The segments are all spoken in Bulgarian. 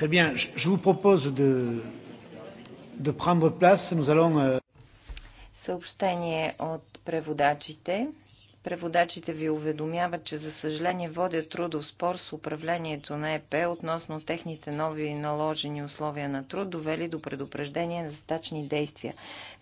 Très bien, je vous propose de, de prendre place. Nous allons... Съобщение от преводачите. Преводачите ви уведомяват, че за съжаление водят трудов спор с управлението на ЕП относно техните нови наложени условия на труд, довели до предупреждение за стачни действия.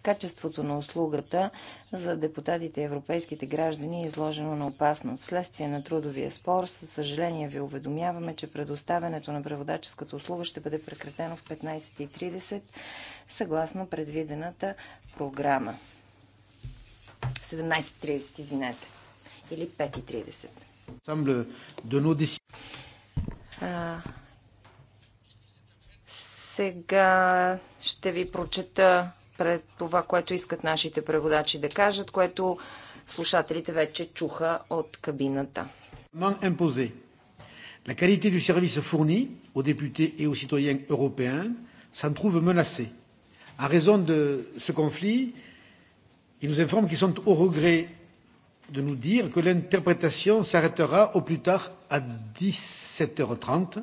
Качеството на услугата за депутатите и европейските граждани е изложено на опасност. Вследствие на трудовия спор, със съжаление ви уведомяваме, че предоставянето на преводаческата услуга ще бъде прекратено в 15.30 съгласно предвидената програма. 17.30, извинете. Или 5.30. А, сега ще ви прочета пред това, което искат нашите преводачи да кажат, което слушателите вече чуха от кабината. La qualité du service fourni aux députés et aux citoyens européens s'en trouve menacée. À raison de ce conflit, Il nous informe qu'ils sont au regret de nous dire que l'interprétation s'arrêtera au plus tard à 17h30.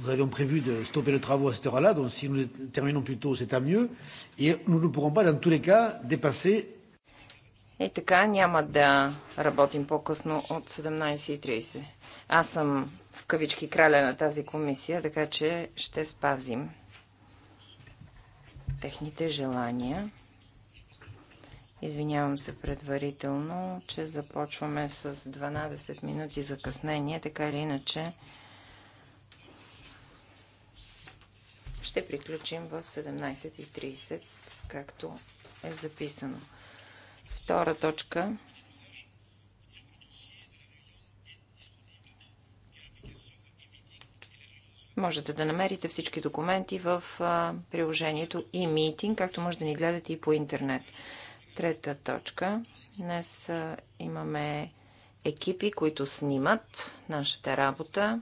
Nous avions prévu de stopper le travaux à cette heure-là, donc si nous terminons plus tôt, c'est à mieux. Et nous ne pourrons pas, dans tous les cas, dépasser. Е така, няма да работим по-късно от 17.30. Аз съм в кавички краля на тази комисия, така че ще спазим техните желания. Извинявам се предварително, че започваме с 12 минути закъснение, така или иначе ще приключим в 17.30, както е записано. Втора точка Можете да намерите всички документи в приложението e-meeting, както може да ни гледате и по интернет. Трета точка. Днес имаме екипи, които снимат нашата работа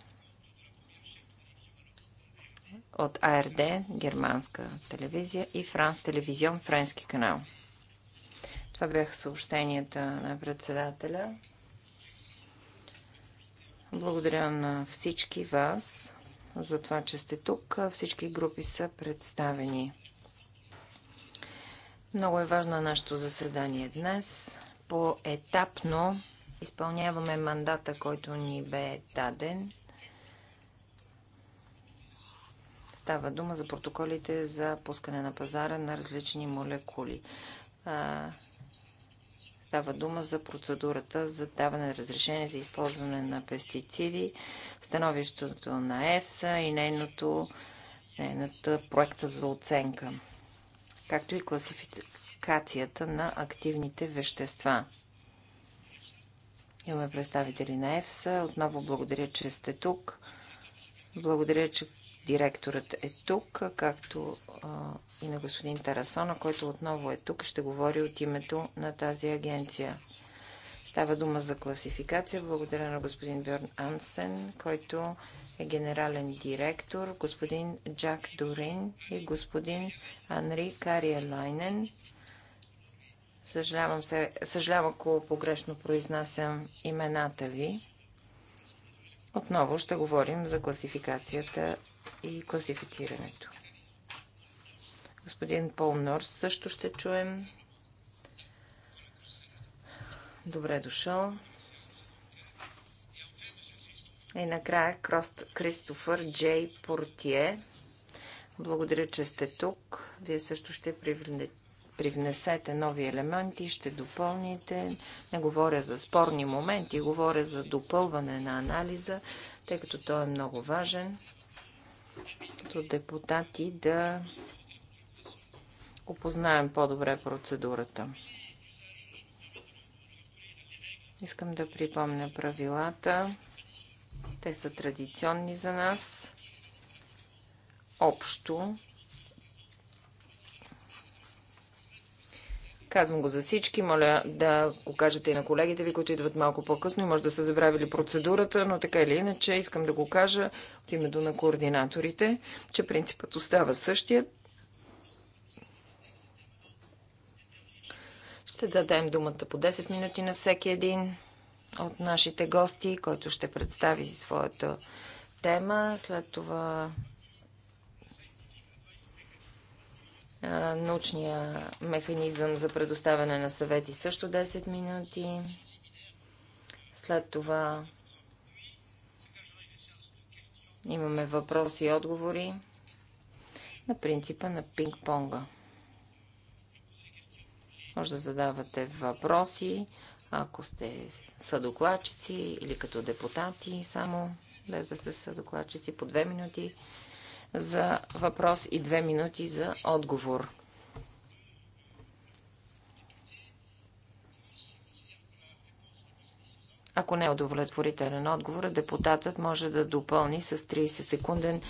от АРД, германска телевизия и Франс телевизион, френски канал. Това бяха съобщенията на председателя. Благодаря на всички вас за това, че сте тук. Всички групи са представени. Много е важно нашето заседание днес. Поетапно изпълняваме мандата, който ни бе даден. Става дума за протоколите за пускане на пазара на различни молекули. Става дума за процедурата за даване на разрешение за използване на пестициди, становището на ЕФСА и нейното, нейната проекта за оценка както и класификацията на активните вещества. Имаме представители на ЕФСА. Отново благодаря, че сте тук. Благодаря, че директорът е тук, както и на господин Тарасона, който отново е тук, ще говори от името на тази агенция. Става дума за класификация. Благодаря на господин Бьорн Ансен, който е генерален директор, господин Джак Дорин и господин Анри Кариелайнен. Съжалявам, се, съжалявам, ако погрешно произнасям имената ви. Отново ще говорим за класификацията и класифицирането. Господин Пол Норс също ще чуем. Добре дошъл. И накрая Крост Кристофър Джей Портие. Благодаря, че сте тук. Вие също ще привнесете нови елементи, ще допълните. Не говоря за спорни моменти, говоря за допълване на анализа, тъй като той е много важен. Като депутати да опознаем по-добре процедурата. Искам да припомня правилата. Те са традиционни за нас. Общо. Казвам го за всички. Моля да го кажете и на колегите ви, които идват малко по-късно и може да са забравили процедурата, но така или иначе искам да го кажа от името на координаторите, че принципът остава същия. Ще дадем думата по 10 минути на всеки един от нашите гости, който ще представи своята тема. След това научния механизъм за предоставяне на съвети също 10 минути. След това имаме въпроси и отговори на принципа на пинг-понга. Може да задавате въпроси, ако сте съдокладчици или като депутати само, без да сте съдокладчици, по две минути за въпрос и две минути за отговор. Ако не е удовлетворителен отговор, депутатът може да допълни с 30-секунден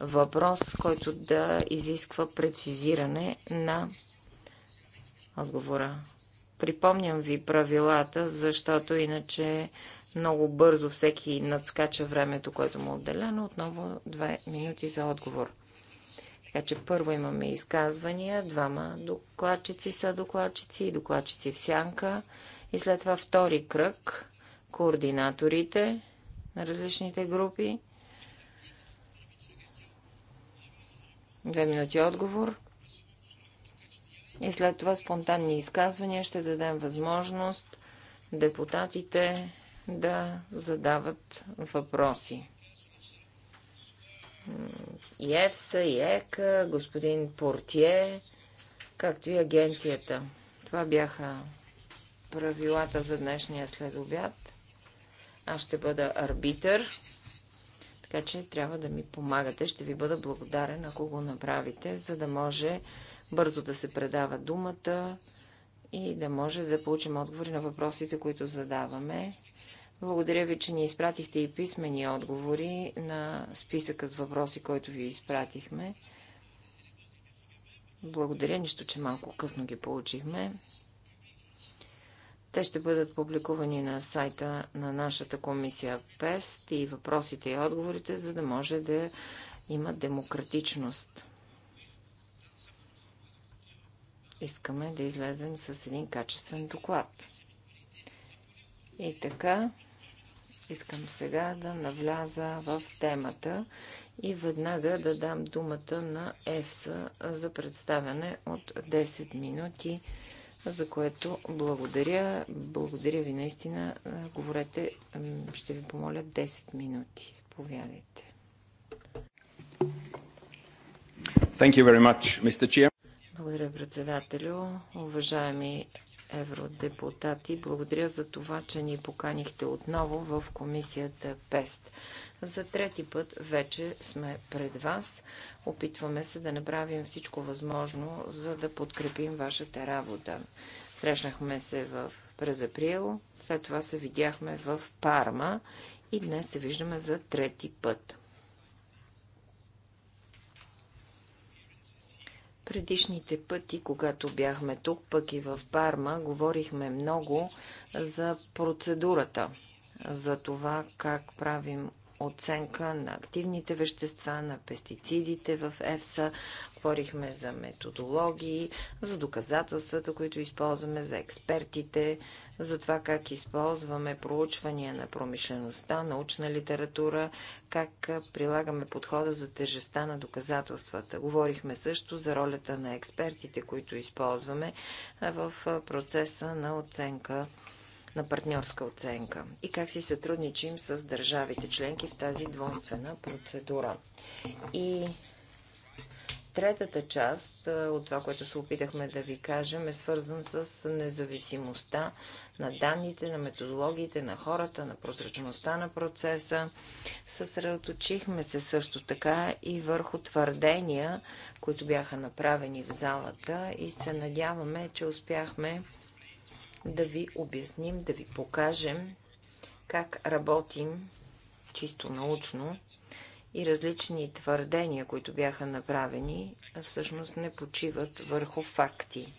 въпрос, който да изисква прецизиране на отговора. Припомням ви правилата, защото иначе много бързо всеки надскача времето, което му е отделено. Отново две минути за отговор. Така че първо имаме изказвания, двама докладчици са докладчици и докладчици в сянка. И след това втори кръг, координаторите на различните групи. Две минути отговор и след това спонтанни изказвания ще дадем възможност депутатите да задават въпроси. И ЕФСА, и ЕКА, господин Портие, както и агенцията. Това бяха правилата за днешния следобяд. Аз ще бъда арбитър, така че трябва да ми помагате. Ще ви бъда благодарен, ако го направите, за да може бързо да се предава думата и да може да получим отговори на въпросите, които задаваме. Благодаря ви, че ни изпратихте и писмени отговори на списъка с въпроси, който ви изпратихме. Благодаря, нищо, че малко късно ги получихме. Те ще бъдат публикувани на сайта на нашата комисия ПЕСТ и въпросите и отговорите, за да може да има демократичност. Искаме да излезем с един качествен доклад. И така, искам сега да навляза в темата и веднага да дам думата на ЕФСА за представяне от 10 минути, за което благодаря. Благодаря ви наистина. Говорете, ще ви помоля 10 минути. Заповядайте. Thank you very much, Mr. Chair. Благодаря, председателю. Уважаеми евродепутати, благодаря за това, че ни поканихте отново в комисията ПЕСТ. За трети път вече сме пред вас. Опитваме се да направим всичко възможно, за да подкрепим вашата работа. Срещнахме се в през април, след това се видяхме в Парма и днес се виждаме за трети път. Предишните пъти, когато бяхме тук, пък и в Парма, говорихме много за процедурата, за това как правим оценка на активните вещества, на пестицидите в ЕФСА. Говорихме за методологии, за доказателствата, които използваме, за експертите, за това как използваме проучвания на промишлеността, научна литература, как прилагаме подхода за тежестта на доказателствата. Говорихме също за ролята на експертите, които използваме в процеса на оценка на партньорска оценка и как си сътрудничим с държавите членки в тази двойствена процедура. И Третата част от това, което се опитахме да ви кажем, е свързан с независимостта на данните, на методологиите, на хората, на прозрачността на процеса. Съсредоточихме се също така и върху твърдения, които бяха направени в залата и се надяваме, че успяхме да ви обясним, да ви покажем как работим чисто научно и различни твърдения, които бяха направени, всъщност не почиват върху факти.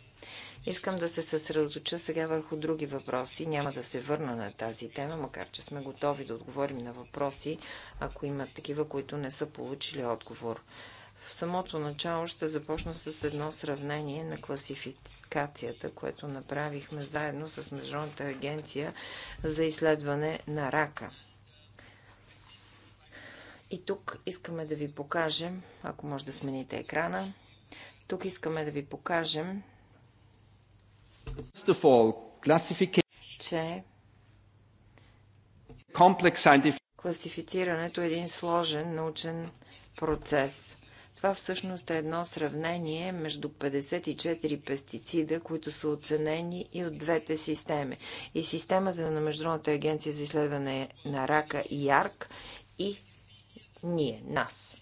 Искам да се съсредоточа сега върху други въпроси. Няма да се върна на тази тема, макар че сме готови да отговорим на въпроси, ако има такива, които не са получили отговор. В самото начало ще започна с едно сравнение на класификацията, което направихме заедно с Международната агенция за изследване на рака – и тук искаме да ви покажем, ако може да смените екрана, тук искаме да ви покажем, че класифицирането е един сложен научен процес. Това всъщност е едно сравнение между 54 пестицида, които са оценени и от двете системи. И системата на Международната агенция за изследване на рака ЯРК и ние, нас.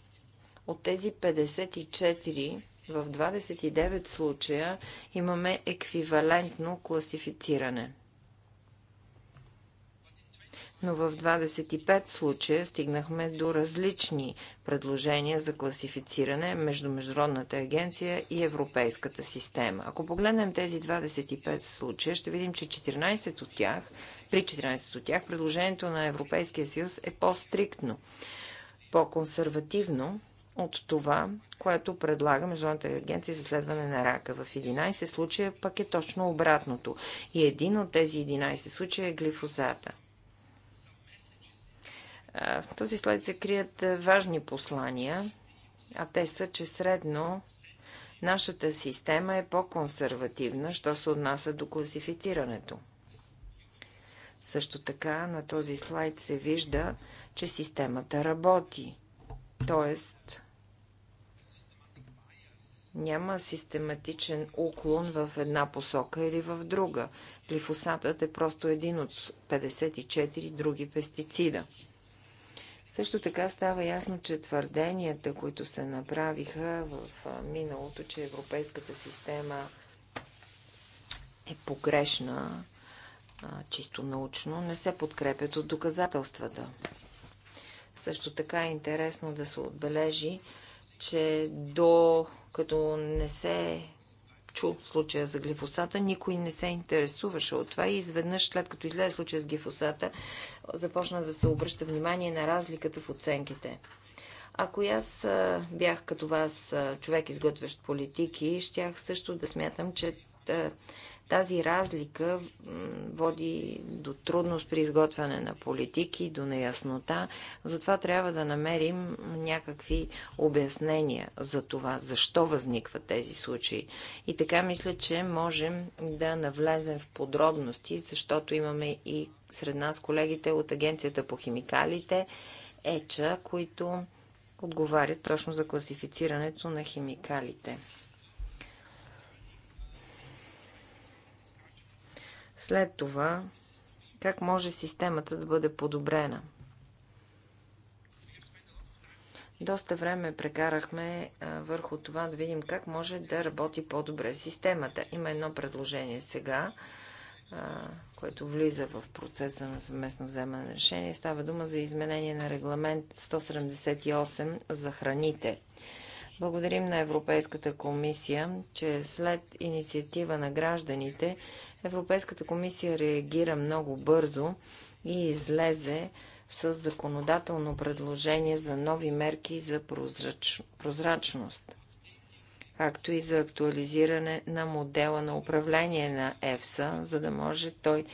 От тези 54 в 29 случая имаме еквивалентно класифициране. Но в 25 случая стигнахме до различни предложения за класифициране между Международната агенция и Европейската система. Ако погледнем тези 25 случая, ще видим, че 14 от тях, при 14 от тях предложението на Европейския съюз е по-стриктно по-консервативно от това, което предлага Международната агенция за следване на рака. В 11 случая пък е точно обратното. И един от тези 11 случая е глифозата. В този слайд се крият важни послания, а те са, че средно нашата система е по-консервативна, що се отнася до класифицирането. Също така на този слайд се вижда, че системата работи. Тоест, няма систематичен уклон в една посока или в друга. Глифосатът е просто един от 54 други пестицида. Също така става ясно, че твърденията, които се направиха в миналото, че европейската система е погрешна, чисто научно, не се подкрепят от доказателствата. Също така е интересно да се отбележи, че до като не се чу случая за глифосата, никой не се интересуваше от това и изведнъж, след като излезе случая с глифосата, започна да се обръща внимание на разликата в оценките. Ако и аз бях като вас човек, изготвящ политики, щях също да смятам, че тази разлика води до трудност при изготвяне на политики, до неяснота. Затова трябва да намерим някакви обяснения за това, защо възникват тези случаи. И така мисля, че можем да навлезем в подробности, защото имаме и сред нас колегите от Агенцията по химикалите, ЕЧА, които отговарят точно за класифицирането на химикалите. След това, как може системата да бъде подобрена? Доста време прекарахме върху това да видим как може да работи по-добре системата. Има едно предложение сега, което влиза в процеса на съвместно вземане на решение. Става дума за изменение на регламент 178 за храните. Благодарим на Европейската комисия, че след инициатива на гражданите Европейската комисия реагира много бързо и излезе с законодателно предложение за нови мерки за прозрач... прозрачност, както и за актуализиране на модела на управление на ЕФСА, за да може той,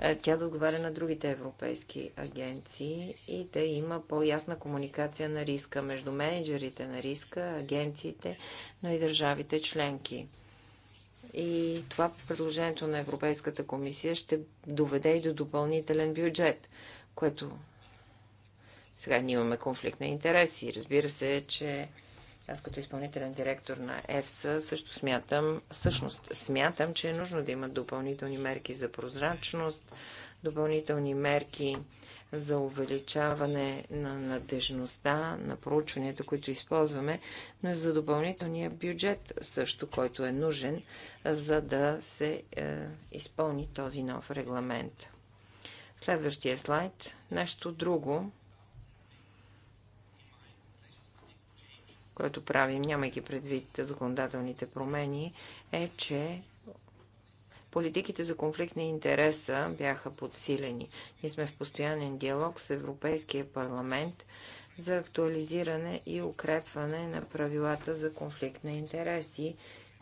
е, тя да отговаря на другите европейски агенции и да има по-ясна комуникация на риска между менеджерите на риска, агенциите, но и държавите членки. И това предложението на Европейската комисия ще доведе и до допълнителен бюджет, което сега ние имаме конфликт на интереси. Разбира се, че аз като изпълнителен директор на ЕФСА също смятам, всъщност смятам, че е нужно да имат допълнителни мерки за прозрачност, допълнителни мерки за увеличаване на надежността на проучванията, които използваме, но и за допълнителния бюджет също, който е нужен, за да се е, изпълни този нов регламент. Следващия слайд. Нещо друго, което правим, нямайки предвид законодателните промени, е, че Политиките за конфликт на интереса бяха подсилени. Ние сме в постоянен диалог с Европейския парламент за актуализиране и укрепване на правилата за конфликт на интереси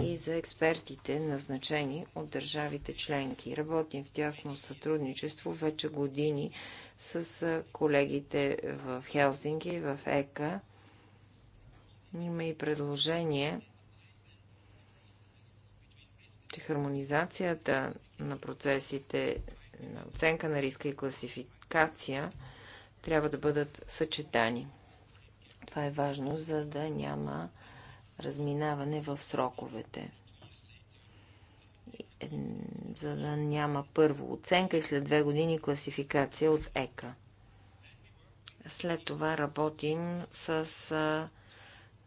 и за експертите, назначени от държавите членки. Работим в тясно сътрудничество вече години с колегите в Хелсинки, в ЕКА. Има и предложение че хармонизацията на процесите на оценка на риска и класификация трябва да бъдат съчетани. Това е важно, за да няма разминаване в сроковете. За да няма първо оценка и след две години класификация от ЕКА. След това работим с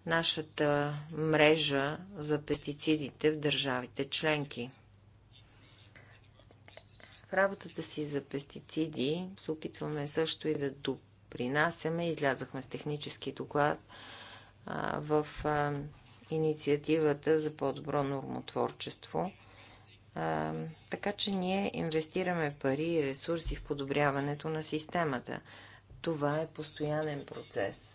нашата мрежа за пестицидите в държавите членки. В работата си за пестициди се опитваме също и да допринасяме. Излязахме с технически доклад в инициативата за по-добро нормотворчество. така че ние инвестираме пари и ресурси в подобряването на системата. Това е постоянен процес –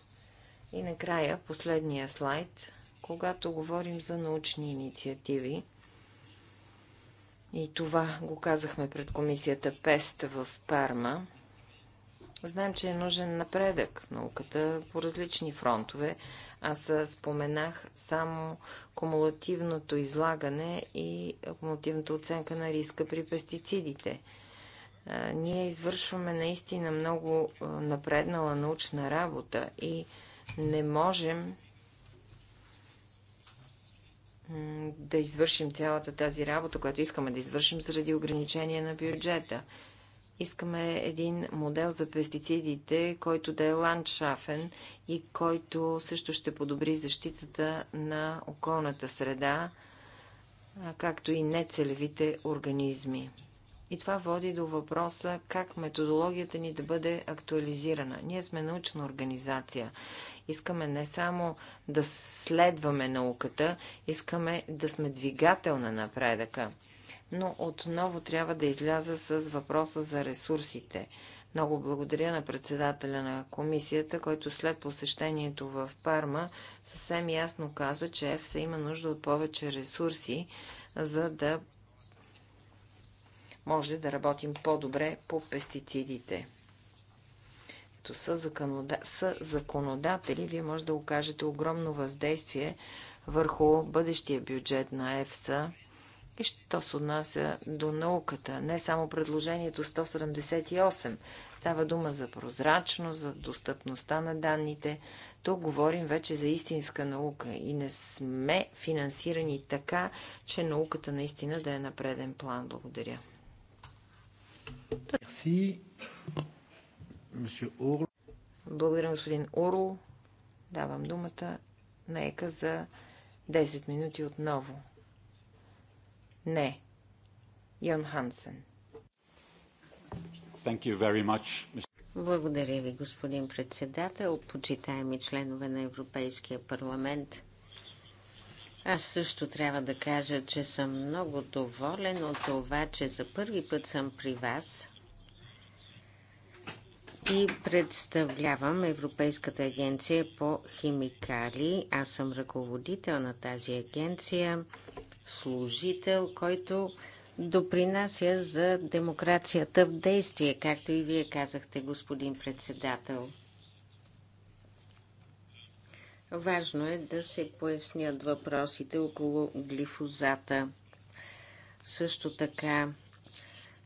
и накрая, последния слайд, когато говорим за научни инициативи, и това го казахме пред комисията ПЕСТ в Парма, знаем, че е нужен напредък в науката по различни фронтове. Аз споменах само кумулативното излагане и кумулативната оценка на риска при пестицидите ние извършваме наистина много напреднала научна работа и не можем да извършим цялата тази работа, която искаме да извършим заради ограничение на бюджета. Искаме един модел за пестицидите, който да е ландшафен и който също ще подобри защитата на околната среда, както и нецелевите организми. И това води до въпроса как методологията ни да бъде актуализирана. Ние сме научна организация. Искаме не само да следваме науката, искаме да сме двигател на напредъка. Но отново трябва да изляза с въпроса за ресурсите. Много благодаря на председателя на комисията, който след посещението в Парма съвсем ясно каза, че ЕФСА има нужда от повече ресурси, за да може да работим по-добре по пестицидите. Като са, законода... са законодатели, вие може да окажете огромно въздействие върху бъдещия бюджет на ЕФСА и що се отнася до науката. Не само предложението 178. Става дума за прозрачност, за достъпността на данните. Тук говорим вече за истинска наука и не сме финансирани така, че науката наистина да е на преден план. Благодаря. Благодаря, господин Орл. Давам думата на ЕКА за 10 минути отново. Не. Йон Хансен. Благодаря ви, господин председател, почитаеми членове на Европейския парламент. Аз също трябва да кажа, че съм много доволен от това, че за първи път съм при вас и представлявам Европейската агенция по химикали. Аз съм ръководител на тази агенция, служител, който допринася за демокрацията в действие, както и вие казахте, господин председател. Важно е да се пояснят въпросите около глифозата. Също така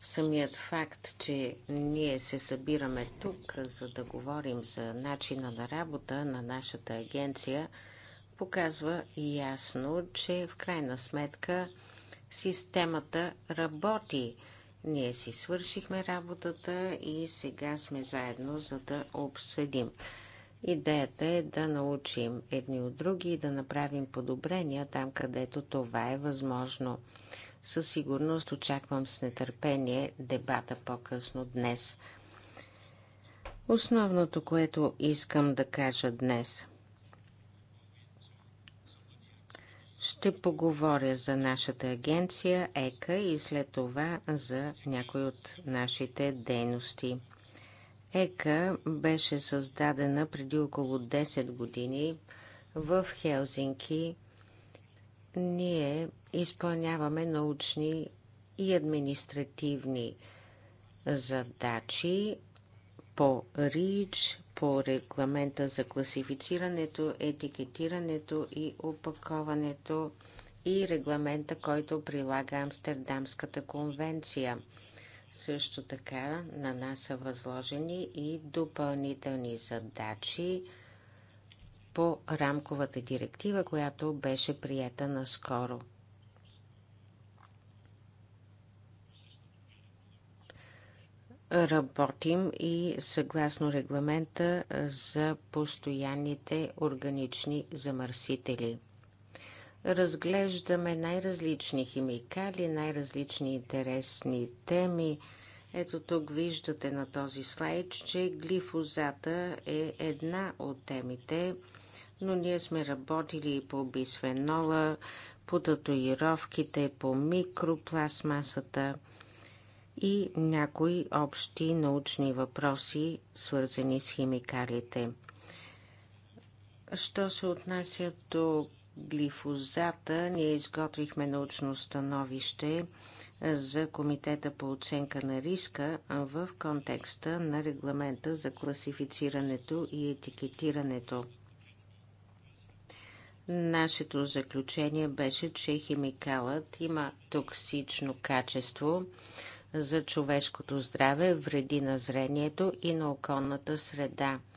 самият факт, че ние се събираме тук, за да говорим за начина на работа на нашата агенция, показва ясно, че в крайна сметка системата работи. Ние си свършихме работата и сега сме заедно, за да обсъдим Идеята е да научим едни от други и да направим подобрения там, където това е възможно. Със сигурност очаквам с нетърпение дебата по-късно днес. Основното, което искам да кажа днес. Ще поговоря за нашата агенция ЕКА и след това за някои от нашите дейности – ЕКА беше създадена преди около 10 години в Хелзинки. Ние изпълняваме научни и административни задачи по РИЧ, по регламента за класифицирането, етикетирането и опаковането и регламента, който прилага Амстердамската конвенция – също така на нас са възложени и допълнителни задачи по рамковата директива, която беше приета наскоро. Работим и съгласно регламента за постоянните органични замърсители разглеждаме най-различни химикали, най-различни интересни теми. Ето тук виждате на този слайд, че глифозата е една от темите, но ние сме работили и по бисфенола, по татуировките, по микропластмасата и някои общи научни въпроси, свързани с химикалите. Що се отнася до глифозата ние изготвихме научно становище за Комитета по оценка на риска в контекста на регламента за класифицирането и етикетирането. Нашето заключение беше, че химикалът има токсично качество за човешкото здраве, вреди на зрението и на околната среда –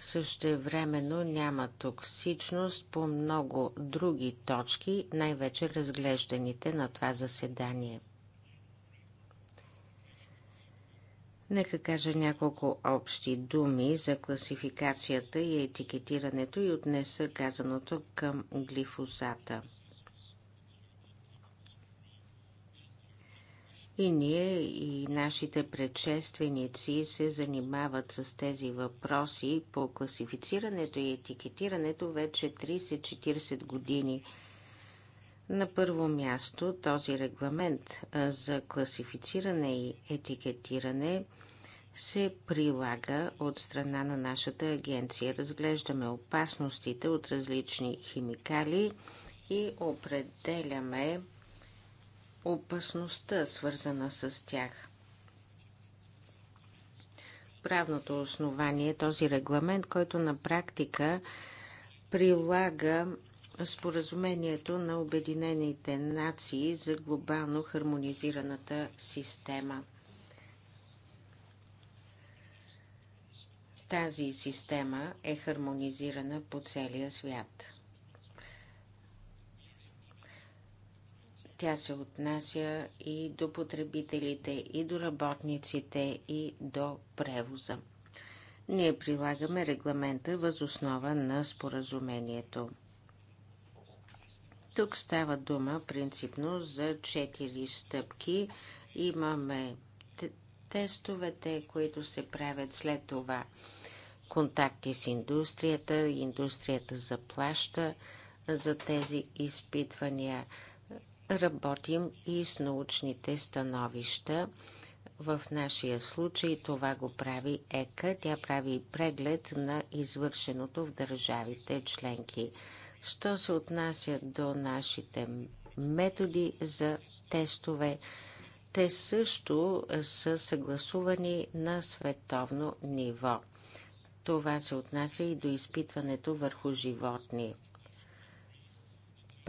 Същевременно няма токсичност по много други точки, най-вече разглежданите на това заседание. Нека кажа няколко общи думи за класификацията и етикетирането и отнеса казаното към глифозата – И ние и нашите предшественици се занимават с тези въпроси по класифицирането и етикетирането вече 30-40 години. На първо място този регламент за класифициране и етикетиране се прилага от страна на нашата агенция. Разглеждаме опасностите от различни химикали и определяме опасността, свързана с тях. Правното основание е този регламент, който на практика прилага споразумението на Обединените нации за глобално хармонизираната система. Тази система е хармонизирана по целия свят. Тя се отнася и до потребителите, и до работниците, и до превоза. Ние прилагаме регламента възоснова на споразумението. Тук става дума принципно за 4 стъпки. Имаме тестовете, които се правят след това. Контакти с индустрията, индустрията заплаща за тези изпитвания – Работим и с научните становища. В нашия случай това го прави ЕКА. Тя прави преглед на извършеното в държавите членки. Що се отнася до нашите методи за тестове, те също са съгласувани на световно ниво. Това се отнася и до изпитването върху животни.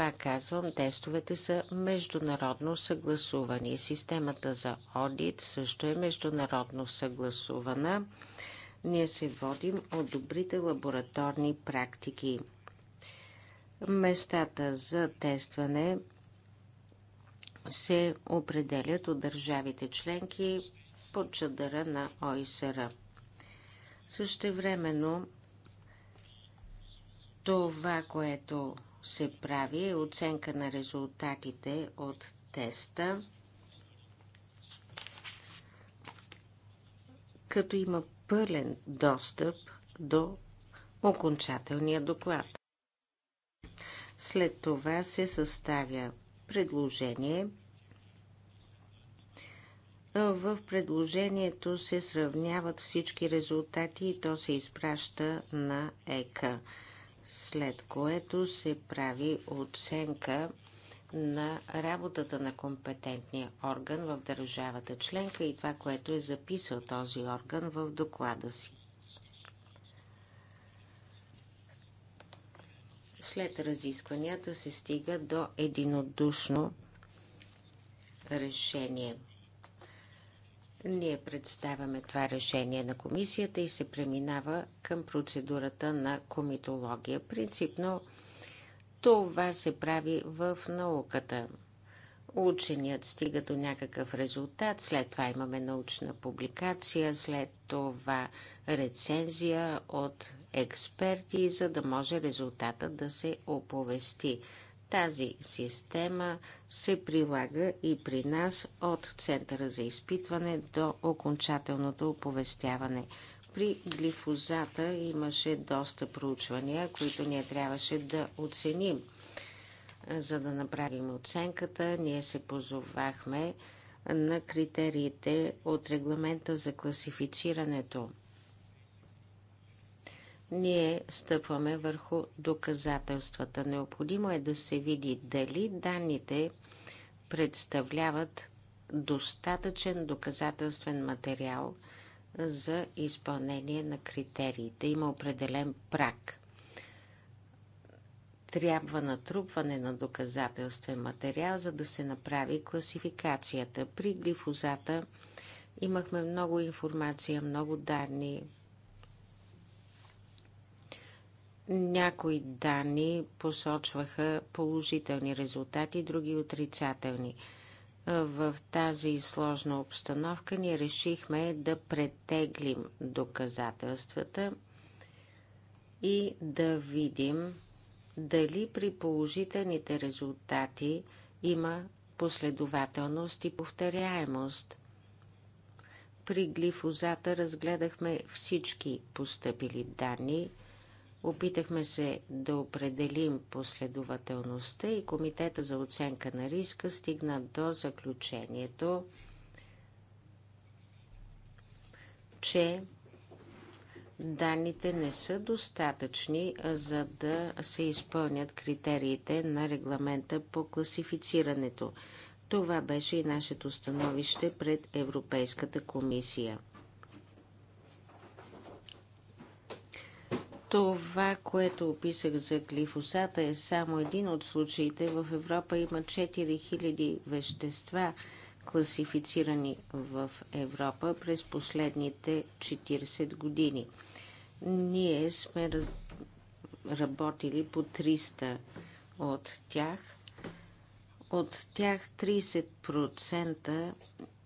Пак казвам, тестовете са международно съгласувани. Системата за одит също е международно съгласувана. Ние се водим от добрите лабораторни практики. Местата за тестване се определят от държавите членки под чадъра на ОИСР. Същевременно това, което се прави е оценка на резултатите от теста, като има пълен достъп до окончателния доклад. След това се съставя предложение. В предложението се сравняват всички резултати и то се изпраща на ЕКА след което се прави оценка на работата на компетентния орган в държавата членка и това, което е записал този орган в доклада си. След разискванията се стига до единодушно решение – ние представяме това решение на комисията и се преминава към процедурата на комитология. Принципно това се прави в науката. Ученият стига до някакъв резултат, след това имаме научна публикация, след това рецензия от експерти, за да може резултата да се оповести. Тази система се прилага и при нас от Центъра за изпитване до окончателното оповестяване. При глифозата имаше доста проучвания, които ние трябваше да оценим. За да направим оценката, ние се позовахме на критериите от регламента за класифицирането – ние стъпваме върху доказателствата. Необходимо е да се види дали данните представляват достатъчен доказателствен материал за изпълнение на критериите. Има определен прак. Трябва натрупване на доказателствен материал, за да се направи класификацията. При глифозата имахме много информация, много данни, някои данни посочваха положителни резултати, други отрицателни. В тази сложна обстановка ние решихме да претеглим доказателствата и да видим дали при положителните резултати има последователност и повторяемост. При глифозата разгледахме всички постъпили данни – Опитахме се да определим последователността и Комитета за оценка на риска стигна до заключението, че данните не са достатъчни, за да се изпълнят критериите на регламента по класифицирането. Това беше и нашето становище пред Европейската комисия. Това, което описах за глифосата е само един от случаите. В Европа има 4000 вещества, класифицирани в Европа през последните 40 години. Ние сме раз... работили по 300 от тях. От тях 30%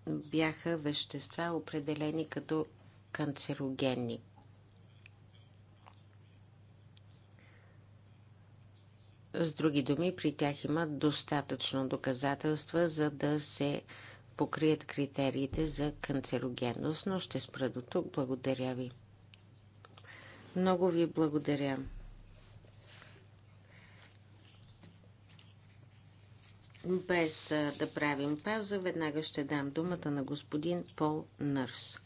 бяха вещества, определени като канцерогенни. С други думи, при тях има достатъчно доказателства, за да се покрият критериите за канцерогенност, но ще спра до тук. Благодаря ви. Много ви благодаря. Без да правим пауза, веднага ще дам думата на господин Пол Нърс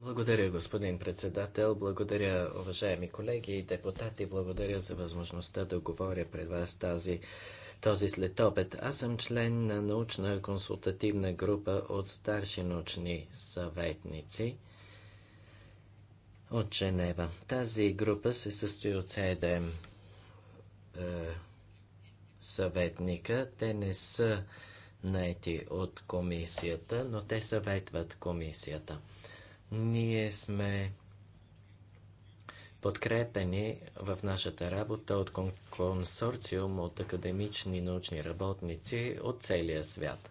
благодаря, господин председател. Благодаря, уважаеми колеги и депутати. Благодаря за възможността да говоря пред вас тази, този следобед. Аз съм член на научна консултативна група от старши научни съветници от Женева. Тази група се състои от 7 е, съветника. Те не са наети от комисията, но те съветват комисията. Ние сме подкрепени в нашата работа от консорциум от академични научни работници от целия свят.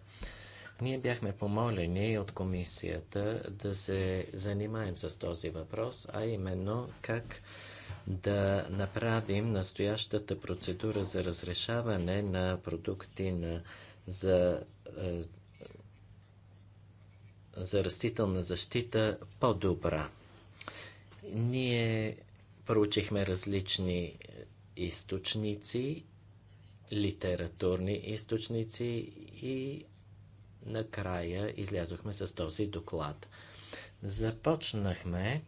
Ние бяхме помолени от комисията да се занимаем с този въпрос, а именно как да направим настоящата процедура за разрешаване на продукти на за, е, за растителна защита по-добра. Ние проучихме различни източници, литературни източници и накрая излязохме с този доклад. Започнахме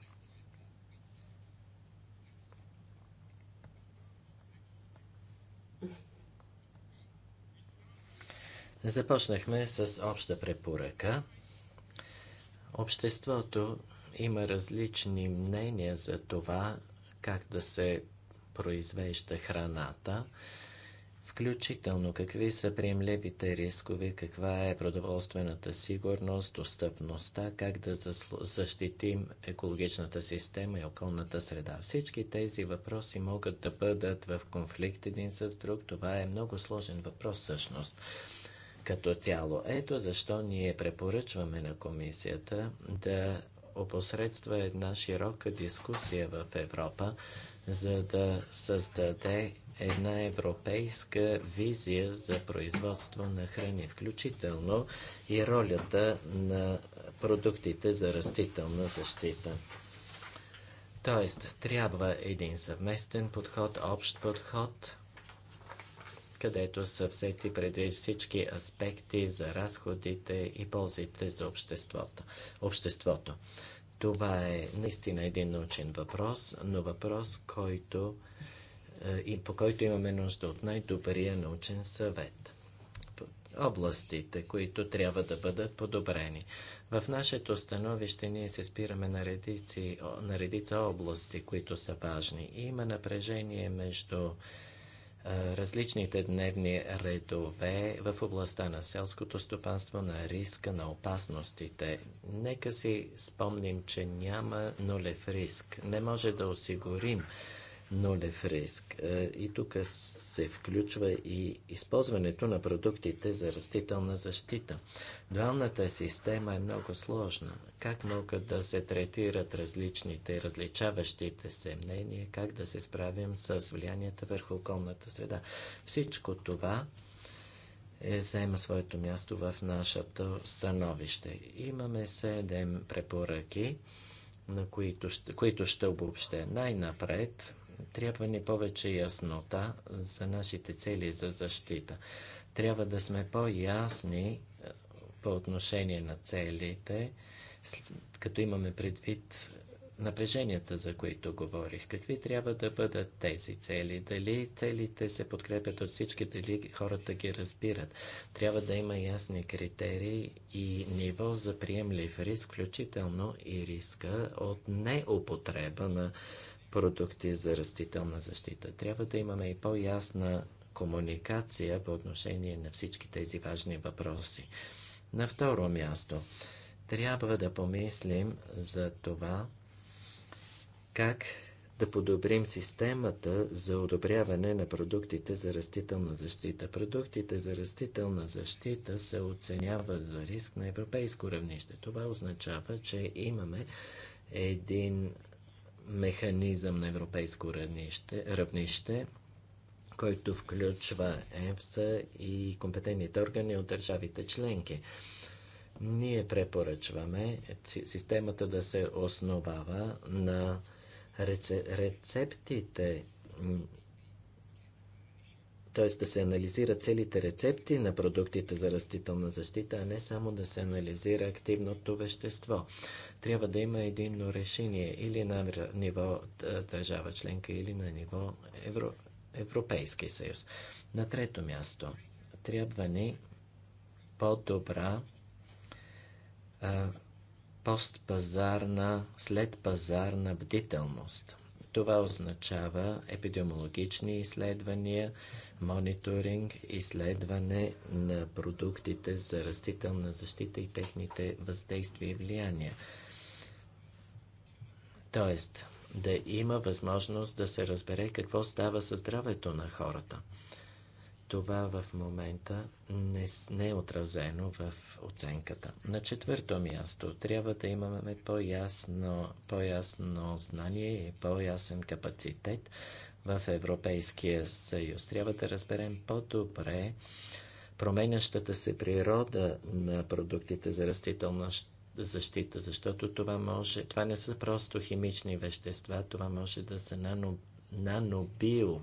Започнахме с обща препоръка. Обществото има различни мнения за това как да се произвежда храната, включително какви са приемливите рискове, каква е продоволствената сигурност, достъпността, как да защитим екологичната система и околната среда. Всички тези въпроси могат да бъдат в конфликт един с друг. Това е много сложен въпрос всъщност като цяло. Ето защо ние препоръчваме на комисията да опосредства една широка дискусия в Европа, за да създаде една европейска визия за производство на храни, включително и ролята на продуктите за растителна защита. Тоест, трябва един съвместен подход, общ подход – където са взети предвид всички аспекти за разходите и ползите за обществото. обществото. Това е наистина един научен въпрос, но въпрос, който, е, и по който имаме нужда от най-добрия научен съвет. Областите, които трябва да бъдат подобрени. В нашето становище ние се спираме на, редици, на редица области, които са важни. И има напрежение между различните дневни редове в областта на селското стопанство, на риска, на опасностите. Нека си спомним, че няма нулев риск. Не може да осигурим нулев риск. Е, и тук се включва и използването на продуктите за растителна защита. Дуалната система е много сложна. Как могат да се третират различните, различаващите се мнения, как да се справим с влиянията върху околната среда. Всичко това е, заема своето място в нашето становище. Имаме седем препоръки, на които, които ще обобщя най-напред – трябва ни повече яснота за нашите цели за защита. Трябва да сме по-ясни е, по отношение на целите, като имаме предвид напреженията, за които говорих. Какви трябва да бъдат тези цели? Дали целите се подкрепят от всички, дали хората ги разбират? Трябва да има ясни критерии и ниво за приемлив риск, включително и риска от неупотреба на продукти за растителна защита. Трябва да имаме и по-ясна комуникация по отношение на всички тези важни въпроси. На второ място, трябва да помислим за това как да подобрим системата за одобряване на продуктите за растителна защита. Продуктите за растителна защита се оценяват за риск на европейско равнище. Това означава, че имаме един механизъм на европейско равнище, равнище който включва ЕФСА и компетентните органи от държавите членки. Ние препоръчваме системата да се основава на рецептите т.е. да се анализират целите рецепти на продуктите за растителна защита, а не само да се анализира активното вещество. Трябва да има единно решение или на ниво държава членка, или на ниво Евро... Европейски съюз. На трето място, трябва ни по-добра постпазарна, следпазарна бдителност – това означава епидемиологични изследвания, мониторинг, изследване на продуктите за растителна защита и техните въздействия и влияния. Тоест, да има възможност да се разбере какво става със здравето на хората. Това в момента не, не е отразено в оценката. На четвърто място трябва да имаме по-ясно, по-ясно знание и по-ясен капацитет в Европейския съюз. Трябва да разберем по-добре променящата се природа на продуктите за растителна защита, защото това може, това не са просто химични вещества, това може да са нано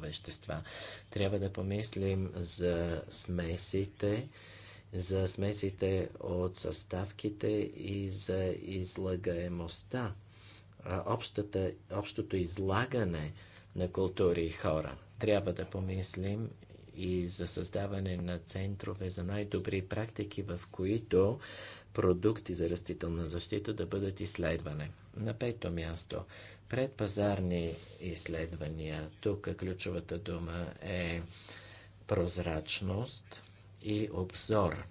вещества. Трябва да помислим за смесите, за смесите от съставките и за излагаемостта, общата, общото излагане на култури и хора. Трябва да помислим и за създаване на центрове за най-добри практики, в които продукти за растителна защита да бъдат изследване. На пето място предпазарни изследвания. Тук ключовата дума е прозрачност и обзор.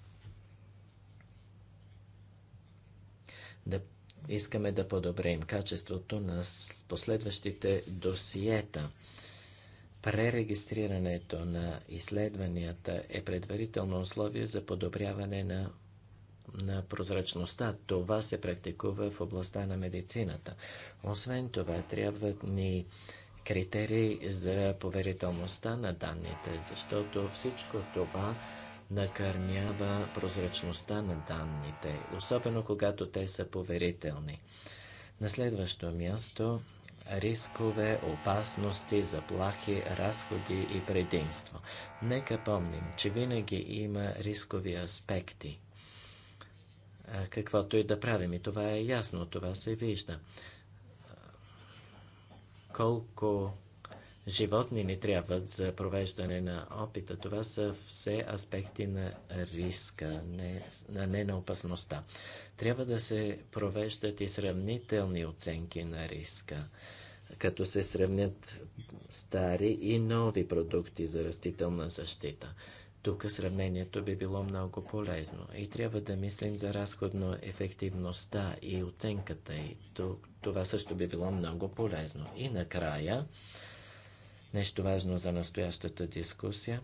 Да искаме да подобрим качеството на последващите досиета. Пререгистрирането на изследванията е предварително условие за подобряване на на прозрачността. Това се практикува в областта на медицината. Освен това, трябват ни критерии за поверителността на данните, защото всичко това накърнява прозрачността на данните, особено когато те са поверителни. На следващо място рискове, опасности, заплахи, разходи и предимство. Нека помним, че винаги има рискови аспекти каквото и да правим. И това е ясно, това се вижда. Колко животни ни трябват за провеждане на опита. Това са все аспекти на риска, не, не на опасността. Трябва да се провеждат и сравнителни оценки на риска, като се сравнят стари и нови продукти за растителна защита. Тук сравнението би било много полезно и трябва да мислим за разходно ефективността и оценката и това също би било много полезно. И накрая, нещо важно за настоящата дискусия,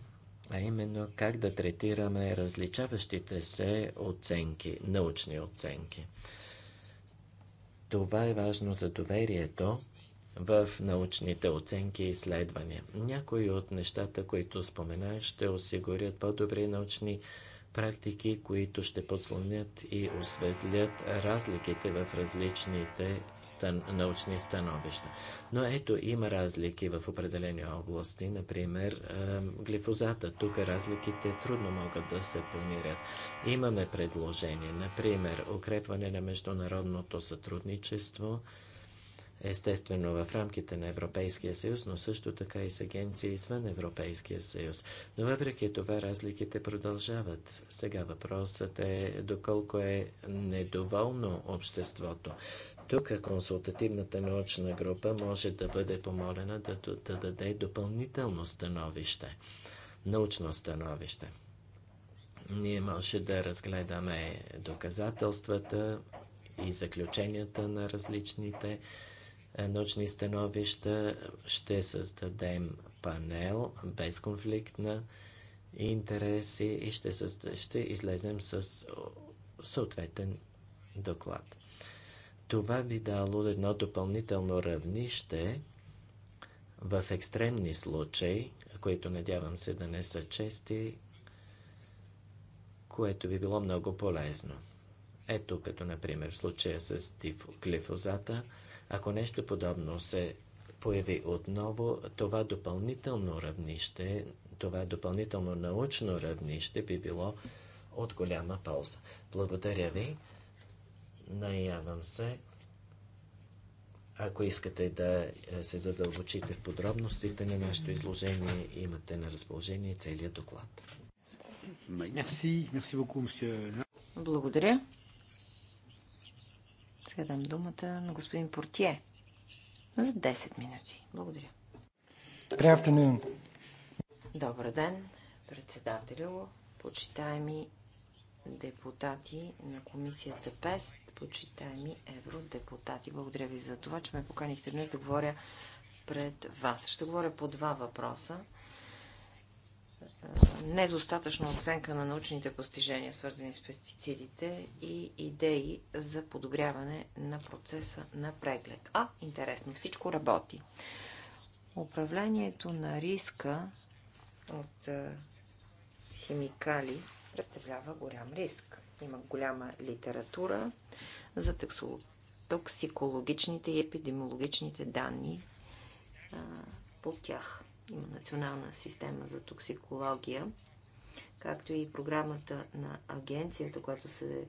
а именно как да третираме различаващите се оценки, научни оценки. Това е важно за доверието в научните оценки и изследвания. Някои от нещата, които споменах, ще осигурят по-добри научни практики, които ще подслонят и осветлят разликите в различните стан... научни становища. Но ето има разлики в определени области, например глифозата. Тук разликите трудно могат да се планират. Имаме предложение, например, укрепване на международното сътрудничество, естествено в рамките на Европейския съюз, но също така и с агенции извън Европейския съюз. Но въпреки това разликите продължават. Сега въпросът е доколко е недоволно обществото. Тук консултативната научна група може да бъде помолена да, да даде допълнително становище, научно становище. Ние може да разгледаме доказателствата и заключенията на различните е, научни становища. Ще създадем панел без конфликт на интереси и ще, създ... ще излезем с съответен доклад. Това би дало едно допълнително равнище в екстремни случаи, които надявам се да не са чести, което би било много полезно. Ето, като например в случая с глифозата – ако нещо подобно се появи отново, това допълнително равнище, това допълнително научно равнище би било от голяма полза. Благодаря ви. Наявам се. Ако искате да е, се задълбочите в подробностите на нашето изложение, имате на разположение целият доклад. Благодаря. Сега дам думата на господин Портие за 10 минути. Благодаря. Приятелин. Добър ден, председателю, почитаеми депутати на комисията ПЕСТ, почитаеми евродепутати. Благодаря ви за това, че ме поканихте днес да говоря пред вас. Ще говоря по два въпроса. Е, недостатъчна оценка на научните постижения, свързани с пестицидите и идеи за подобряване на процеса на преглед. А, интересно, всичко работи. Управлението на риска от е, химикали представлява голям риск. Има голяма литература за токсикологичните и епидемиологичните данни е, по тях. Има национална система за токсикология, както и програмата на агенцията, която се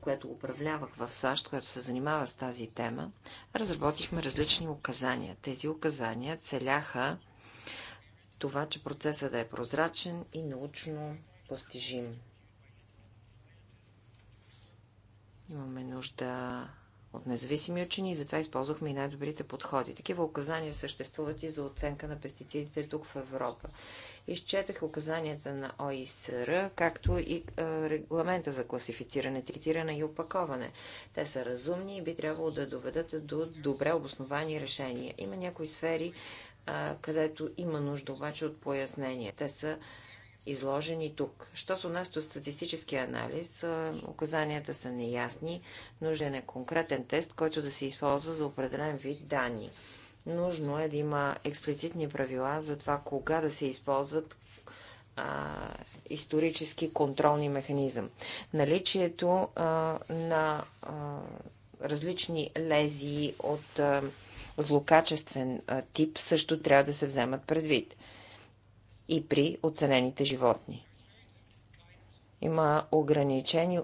която управлявах в САЩ, която се занимава с тази тема, разработихме различни указания. Тези указания целяха това, че процесът да е прозрачен и научно постижим. Имаме нужда от независими учени и затова използвахме и най-добрите подходи. Такива указания съществуват и за оценка на пестицидите тук в Европа. Изчетах указанията на ОИСР, както и регламента за класифициране, етикетиране и опаковане. Те са разумни и би трябвало да доведат до добре обосновани решения. Има някои сфери, където има нужда обаче от пояснения. Те са изложени тук. Що се отнася до статистическия анализ, указанията са неясни. Нужен е конкретен тест, който да се използва за определен вид данни. Нужно е да има експлицитни правила за това кога да се използват а, исторически контролни механизъм. Наличието а, на а, различни лези от а, злокачествен а, тип също трябва да се вземат предвид и при оценените животни. Има ограничени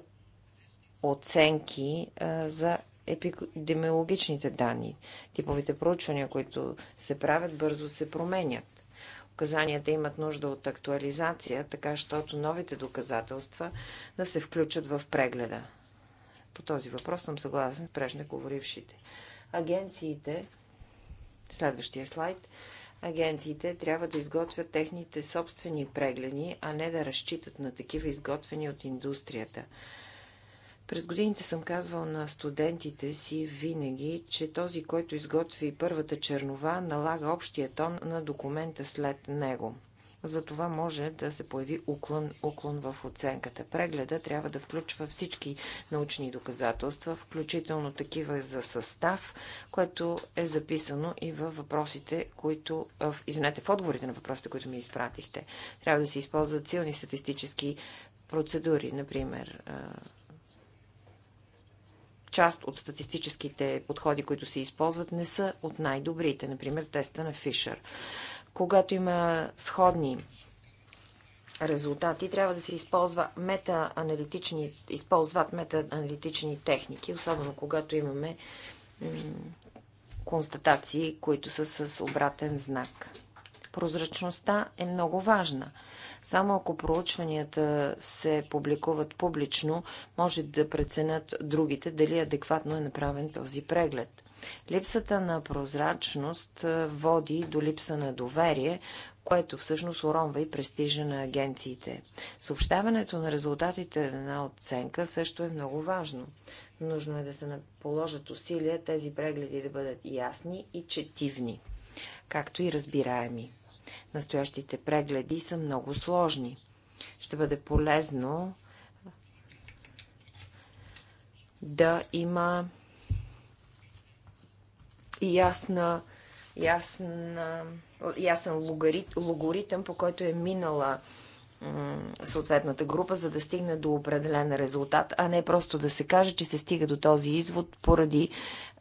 оценки а, за епидемиологичните данни. Типовите проучвания, които се правят, бързо се променят. Указанията имат нужда от актуализация, така щото новите доказателства да се включат в прегледа. По този въпрос съм съгласен с прежнеговорившите. Агенциите, следващия слайд, агенциите трябва да изготвят техните собствени прегледи, а не да разчитат на такива изготвени от индустрията. През годините съм казвал на студентите си винаги, че този, който изготви първата чернова, налага общия тон на документа след него. За това може да се появи уклон, уклон в оценката. Прегледа трябва да включва всички научни доказателства, включително такива за състав, което е записано и във въпросите, които... Извинете, в отговорите на въпросите, които ми изпратихте. Трябва да се използват силни статистически процедури, например част от статистическите подходи, които се използват, не са от най-добрите. Например, теста на Фишър когато има сходни резултати, трябва да се използва метааналитични, използват метааналитични техники, особено когато имаме констатации, които са с обратен знак. Прозрачността е много важна. Само ако проучванията се публикуват публично, може да преценят другите дали адекватно е направен този преглед. Липсата на прозрачност води до липса на доверие, което всъщност уронва и престижа на агенциите. Съобщаването на резултатите на една оценка също е много важно. Нужно е да се положат усилия тези прегледи да бъдат ясни и четивни, както и разбираеми. Настоящите прегледи са много сложни. Ще бъде полезно да има и ясна, ясна, ясен логоритъм, по който е минала съответната група, за да стигне до определен резултат, а не просто да се каже, че се стига до този извод поради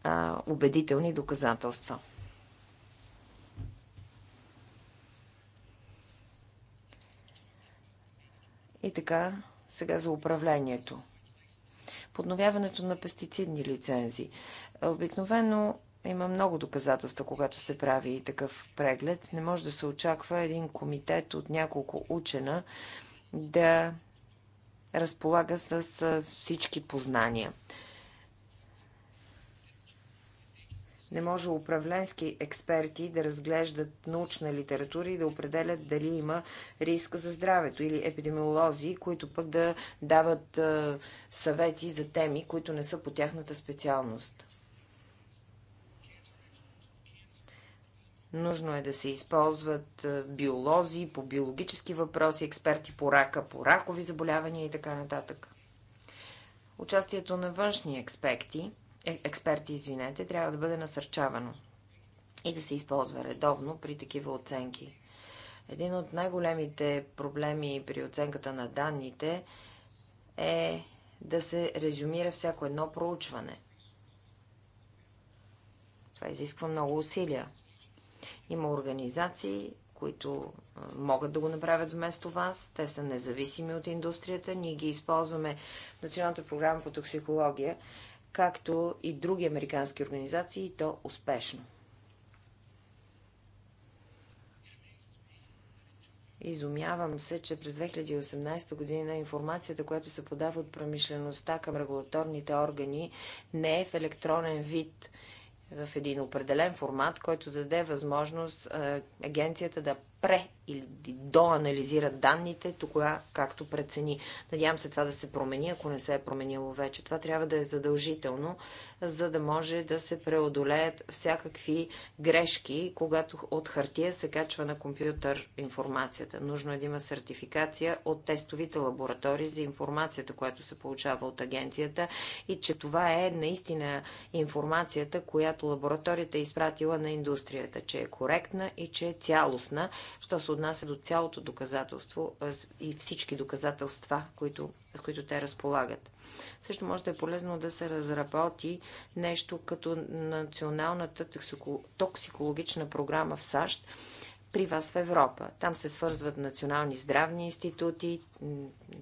а, убедителни доказателства. И така, сега за управлението. Подновяването на пестицидни лицензи. Обикновено има много доказателства, когато се прави такъв преглед. Не може да се очаква един комитет от няколко учена да разполага с всички познания. Не може управленски експерти да разглеждат научна литература и да определят дали има риск за здравето или епидемиолози, които пък да дават съвети за теми, които не са по тяхната специалност. Нужно е да се използват е, биолози по биологически въпроси, експерти по рака, по ракови заболявания и така нататък. Участието на външни експерти, е, експерти извинете, трябва да бъде насърчавано и да се използва редовно при такива оценки. Един от най-големите проблеми при оценката на данните е да се резюмира всяко едно проучване. Това изисква много усилия. Има организации, които могат да го направят вместо вас. Те са независими от индустрията. Ние ги използваме в Националната програма по токсикология, както и други американски организации, и то успешно. Изумявам се, че през 2018 година информацията, която се подава от промишлеността към регулаторните органи, не е в електронен вид – в един определен формат, който даде възможност агенцията да пре или доанализира данните, тогава както прецени. Надявам се това да се промени, ако не се е променило вече. Това трябва да е задължително, за да може да се преодолеят всякакви грешки, когато от хартия се качва на компютър информацията. Нужно е да има сертификация от тестовите лаборатории за информацията, която се получава от агенцията и че това е наистина информацията, която лабораторията е изпратила на индустрията, че е коректна и че е цялостна що се отнася до цялото доказателство е, и всички доказателства, които, с които те разполагат. Също може да е полезно да се разработи нещо като националната токсикологична програма в САЩ, при вас в Европа. Там се свързват национални здравни институти.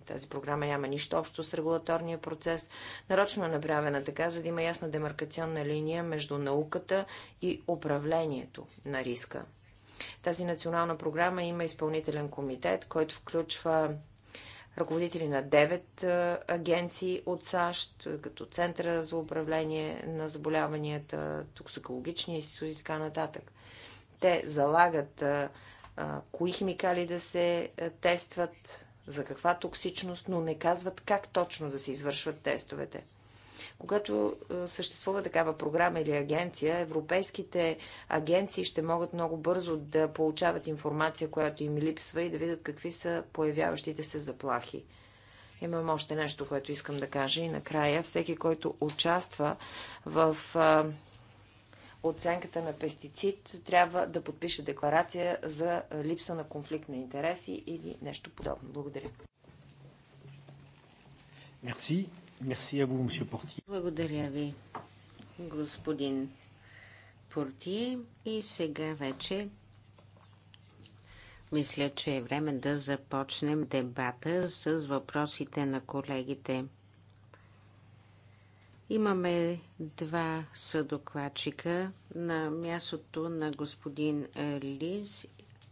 Тази програма няма нищо общо с регулаторния процес. Нарочно е направена така, за да има ясна демаркационна линия между науката и управлението на риска. Тази национална програма има изпълнителен комитет, който включва ръководители на 9 агенции от САЩ, като Центъра за управление на заболяванията, токсикологични институти и така нататък. Те залагат а, кои химикали да се тестват, за каква токсичност, но не казват как точно да се извършват тестовете. Когато е, съществува такава програма или агенция, европейските агенции ще могат много бързо да получават информация, която им липсва и да видят какви са появяващите се заплахи. Имам още нещо, което искам да кажа и накрая. Всеки, който участва в е, оценката на пестицид, трябва да подпише декларация за липса на конфликт на интереси или нещо подобно. Благодаря. Мерси. Благодаря ви, господин Портие. И сега вече мисля, че е време да започнем дебата с въпросите на колегите. Имаме два съдокладчика на мястото на господин Лиз,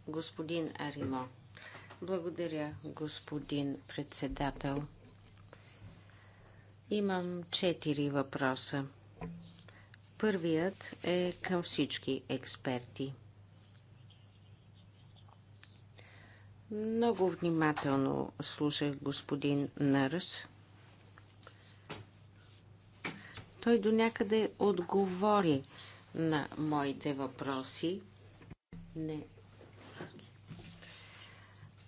господин Аримо. Благодаря, господин председател. Имам четири въпроса. Първият е към всички експерти. Много внимателно слушах господин Нърс. Той до някъде отговори на моите въпроси. Не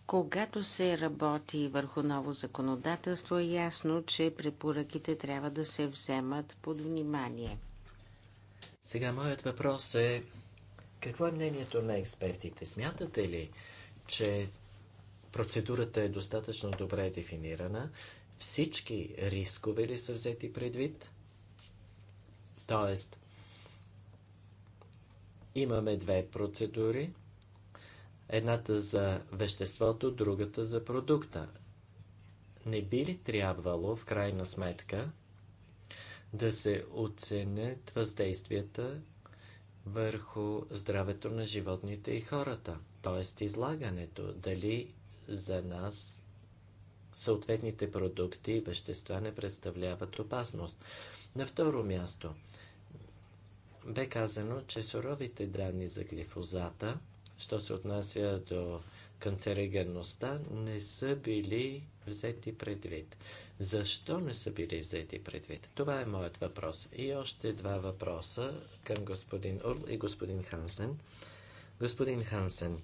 когато се работи върху ново законодателство, е ясно, че препоръките трябва да се вземат под внимание. Сега моят въпрос е, какво е мнението на експертите? Смятате ли, че процедурата е достатъчно добре дефинирана? Всички рискове ли са взети предвид? Тоест, имаме две процедури едната за веществото, другата за продукта. Не би ли трябвало, в крайна сметка, да се оценят въздействията върху здравето на животните и хората, т.е. излагането, дали за нас съответните продукти и вещества не представляват опасност. На второ място бе казано, че суровите данни за глифозата – Що се отнася до канцерогенността, не са били взети предвид. Защо не са били взети предвид? Това е моят въпрос. И още два въпроса към господин Орл и господин Хансен. Господин Хансен,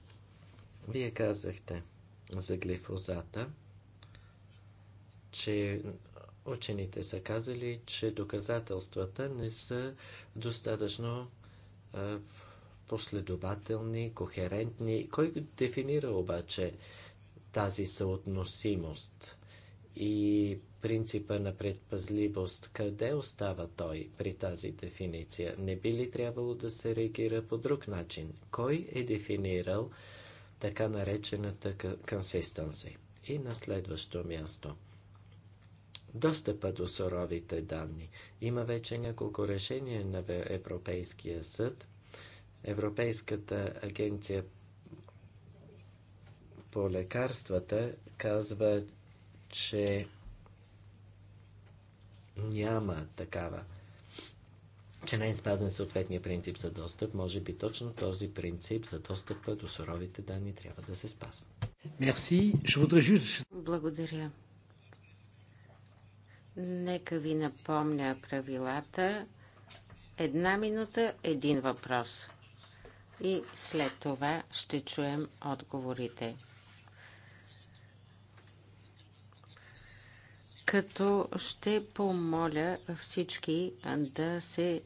вие казахте за глифозата, че учените са казали, че доказателствата не са достатъчно а, последователни, кохерентни. Кой дефинира обаче тази съотносимост и принципа на предпазливост? Къде остава той при тази дефиниция? Не би ли трябвало да се реагира по друг начин? Кой е дефинирал така наречената консистенси? И на следващо място – достъпа до суровите данни. Има вече няколко решения на Европейския съд Европейската агенция по лекарствата казва, че няма такава, че не е спазен съответния принцип за достъп. Може би точно този принцип за достъпа до суровите данни трябва да се спазва. Мерси. Благодаря. Нека ви напомня правилата. Една минута, един въпрос и след това ще чуем отговорите. Като ще помоля всички да се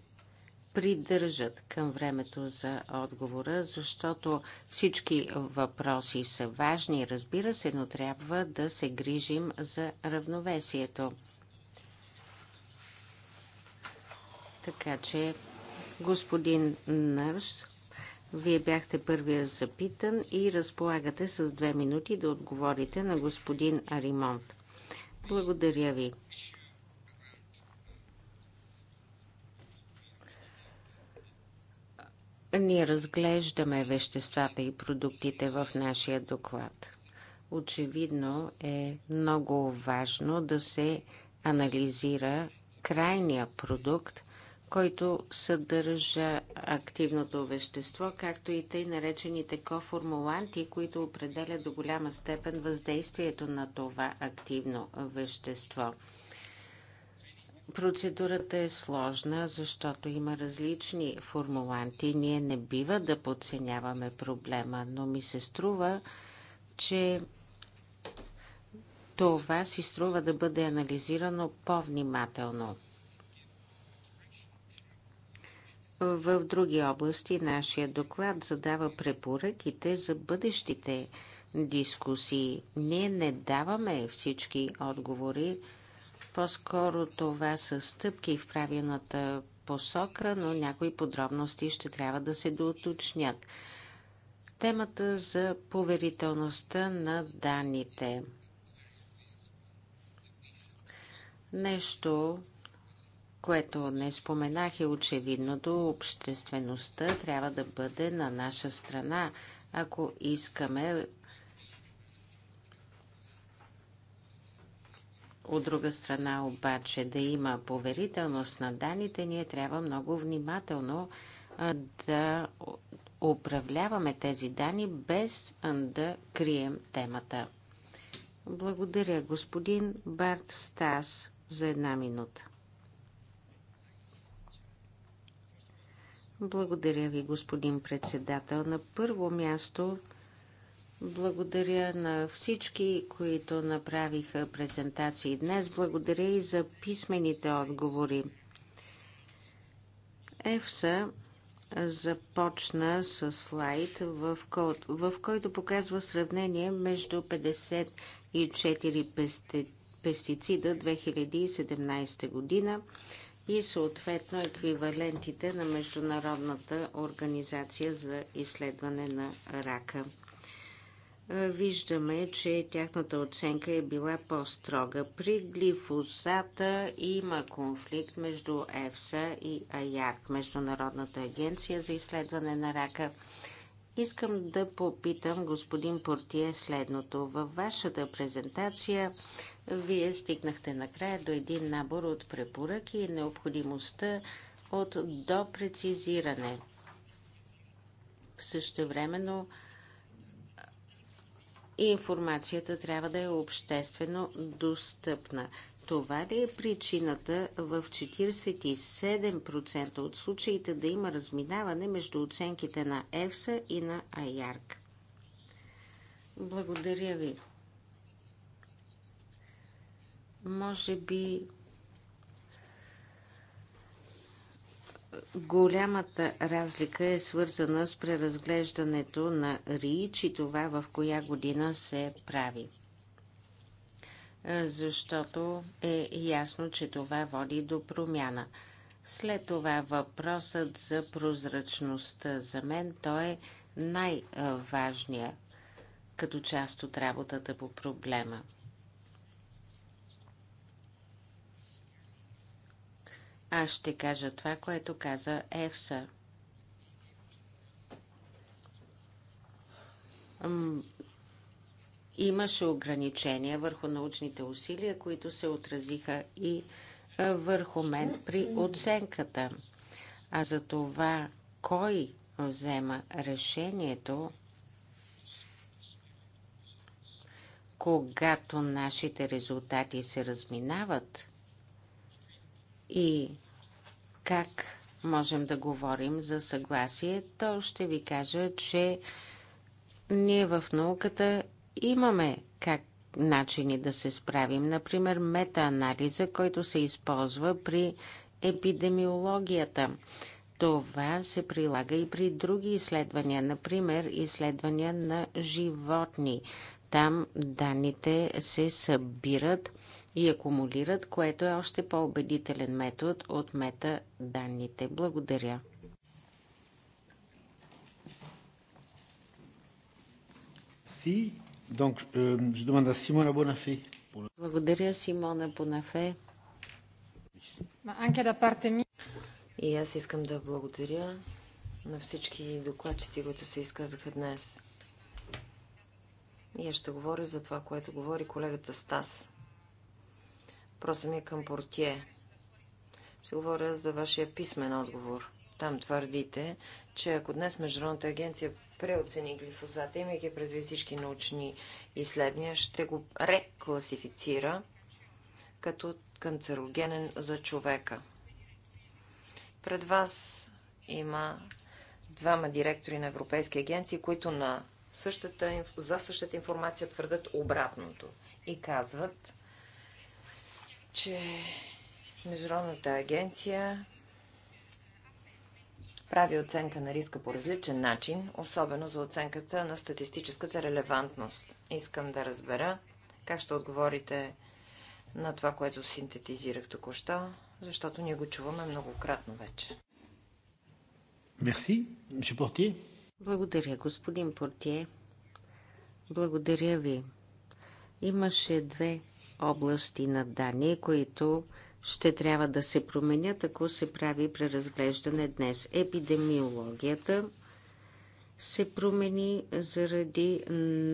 придържат към времето за отговора, защото всички въпроси са важни, разбира се, но трябва да се грижим за равновесието. Така че господин Нърс вие бяхте първия запитан и разполагате с две минути да отговорите на господин Аримонт. Благодаря ви. Ние разглеждаме веществата и продуктите в нашия доклад. Очевидно е много важно да се анализира крайния продукт който съдържа активното вещество, както и тъй наречените коформуланти, които определят до голяма степен въздействието на това активно вещество. Процедурата е сложна, защото има различни формуланти. Ние не бива да подценяваме проблема, но ми се струва, че това си струва да бъде анализирано по-внимателно. В други области нашия доклад задава препоръките за бъдещите дискусии. Ние не даваме всички отговори. По-скоро това са стъпки в правилната посока, но някои подробности ще трябва да се доуточнят. Темата за поверителността на данните. Нещо, което не споменах е очевидното. Обществеността трябва да бъде на наша страна, ако искаме От друга страна обаче да има поверителност на данните, ние трябва много внимателно да управляваме тези данни без да крием темата. Благодаря господин Барт Стас за една минута. Благодаря ви, господин председател. На първо място благодаря на всички, които направиха презентации днес. Благодаря и за писмените отговори. ЕФСА започна с слайд, в, който показва сравнение между 54 пестицида 2017 година и съответно еквивалентите на Международната организация за изследване на рака. Е, виждаме, че тяхната оценка е била по-строга. При глифосата има конфликт между ЕФСА и АЯРК, Международната агенция за изследване на рака. Искам да попитам господин Портие следното. Във вашата презентация вие стигнахте накрая до един набор от препоръки и необходимостта от допрецизиране. Същевременно информацията трябва да е обществено достъпна. Това ли е причината в 47% от случаите да има разминаване между оценките на ЕФСА и на АЯРК? Благодаря ви. Може би голямата разлика е свързана с преразглеждането на РИЧ и това в коя година се прави. Защото е ясно, че това води до промяна. След това въпросът за прозрачността. За мен той е най-важният като част от работата по проблема. Аз ще кажа това, което каза Евса. Имаше ограничения върху научните усилия, които се отразиха и върху мен при оценката. А за това кой взема решението, когато нашите резултати се разминават – и как можем да говорим за съгласие, то ще ви кажа, че ние в науката имаме как начини да се справим. Например, метаанализа, който се използва при епидемиологията. Това се прилага и при други изследвания, например изследвания на животни. Там данните се събират и акумулират, което е още по-убедителен метод от мета данните. Благодаря. Си, donc, euh, je demande à Simona Bonafé. Благодаря, Симона Бонафе. И аз искам да благодаря на всички докладчици, които се изказаха днес. И аз ще говоря за това, което говори колегата Стас. Въпросът ми е към портие. Ще говоря за вашия писмен отговор. Там твърдите, че ако днес Международната агенция преоцени глифозата, имайки през всички научни изследвания, ще го рекласифицира като канцерогенен за човека. Пред вас има двама директори на европейски агенции, които на същата, за същата информация твърдат обратното и казват, че Международната агенция прави оценка на риска по различен начин, особено за оценката на статистическата релевантност. Искам да разбера как ще отговорите на това, което синтетизирах току-що, защото ние го чуваме многократно вече. Мерси, Портие. Благодаря, господин Портие. Благодаря ви. Имаше две области на данни, които ще трябва да се променят, ако се прави преразглеждане днес. Епидемиологията се промени заради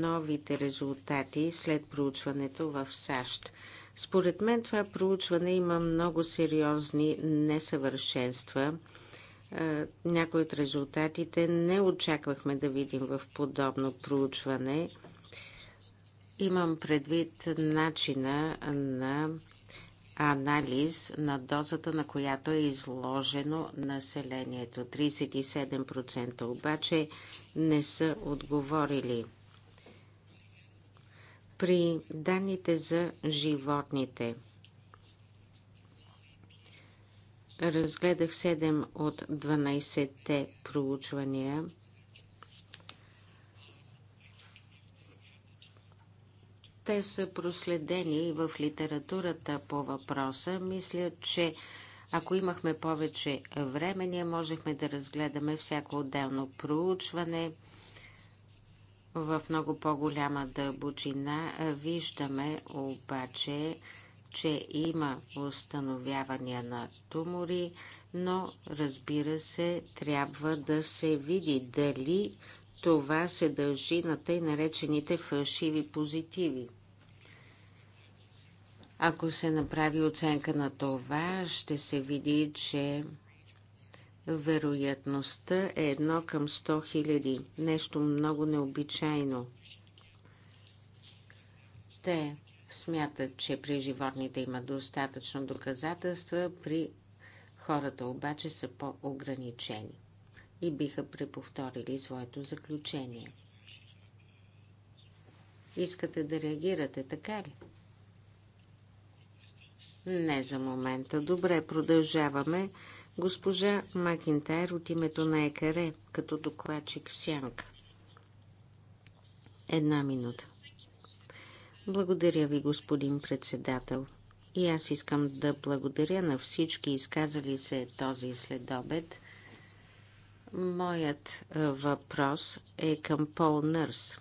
новите резултати след проучването в САЩ. Според мен това проучване има много сериозни несъвършенства. Е, някои от резултатите не очаквахме да видим в подобно проучване – Имам предвид начина на анализ на дозата, на която е изложено населението. 37% обаче не са отговорили. При данните за животните разгледах 7 от 12-те проучвания – Те са проследени и в литературата по въпроса. Мисля, че ако имахме повече време, ние можехме да разгледаме всяко отделно проучване в много по-голяма дълбочина. Виждаме обаче, че има установявания на тумори, но разбира се, трябва да се види дали това се дължи на тъй наречените фалшиви позитиви. Ако се направи оценка на това, ще се види, че вероятността е едно към 100 хиляди. Нещо много необичайно. Те смятат, че при животните има достатъчно доказателства, при хората обаче са по-ограничени и биха преповторили своето заключение. Искате да реагирате, така ли? Не за момента. Добре, продължаваме. Госпожа Макинтайр от името на ЕКАРЕ, като докладчик в сянка. Една минута. Благодаря ви, господин председател. И аз искам да благодаря на всички изказали се този следобед. Моят е, въпрос е към Пол Нърс.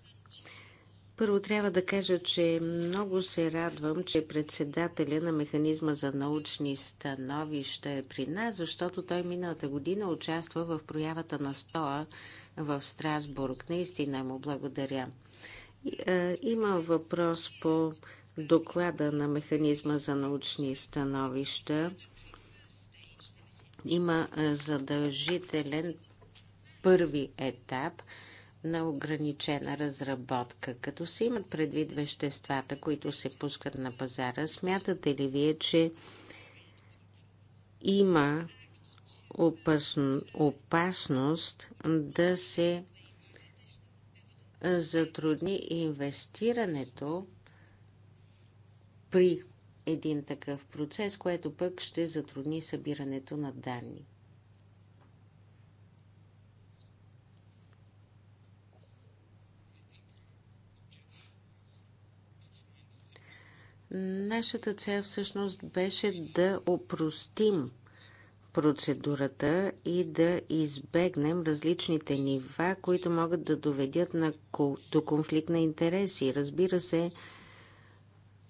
Първо трябва да кажа, че много се радвам, че председателя на механизма за научни становища е при нас, защото той миналата година участва в проявата на СТОА в Страсбург. Наистина му благодаря. Е, има въпрос по доклада на механизма за научни становища. Има е, задължителен първи етап на ограничена разработка. Като се имат предвид веществата, които се пускат на пазара, смятате ли вие, че има опасно, опасност да се затрудни инвестирането при един такъв процес, което пък ще затрудни събирането на данни. Нашата цел всъщност беше да опростим процедурата и да избегнем различните нива, които могат да доведят на, до конфликт на интереси. Разбира се,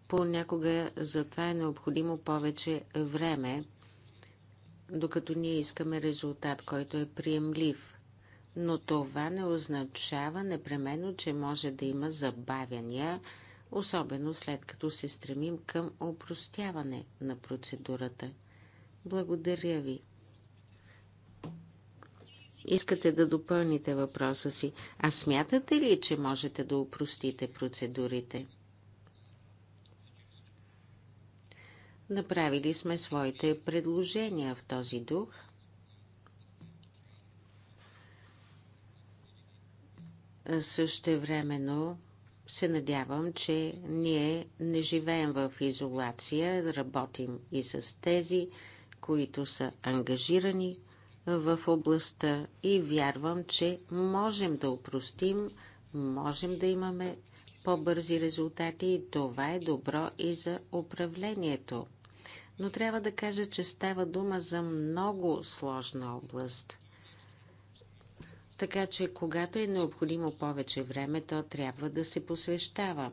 понякога за това е необходимо повече време, докато ние искаме резултат, който е приемлив. Но това не означава непременно, че може да има забавяния особено след като се стремим към опростяване на процедурата. Благодаря ви. Искате да допълните въпроса си. А смятате ли, че можете да упростите процедурите? Направили сме своите предложения в този дух. Също времено се надявам, че ние не живеем в изолация, работим и с тези, които са ангажирани в областта и вярвам, че можем да упростим, можем да имаме по-бързи резултати и това е добро и за управлението. Но трябва да кажа, че става дума за много сложна област. Така че, когато е необходимо повече време, то трябва да се посвещава.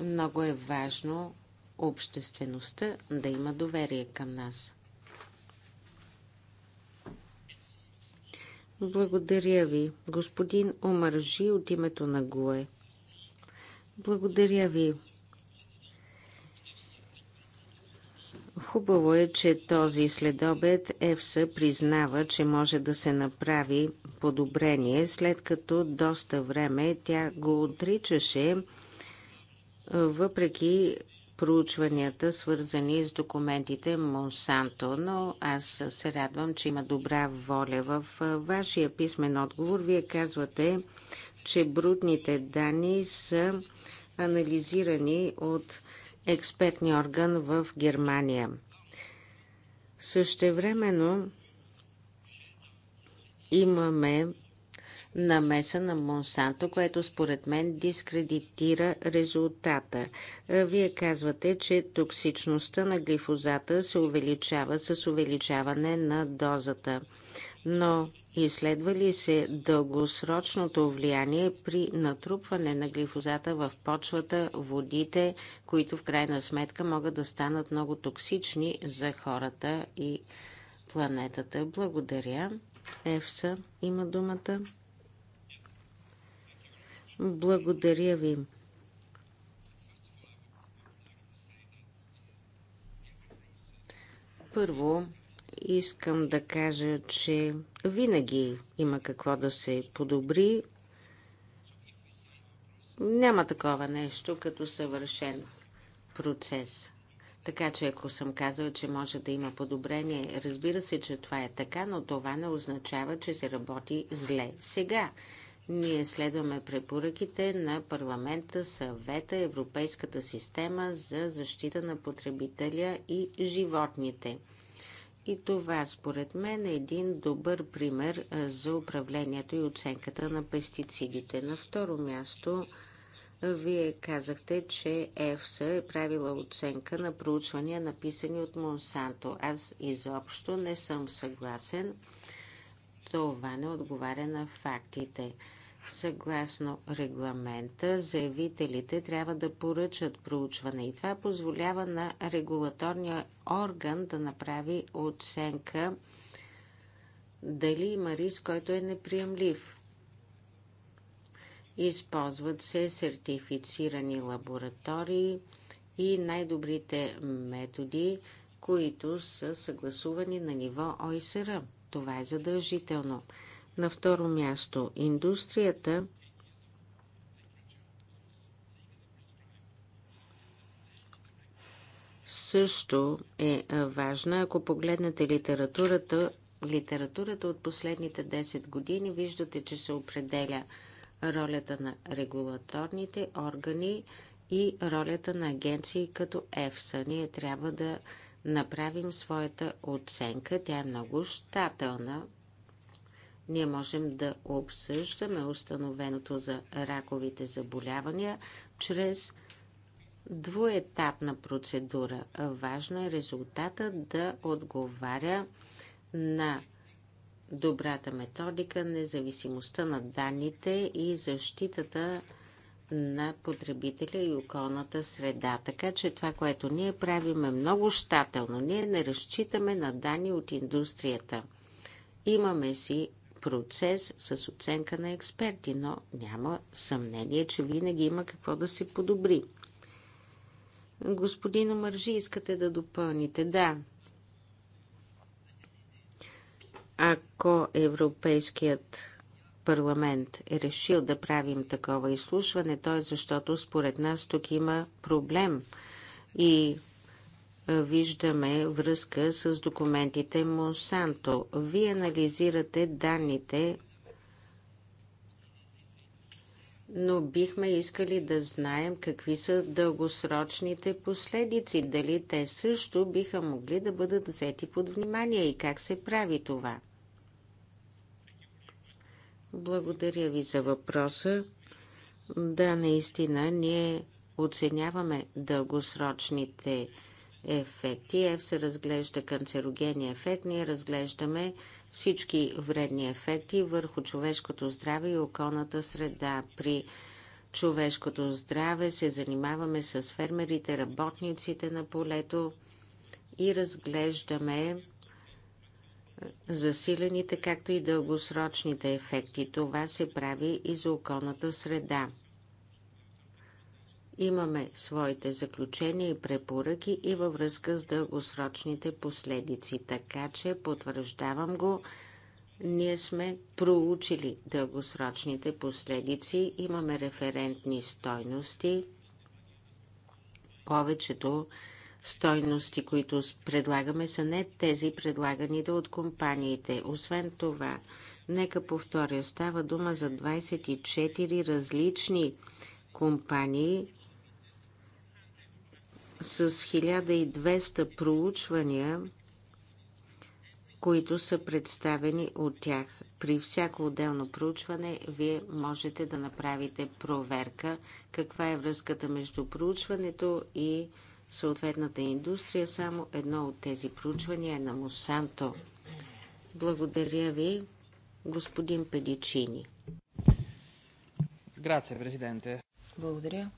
Много е важно обществеността да има доверие към нас. Благодаря ви, господин Омаржи от името на Гуе. Благодаря ви. Хубаво е, че този следобед ЕФСА признава, че може да се направи подобрение, след като доста време тя го отричаше, въпреки проучванията, свързани с документите Монсанто, но аз се радвам, че има добра воля. В вашия писмен отговор вие казвате, че брудните данни са анализирани от експертния орган в Германия. Същевременно имаме намеса на Монсанто, което според мен дискредитира резултата. Вие казвате, че токсичността на глифозата се увеличава с увеличаване на дозата. Но Изследва ли се дългосрочното влияние при натрупване на глифозата в почвата, водите, които в крайна сметка могат да станат много токсични за хората и планетата? Благодаря. Евса има думата. Благодаря ви. Първо, Искам да кажа, че винаги има какво да се подобри. Няма такова нещо като съвършен процес. Така че ако съм казал, че може да има подобрение, разбира се, че това е така, но това не означава, че се работи зле сега. Ние следваме препоръките на парламента, съвета, Европейската система за защита на потребителя и животните. И това, според мен, е един добър пример за управлението и оценката на пестицидите. На второ място, вие казахте, че ЕФСА е правила оценка на проучвания, написани от Монсанто. Аз изобщо не съм съгласен. Това не отговаря на фактите. Съгласно регламента, заявителите трябва да поръчат проучване и това позволява на регулаторния орган да направи оценка дали има риск, който е неприемлив. Използват се сертифицирани лаборатории и най-добрите методи, които са съгласувани на ниво ОИСР. Това е задължително. На второ място, индустрията също е важна. Ако погледнете литературата, литературата от последните 10 години, виждате, че се определя ролята на регулаторните органи и ролята на агенции като ЕФСА. Ние трябва да направим своята оценка. Тя е много щателна, ние можем да обсъждаме установеното за раковите заболявания чрез двуетапна процедура. Важно е резултата да отговаря на добрата методика, независимостта на данните и защитата на потребителя и околната среда. Така че това, което ние правим е много щателно. Ние не разчитаме на данни от индустрията. Имаме си процес с оценка на експерти, но няма съмнение, че винаги има какво да се подобри. Господин Мържи, искате да допълните? Да. Ако Европейският парламент е решил да правим такова изслушване, то е защото според нас тук има проблем. И виждаме връзка с документите Монсанто. Вие анализирате данните, но бихме искали да знаем какви са дългосрочните последици, дали те също биха могли да бъдат взети под внимание и как се прави това. Благодаря ви за въпроса. Да, наистина, ние оценяваме дългосрочните последици ефекти. Ев се разглежда канцерогения ефект. Ние разглеждаме всички вредни ефекти върху човешкото здраве и околната среда. При човешкото здраве се занимаваме с фермерите, работниците на полето и разглеждаме засилените, както и дългосрочните ефекти. Това се прави и за околната среда. Имаме своите заключения и препоръки и във връзка с дългосрочните последици, така че потвърждавам го. Ние сме проучили дългосрочните последици, имаме референтни стойности. Повечето стойности, които предлагаме, са не тези предлаганите от компаниите. Освен това, нека повторя, става дума за 24 различни компании, с 1200 проучвания, които са представени от тях. При всяко отделно проучване вие можете да направите проверка каква е връзката между проучването и съответната индустрия. Само едно от тези проучвания е на Мусанто. Благодаря ви, господин Педичини. Грация, президенте. Благодаря.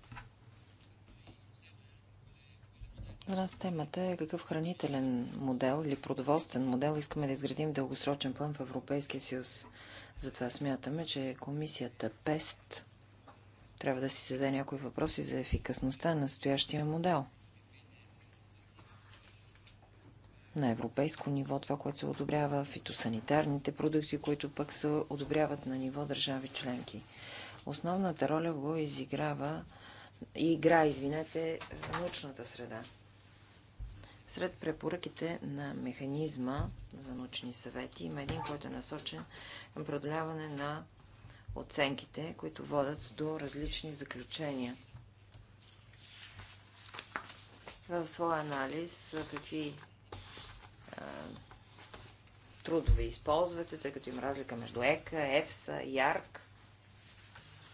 За нас темата е какъв хранителен модел или продоволствен модел искаме да изградим дългосрочен план в Европейския съюз. Затова смятаме, че комисията ПЕСТ трябва да си зададе някои въпроси за ефикасността на настоящия модел. На европейско ниво това, което се одобрява, фитосанитарните продукти, които пък се одобряват на ниво държави членки. Основната роля го изиграва и игра, извинете, научната среда. Сред препоръките на механизма за научни съвети има един, който е насочен към преодоляване на оценките, които водят до различни заключения. В своя анализ какви трудове използвате, тъй като има разлика между ЕКА, ЕФСА, ЯРК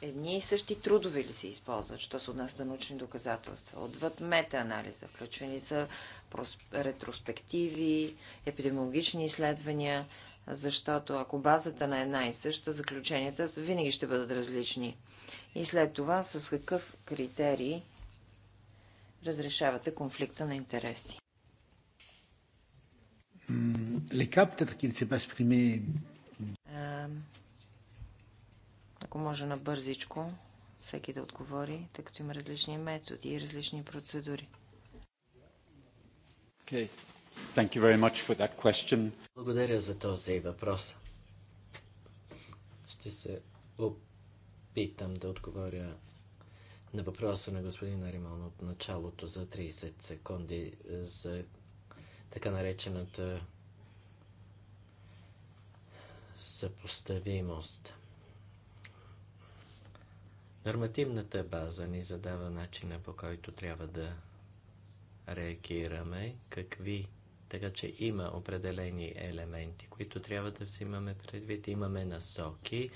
едни и същи трудове ли се използват, що се отнася до научни доказателства? Отвъд мета-анализа, включени са ретроспективи, епидемиологични изследвания, защото ако базата на една и съща, заключенията винаги ще бъдат различни. И след това с какъв критерий разрешавате конфликта на интереси? Les capteurs qui ne s'est pas ако може на бързичко, всеки да отговори, тъй като има различни методи и различни процедури. Okay. Thank you very much for that question. Благодаря за този въпрос. Ще се опитам да отговоря на въпроса на господин Ариман от началото за 30 секунди за така наречената съпоставимост – Нормативната база ни задава начина по който трябва да реагираме, какви. Така че има определени елементи, които трябва да взимаме предвид. Имаме насоки,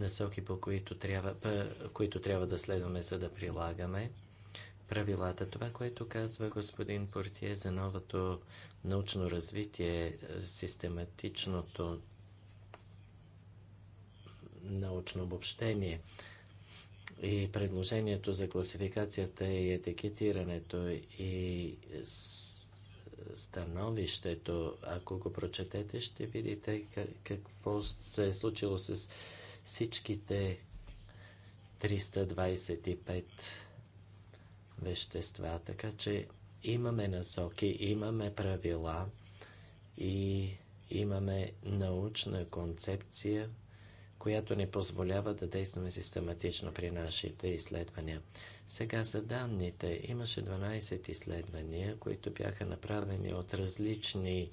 насоки по които трябва, по, които трябва да следваме, за да прилагаме правилата. Това, което казва господин Портие за новото научно развитие, систематичното научно обобщение – и предложението за класификацията и етикетирането и становището, ако го прочетете, ще видите какво се е случило с всичките 325 вещества. Така че имаме насоки, имаме правила и имаме научна концепция – която ни позволява да действаме систематично при нашите изследвания. Сега за данните. Имаше 12 изследвания, които бяха направени от различни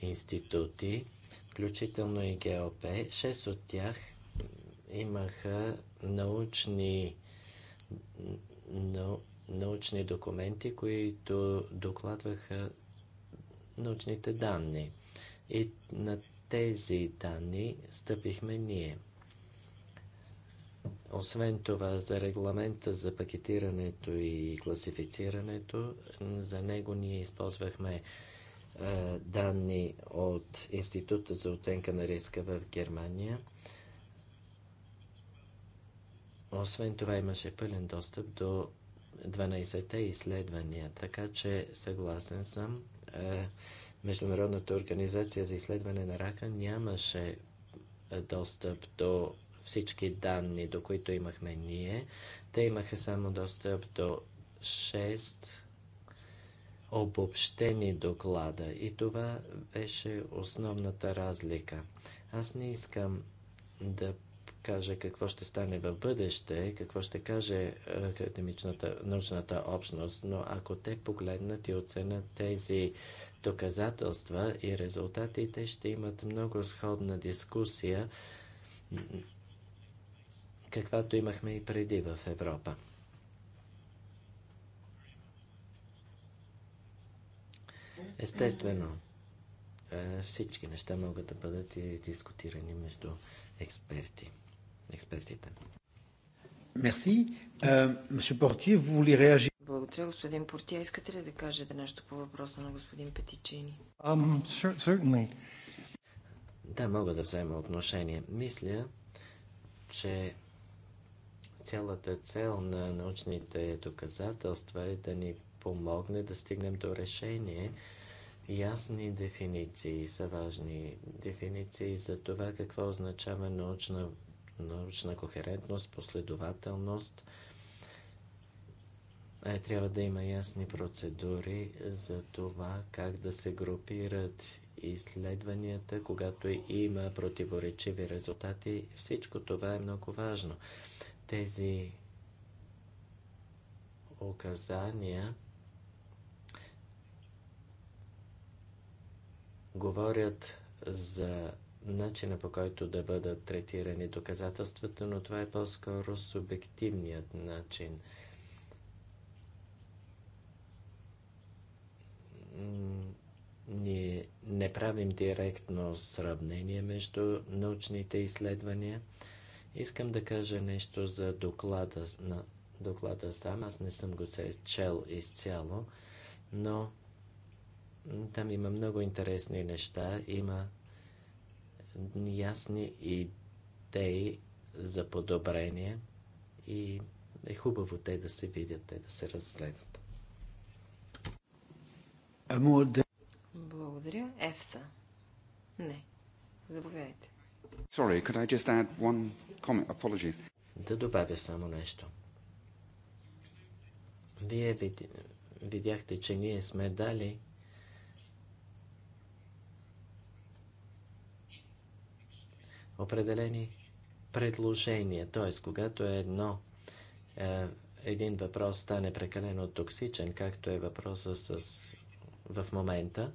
институти, включително и ГОП. Шест от тях имаха научни, научни документи, които докладваха научните данни. И на тези данни стъпихме ние. Освен това, за регламента за пакетирането и класифицирането, за него ние използвахме е, данни от Института за оценка на риска в Германия. Освен това, имаше пълен достъп до 12-те изследвания, така че съгласен съм. Е, Международната организация за изследване на рака нямаше достъп до всички данни, до които имахме ние. Те имаха само достъп до 6 обобщени доклада и това беше основната разлика. Аз не искам да кажа какво ще стане в бъдеще, какво ще каже академичната, научната общност, но ако те погледнат и оценят тези доказателства и резултатите ще имат много сходна дискусия, каквато имахме и преди в Европа. Естествено, е, всички неща могат да бъдат и дискутирани между експерти, експертите. Мерси. Euh, Monsieur Portier, vous благодаря, господин Портия. Искате ли да кажете нещо по въпроса на господин Петичини? Um, certainly. Да, мога да взема отношение. Мисля, че цялата цел на научните доказателства е да ни помогне да стигнем до решение. Ясни дефиниции са важни. Дефиниции за това какво означава научна, научна кохерентност, последователност – е, трябва да има ясни процедури за това как да се групират изследванията, когато има противоречиви резултати. Всичко това е много важно. Тези указания говорят за начина по който да бъдат третирани доказателствата, но това е по-скоро субективният начин – ние не правим директно сравнение между научните изследвания. Искам да кажа нещо за доклада, на доклада сам. Аз не съм го се чел изцяло, но там има много интересни неща. Има ясни идеи за подобрение и е хубаво те да се видят, те да се разгледат. Благодаря. ЕФСА. Не. Заповядайте. Sorry, could I just add one comment? Apologies. Да добавя само нещо. Вие видяхте, че ние сме дали определени предложения. Т.е. когато е едно, един въпрос стане прекалено токсичен, както е въпроса с в момента,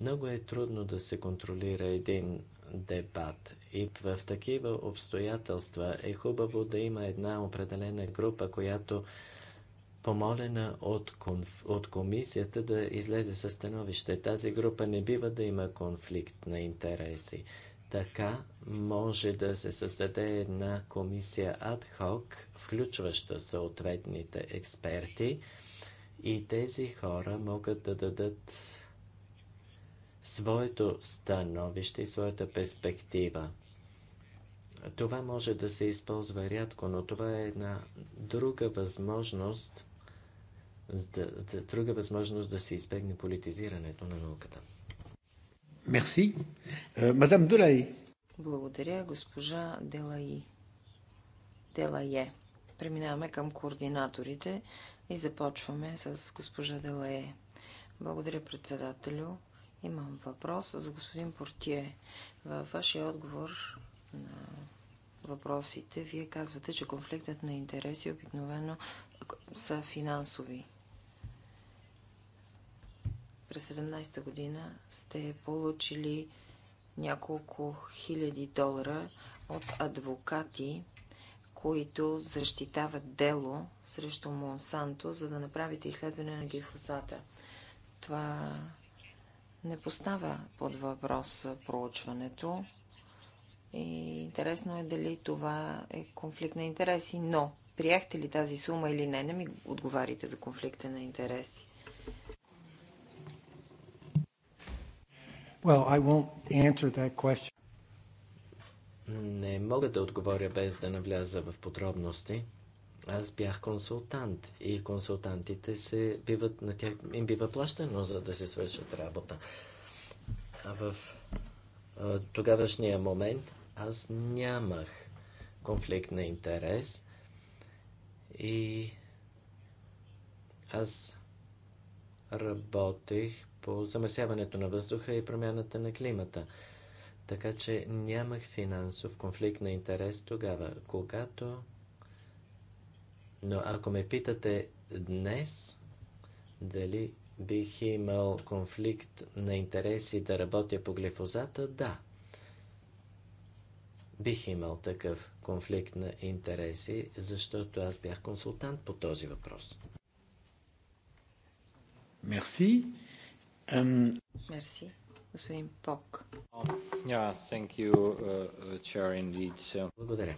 много е трудно да се контролира един дебат. И в такива обстоятелства е хубаво да има една определена група, която помолена от, конф... от комисията да излезе със становище. Тази група не бива да има конфликт на интереси. Така може да се създаде една комисия адхок, включваща съответните експерти, и тези хора могат да дадат своето становище и своята перспектива. Това може да се използва рядко, но това е една друга възможност друга възможност да се избегне политизирането на науката. Мерси. Е, мадам Дулай. Благодаря, госпожа Делаи. Делае. Преминаваме към координаторите. И започваме с госпожа Делае. Благодаря, председателю. Имам въпрос за господин Портие. Във вашия отговор на въпросите, вие казвате, че конфликтът на интереси обикновено са финансови. През 17-та година сте получили няколко хиляди долара от адвокати които защитават дело срещу Монсанто, за да направите изследване на гифосата. Това не поставя под въпрос проучването. И интересно е дали това е конфликт на интереси, но приехте ли тази сума или не, не ми отговарите за конфликта на интереси. Well, I won't answer that question. Не мога да отговоря без да навляза в подробности. Аз бях консултант и консултантите се биват, на тях им бива плащано, за да се свършат работа. А в тогавашния момент аз нямах конфликт на интерес и аз работех по замърсяването на въздуха и промяната на климата. Така че нямах финансов конфликт на интерес тогава, когато... Но ако ме питате днес, дали бих имал конфликт на интереси да работя по глифозата, да. Бих имал такъв конфликт на интереси, защото аз бях консултант по този въпрос. Мерси. Мерси господин Пок. Uh, uh, Благодаря.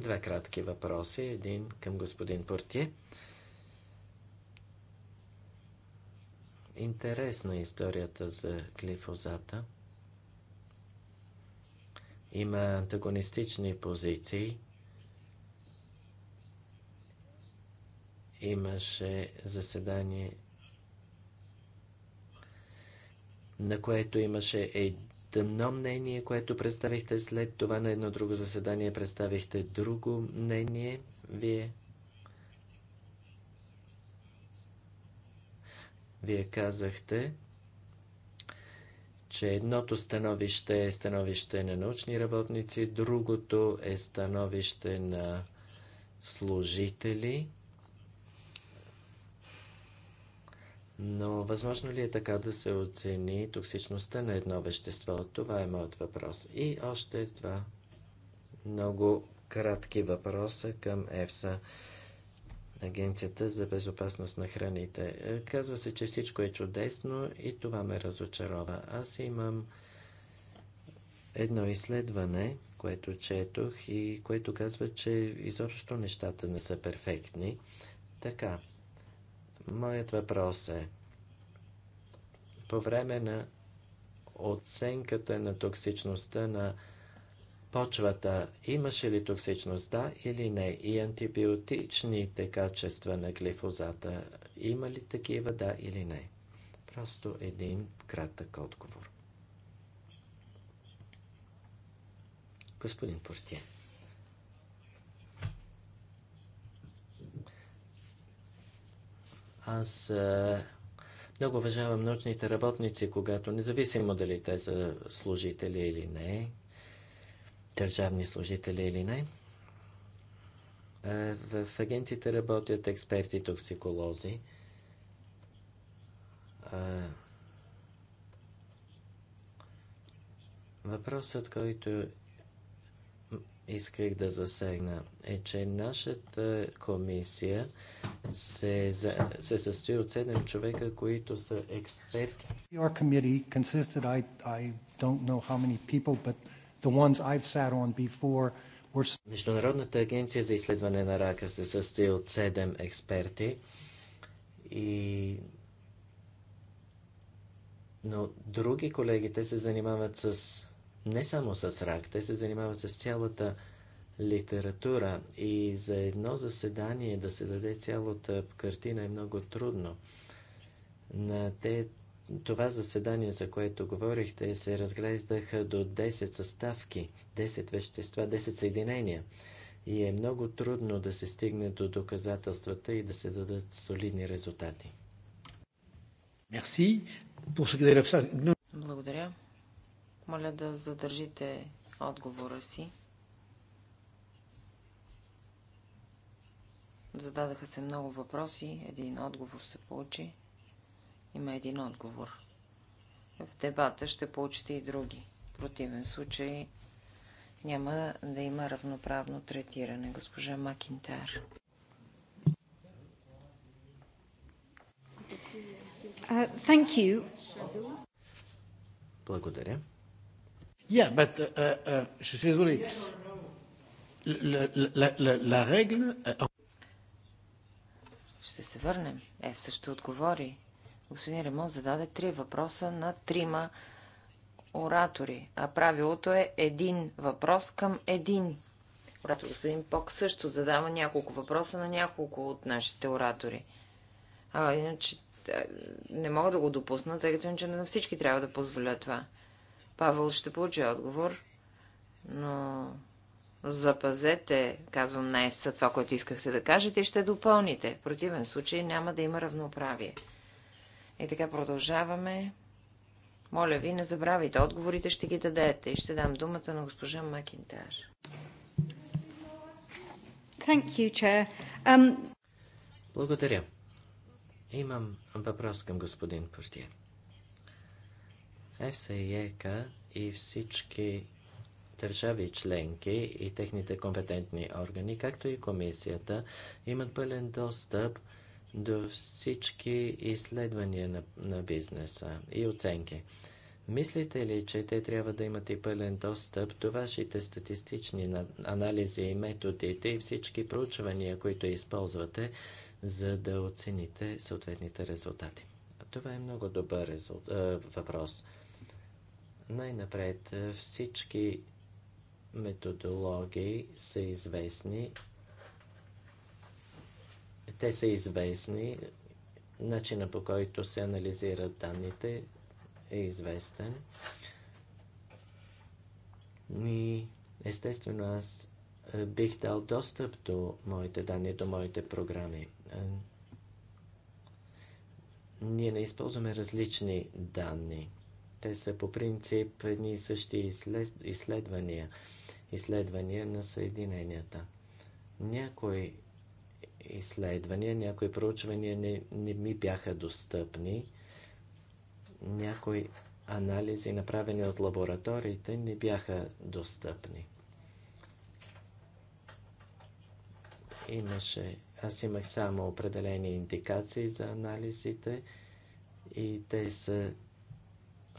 Два кратки въпроси. Един към господин Портие. Интересна е историята за глифозата. Има антагонистични позиции – имаше заседание, на което имаше едно мнение, което представихте след това на едно друго заседание, представихте друго мнение. Вие Вие казахте, че едното становище е становище на научни работници, другото е становище на служители. Но възможно ли е така да се оцени токсичността на едно вещество? Това е моят въпрос. И още два много кратки въпроса към ЕФСА, Агенцията за безопасност на храните. Е, казва се, че всичко е чудесно и това ме разочарова. Аз имам едно изследване, което четох и което казва, че изобщо нещата не са перфектни. Така, Моят въпрос е, по време на оценката на токсичността на почвата, имаше ли токсичност, да или не, и антибиотичните качества на глифозата, има ли такива, да или не? Просто един кратък отговор. Господин Портие. Аз е, много уважавам научните работници, когато независимо дали те са служители или не, държавни служители или не, е, в агенциите работят експерти, токсиколози. Въпросът, който исках да засегна е, че нашата комисия се, се състои от 7 човека, които са експерти. committee consisted, I, I don't know how many people, but the ones I've sat on before were... Международната агенция за изследване на рака се състои от 7 експерти и но други колегите се занимават с не само с рак, те се занимават с цялата литература и за едно заседание да се даде цялата картина е много трудно. На те, това заседание, за което говорихте, се разгледаха до 10 съставки, 10 вещества, 10 съединения. И е много трудно да се стигне до доказателствата и да се дадат солидни резултати. Благодаря. Моля да задържите отговора си. Зададаха се много въпроси, един отговор се получи. Има един отговор. В дебата ще получите и други. В противен случай няма да има равноправно третиране. Госпожа Макинтар. Uh, Благодаря. Yeah, but uh, uh, uh, je suis désolé. La, la, la, la règle... Euh, ще се върнем. Е, също отговори. Господин Ремон зададе три въпроса на трима оратори, а правилото е един въпрос към един. Оратор господин Пок също задава няколко въпроса на няколко от нашите оратори. А, иначе е, не мога да го допусна, тъй като иначе на всички трябва да позволя това. Павел ще получи отговор, но запазете, казвам най ЕФСА, това, което искахте да кажете и ще допълните. В противен случай няма да има равноправие. И така продължаваме. Моля ви, не забравяйте, отговорите ще ги дадете и ще дам думата на госпожа Макинтар. You, um... Благодаря. Имам въпрос към господин Портие. ЕФСА и и всички държави членки и техните компетентни органи, както и комисията, имат пълен достъп до всички изследвания на, на бизнеса и оценки. Мислите ли, че те трябва да имат и пълен достъп до вашите статистични анализи и методите и всички проучвания, които използвате, за да оцените съответните резултати? Това е много добър резул... Е, въпрос. Най-напред е, всички методологии са известни. Те са известни. Начина по който се анализират данните е известен. И естествено аз е, бих дал достъп до моите данни, до моите програми. Е, ние не използваме различни данни. Те са по принцип едни и същи изследвания, изследвания на съединенията. Някои изследвания, някои проучвания не, не ми бяха достъпни, някои анализи, направени от лабораториите, не бяха достъпни. Имаше, аз имах само определени индикации за анализите и те са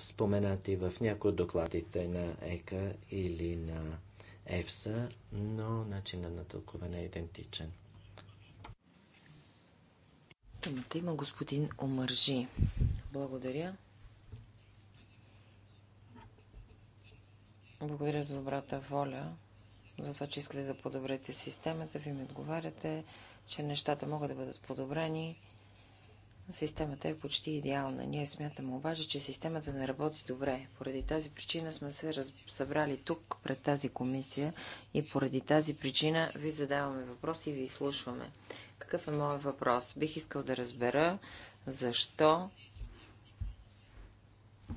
споменати в някои от докладите на ЕКА или на ЕФСА, но начинът на тълкуване е идентичен. Думата има господин Омържи. Благодаря. Благодаря за добрата воля, за това, че искате да подобрете системата. Вие ми отговаряте, че нещата могат да бъдат подобрени Системата е почти идеална. Ние смятаме обаче, че системата не работи добре. Поради тази причина сме се раз... събрали тук, пред тази комисия и поради тази причина ви задаваме въпроси и ви изслушваме. Какъв е моят въпрос? Бих искал да разбера защо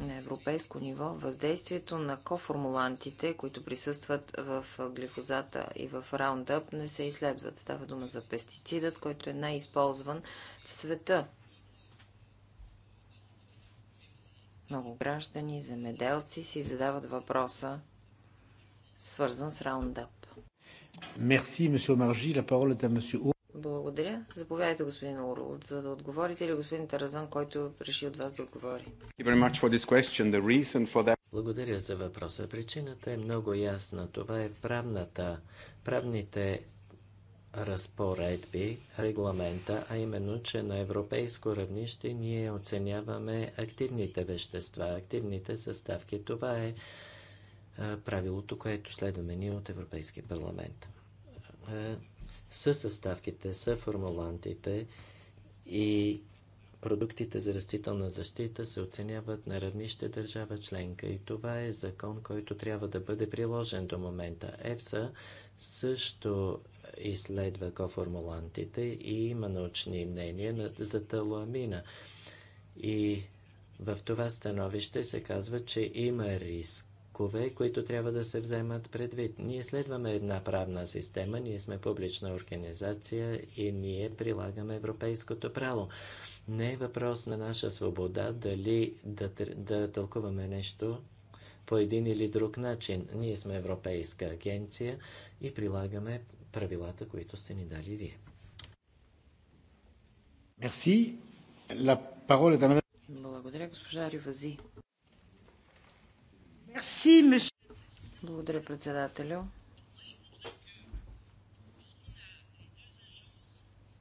на европейско ниво въздействието на коформулантите, които присъстват в глифозата и в раундъп, не се изследват. Става дума за пестицидът, който е най-използван в света Много граждани, земеделци си задават въпроса, свързан с Раундъп. Мерси, месье Маржи. La parole est à monsieur благодаря. Заповядайте, господин Ур, за да отговорите или господин Таразан, който реши от вас да отговори. Благодаря за въпроса. Причината е много ясна. Това е правната, правните разпоредби, регламента, а именно, че на европейско равнище ние оценяваме активните вещества, активните съставки. Това е правилото, което следваме ние от Европейския парламент. Със съставките, са формулантите и продуктите за растителна защита се оценяват на равнище държава членка и това е закон, който трябва да бъде приложен до момента. ЕФСА също изследва коформулантите и има научни мнения за таламина. И в това становище се казва, че има рискове, които трябва да се вземат предвид. Ние следваме една правна система, ние сме публична организация и ние прилагаме европейското право. Не е въпрос на наша свобода дали да, да тълкуваме нещо по един или друг начин. Ние сме Европейска агенция и прилагаме правилата, които сте ни дали вие. Мерси. La parole est Благодаря, госпожа Ривази. Мерси, Благодаря, председателю.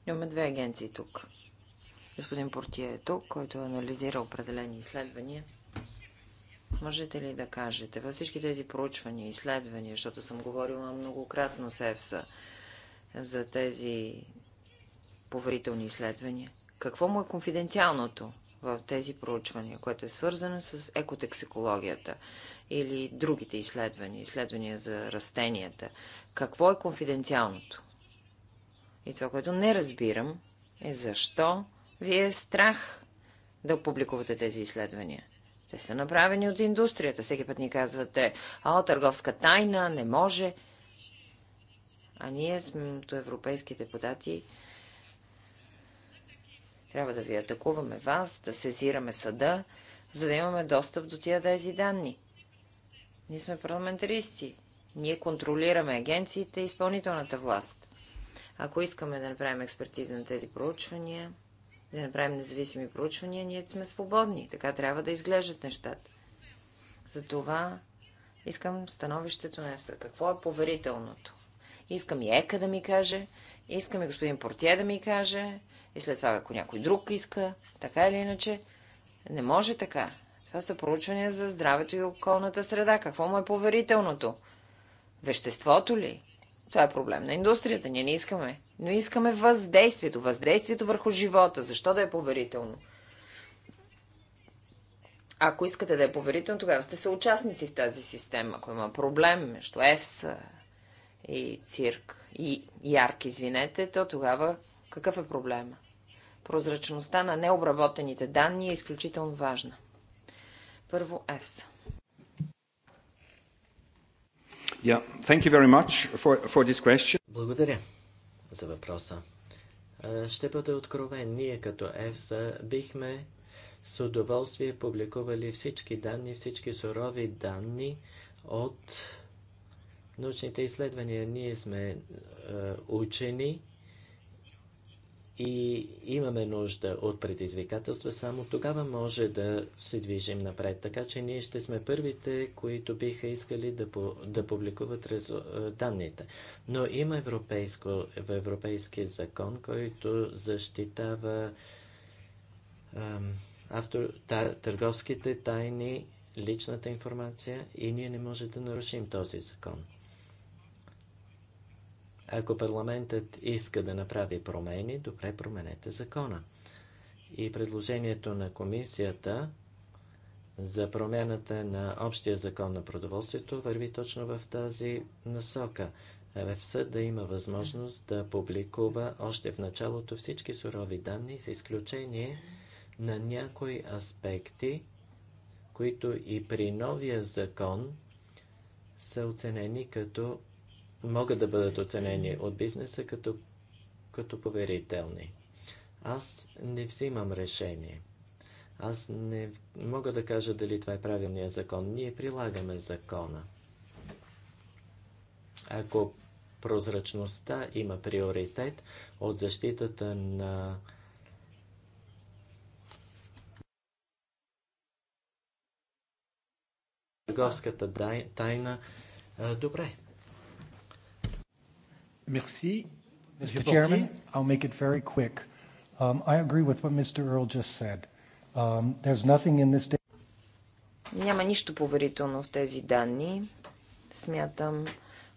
Имаме две агенции тук. Господин Портие е тук, който анализира определени изследвания можете ли да кажете, във всички тези проучвания, изследвания, защото съм говорила многократно с ЕФСА за тези поверителни изследвания, какво му е конфиденциалното в тези проучвания, което е свързано с екотексикологията или другите изследвания, изследвания за растенията? Какво е конфиденциалното? И това, което не разбирам, е защо ви е страх да публикувате тези изследвания. Те са направени от индустрията. Всеки път ни казвате, а, търговска тайна, не може. А ние, сме като европейски депутати, трябва да ви атакуваме вас, да сезираме съда, за да имаме достъп до тия тези данни. Ние сме парламентаристи. Ние контролираме агенциите и изпълнителната власт. Ако искаме да направим експертиза на тези проучвания, да направим независими проучвания, ние сме свободни. Така трябва да изглеждат нещата. Затова искам становището на ЕФСА. Какво е поверителното? Искам и ЕКА да ми каже, искам и господин Портие да ми каже, и след това, ако някой друг иска, така или иначе. Не може така. Това са проучвания за здравето и околната среда. Какво му е поверителното? Веществото ли? Това е проблем на индустрията. Ние не искаме. Но искаме въздействието. Въздействието върху живота. Защо да е поверително? Ако искате да е поверително, тогава сте съучастници в тази система. Ако има проблем между ЕФСА и цирк, и ярк, извинете, то тогава какъв е проблема? Прозрачността на необработените данни е изключително важна. Първо ЕФСА. Yeah, thank you very much for, for this question. Благодаря за въпроса. Ще бъде откровен. Ние като ЕФСА бихме с удоволствие публикували всички данни, всички сурови данни от научните изследвания. Ние сме е, учени и имаме нужда от предизвикателства, само тогава може да се движим напред. Така че ние ще сме първите, които биха искали да, по, да публикуват резу, е, данните. Но има европейско, европейски закон, който защитава ам, автор, та, търговските тайни, личната информация и ние не можем да нарушим този закон. Ако парламентът иска да направи промени, добре променете закона. И предложението на комисията за промяната на общия закон на продоволствието върви точно в тази насока. Е, съд да има възможност да публикува още в началото всички сурови данни, с изключение на някои аспекти, които и при новия закон са оценени като могат да бъдат оценени от бизнеса като, като поверителни. Аз не взимам решение. Аз не мога да кажа дали това е правилният закон. Ние прилагаме закона. Ако прозрачността има приоритет от защитата на търговската тайна, добре, Merci. Mr. Chairman, I'll make it very quick. Um, I agree with what Mr. Earl just said. Um, there's nothing in this Няма нищо поверително в тези данни. Смятам,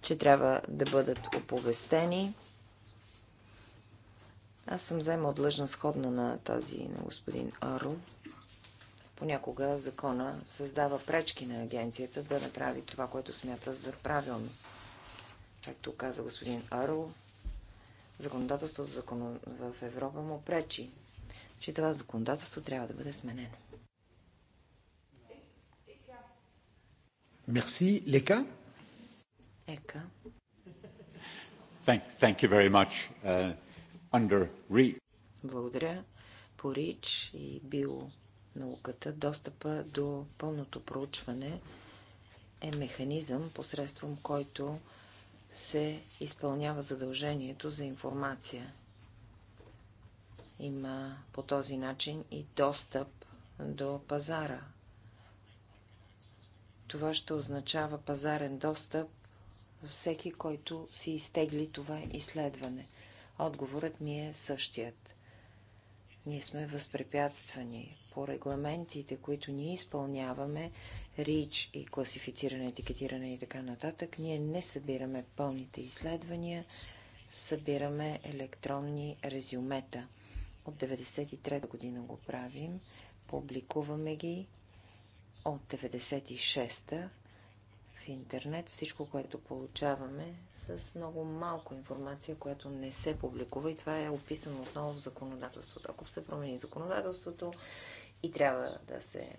че трябва да бъдат оповестени. Аз съм заемал длъжна сходна на тази на господин Арл. Понякога закона създава пречки на агенцията да направи това, което смята за правилно. Както каза господин Арл, законодателството закон... в Европа му пречи, че това законодателство трябва да бъде сменено. Мерси. Лека? Ека. Thank, thank you very much. Uh, under REACH. Благодаря. По РИЧ и бионауката достъпа до пълното проучване е механизъм, посредством който се изпълнява задължението за информация. Има по този начин и достъп до пазара. Това ще означава пазарен достъп всеки, който си изтегли това изследване. Отговорът ми е същият. Ние сме възпрепятствани по регламентите, които ние изпълняваме, РИЧ и класифициране, етикетиране и така нататък. Ние не събираме пълните изследвания, събираме електронни резюмета. От 93 година го правим, публикуваме ги от 96-та в интернет. Всичко, което получаваме, с много малко информация, която не се публикува и това е описано отново в законодателството. Ако се промени законодателството и трябва да се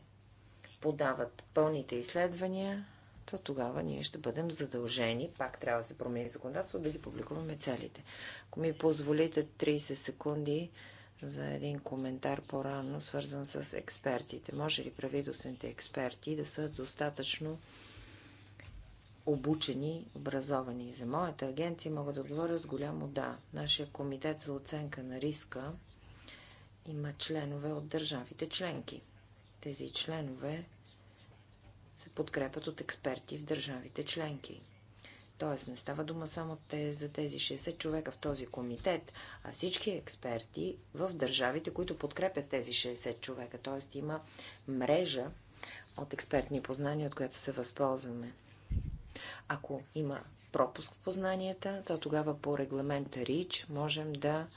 подават пълните изследвания, то тогава ние ще бъдем задължени, пак трябва да се промени законодателството да ги публикуваме целите. Ако ми позволите 30 секунди за един коментар по-рано, свързан с експертите. Може ли правителствените експерти да са достатъчно обучени, образовани. За моята агенция мога да отговоря с голямо да. Нашия комитет за оценка на риска има членове от държавите членки. Тези членове се подкрепят от експерти в държавите членки. Тоест не става дума само те, за тези 60 човека в този комитет, а всички експерти в държавите, които подкрепят тези 60 човека. Тоест има мрежа от експертни познания, от която се възползваме. Ако има пропуск в познанията, то тогава по регламента РИЧ можем да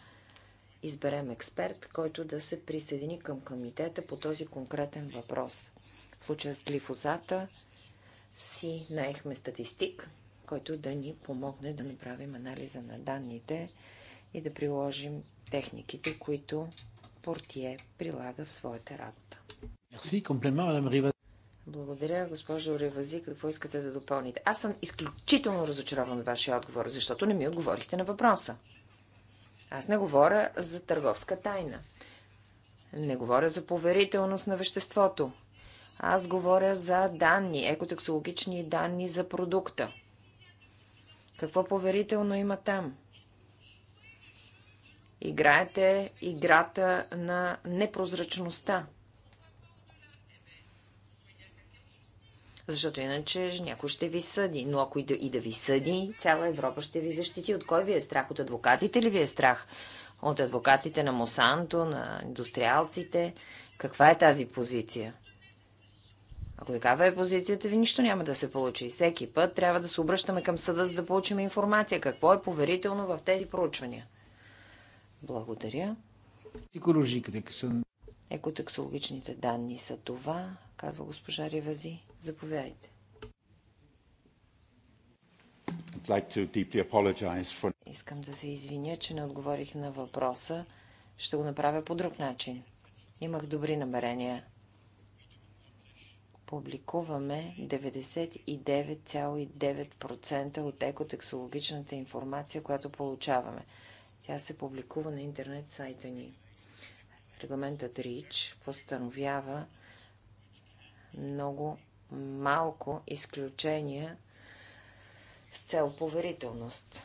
изберем експерт, който да се присъедини към комитета по този конкретен въпрос. В случая с глифозата си наехме статистик, който да ни помогне да направим анализа на данните и да приложим техниките, които Портие прилага в своята работа. Мерси, комплимент, мадам Рива. Благодаря, госпожо Ревази. Какво искате да допълните? Аз съм изключително разочарован от вашия отговор, защото не ми отговорихте на въпроса. Аз не говоря за търговска тайна. Не говоря за поверителност на веществото. Аз говоря за данни, екотексологични данни за продукта. Какво поверително има там? Играете играта на непрозрачността. Защото иначе някой ще ви съди. Но ако и да, и да ви съди, цяла Европа ще ви защити. От кой ви е страх? От адвокатите ли ви е страх? От адвокатите на Мосанто, на индустриалците? Каква е тази позиция? Ако такава е позицията ви, нищо няма да се получи. Всеки път трябва да се обръщаме към съда, за да получим информация. Какво е поверително в тези проучвания? Благодаря. Психологиката, Екотексологичните данни са това, казва госпожа Ревази. Заповядайте. Искам да се извиня, че не отговорих на въпроса. Ще го направя по друг начин. Имах добри намерения. Публикуваме 99,9% от екотексологичната информация, която получаваме. Тя се публикува на интернет сайта ни. Регламентът РИЧ постановява много малко изключения с цел поверителност.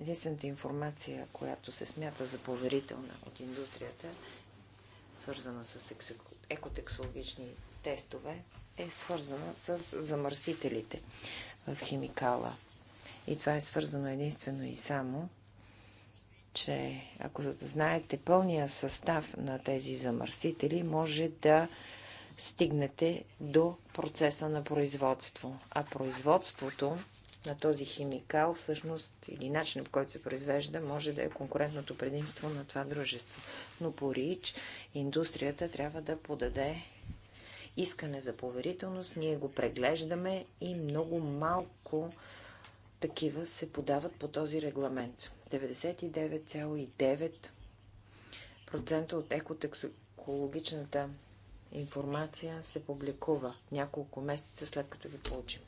Единствената информация, която се смята за поверителна от индустрията, свързана с екотексологични тестове, е свързана с замърсителите в химикала. И това е свързано единствено и само че ако знаете пълния състав на тези замърсители, може да стигнете до процеса на производство. А производството на този химикал, всъщност, или начинът по който се произвежда, може да е конкурентното предимство на това дружество. Но по РИЧ индустрията трябва да подаде искане за поверителност, ние го преглеждаме и много малко такива се подават по този регламент. 99,9% от екотексикологичната информация се публикува няколко месеца след като ви получим.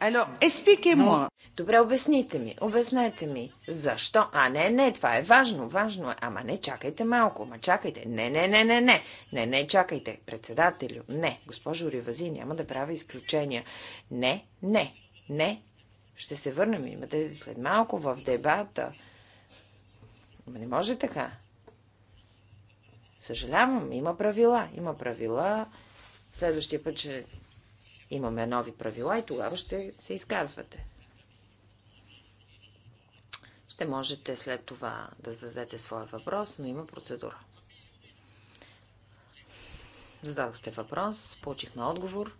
Алло, Добре, обясните ми, обяснете ми. Защо? А, не, не, това е важно, важно е. Ама не, чакайте малко, ама чакайте. Не, не, не, не, не. Не, не, чакайте. Председателю, не. Госпожо Ривази, няма да правя изключения. Не, не, не, ще се върнем, имате след малко в дебата. Но не може така. Съжалявам, има правила. Има правила. Следващия път ще имаме нови правила и тогава ще се изказвате. Ще можете след това да зададете своя въпрос, но има процедура. Зададохте въпрос, получихме отговор.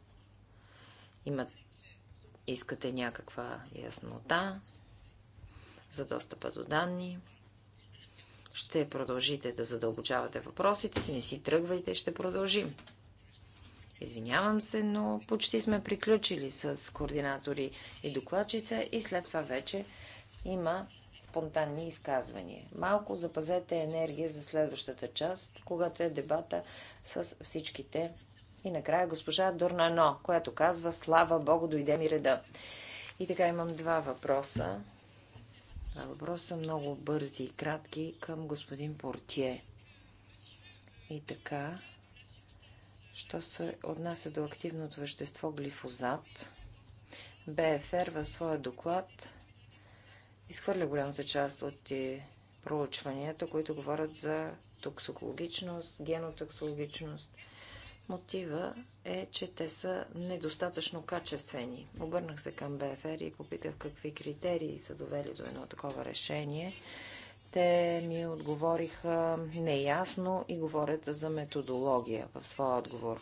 Имат искате някаква яснота за достъпа до данни. Ще продължите да задълбочавате въпросите си, не си тръгвайте, ще продължим. Извинявам се, но почти сме приключили с координатори и докладчица и след това вече има спонтанни изказвания. Малко запазете енергия за следващата част, когато е дебата с всичките и накрая госпожа Дорнано, която казва Слава Богу, дойде ми реда. И така имам два въпроса. Два въпроса много бързи и кратки към господин Портие. И така, що се отнася до активното вещество глифозат, БФР в своя доклад изхвърля голямата част от проучванията, които говорят за токсикологичност, генотоксологичност – Мотива е, че те са недостатъчно качествени. Обърнах се към БФР и попитах какви критерии са довели до едно такова решение. Те ми отговориха неясно и говорят за методология в своя отговор.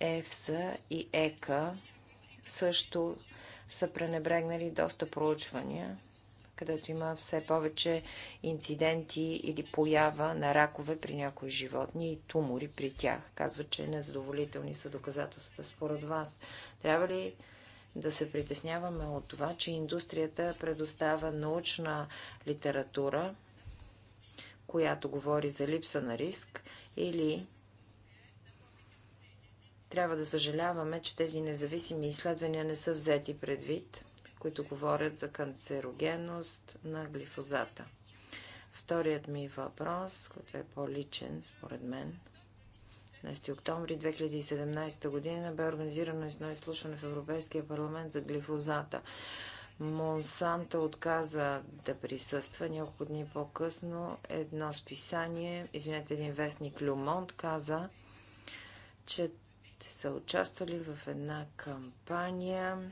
ЕФСА и ЕКА също са пренебрегнали доста проучвания където има все повече инциденти или поява на ракове при някои животни и тумори при тях. Казват, че незадоволителни са доказателствата според вас. Трябва ли да се притесняваме от това, че индустрията предоставя научна литература, която говори за липса на риск или трябва да съжаляваме, че тези независими изследвания не са взети предвид които говорят за канцерогенност на глифозата. Вторият ми въпрос, който е по-личен според мен, 11 е октомври 2017 година бе организирано едно изслушване в Европейския парламент за глифозата. Монсанто отказа да присъства. Няколко дни по-късно едно списание, извинете, един вестник Люмонт каза, че са участвали в една кампания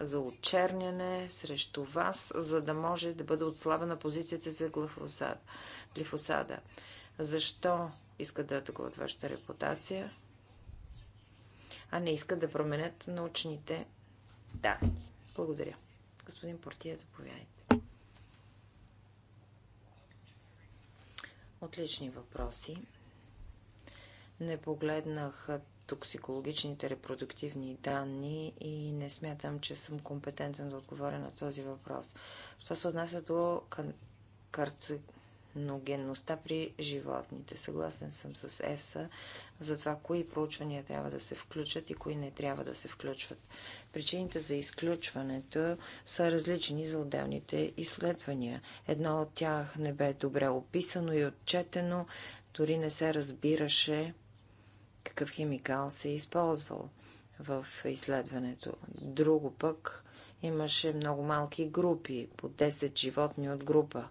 за отчерняне срещу вас, за да може да бъде отслабена позицията за глифосада. Защо искат да атакуват вашата репутация, а не искат да променят научните данни? Благодаря. Господин Портия, заповядайте. Отлични въпроси. Не погледнах токсикологичните репродуктивни данни и не смятам, че съм компетентен да отговоря на този въпрос. Що се отнася до карциногенността при животните? Съгласен съм с ЕФСА за това, кои проучвания трябва да се включат и кои не трябва да се включват. Причините за изключването са различни за отделните изследвания. Едно от тях не бе добре описано и отчетено, дори не се разбираше какъв химикал се е използвал в изследването. Друго пък имаше много малки групи, по 10 животни от група.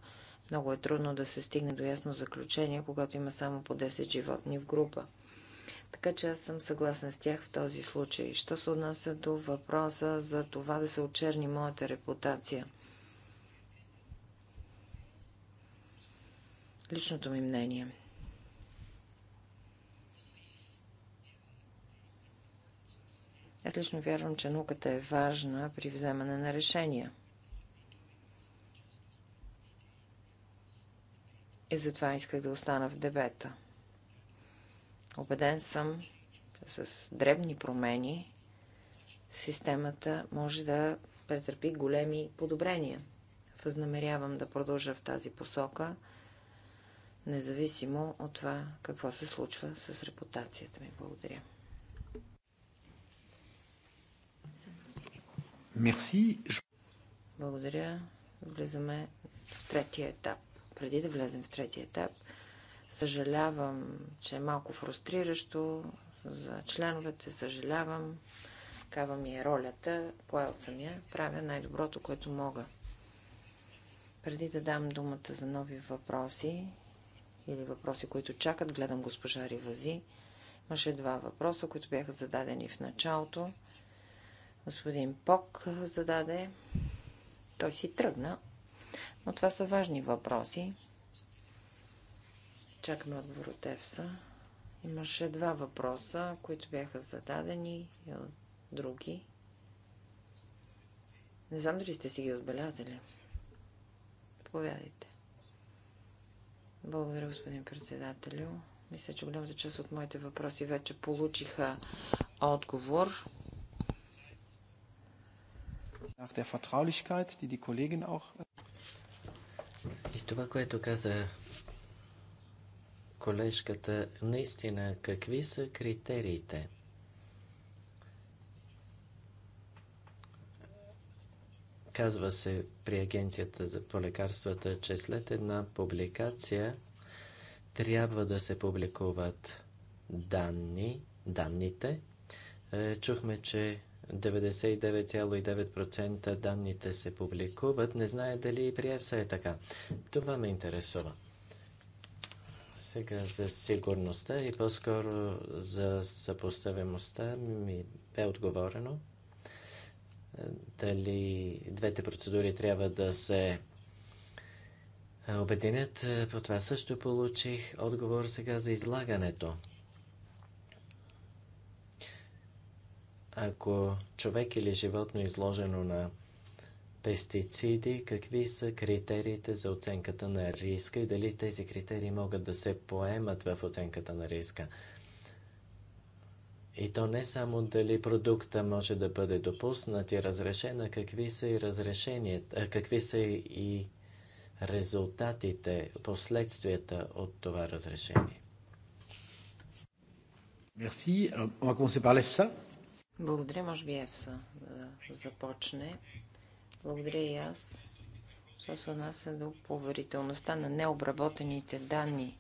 Много е трудно да се стигне до ясно заключение, когато има само по 10 животни в група. Така че аз съм съгласен с тях в този случай. Що се отнася до въпроса за това да се очерни моята репутация? Личното ми мнение – Аз лично вярвам, че науката е важна при вземане на решения. И затова исках да остана в дебета. Обеден съм, че с дребни промени системата може да претърпи големи подобрения. Възнамерявам да продължа в тази посока, независимо от това какво се случва с репутацията ми. Благодаря. Мерси. Благодаря. Влизаме в третия етап. Преди да влезем в третия етап, съжалявам, че е малко фрустриращо за членовете, съжалявам. Такава ми е ролята. Поел съм я. Правя най-доброто, което мога. Преди да дам думата за нови въпроси или въпроси, които чакат, гледам госпожа Ривази. Имаше два въпроса, които бяха зададени в началото господин Пок зададе. Той си тръгна. Но това са важни въпроси. Чакаме отговор от Евса. Имаше два въпроса, които бяха зададени и от други. Не знам дали сте си ги отбелязали. Повядайте. Благодаря, господин председателю. Мисля, че голямата част от моите въпроси вече получиха отговор nach der Vertraulichkeit, die die Kollegin auch. Äh, И това, което каза колежката, наистина какви са критериите? Казва се при Агенцията за по лекарствата, че след една публикация трябва да се публикуват данни, данните. Е, чухме, че 99,9% данните се публикуват. Не знае дали и при ЕФСА е така. Това ме интересува. Сега за сигурността и по-скоро за съпоставимостта ми бе отговорено. Е, дали двете процедури трябва да се е, обединят, е, по това също получих отговор сега за излагането. ако човек или животно е изложено на пестициди, какви са критериите за оценката на риска и дали тези критерии могат да се поемат в оценката на риска. И то не само дали продукта може да бъде допуснат и разрешен, а какви са и разрешенията, какви са и резултатите, последствията от това разрешение. Merci. Alors, on va commencer par l'EFSA. Благодаря, може би Евса да започне. Благодаря и аз. Що се отнася до поверителността на необработените данни.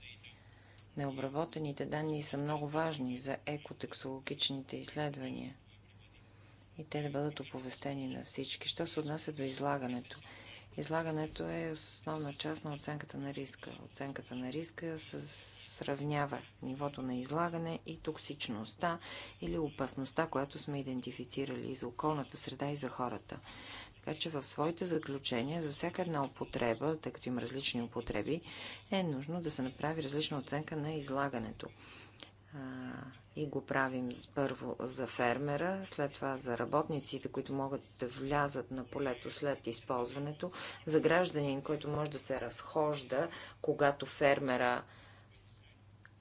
Необработените данни са много важни за екотексологичните изследвания и те да бъдат оповестени на всички. Що се отнася до излагането? Излагането е основна част на оценката на риска. Оценката на риска се сравнява нивото на излагане и токсичността или опасността, която сме идентифицирали и за околната среда и за хората. Така че в своите заключения за всяка една употреба, тъй като има различни употреби, е нужно да се направи различна оценка на излагането и го правим първо за фермера, след това за работниците, които могат да влязат на полето след използването, за гражданин, който може да се разхожда, когато фермера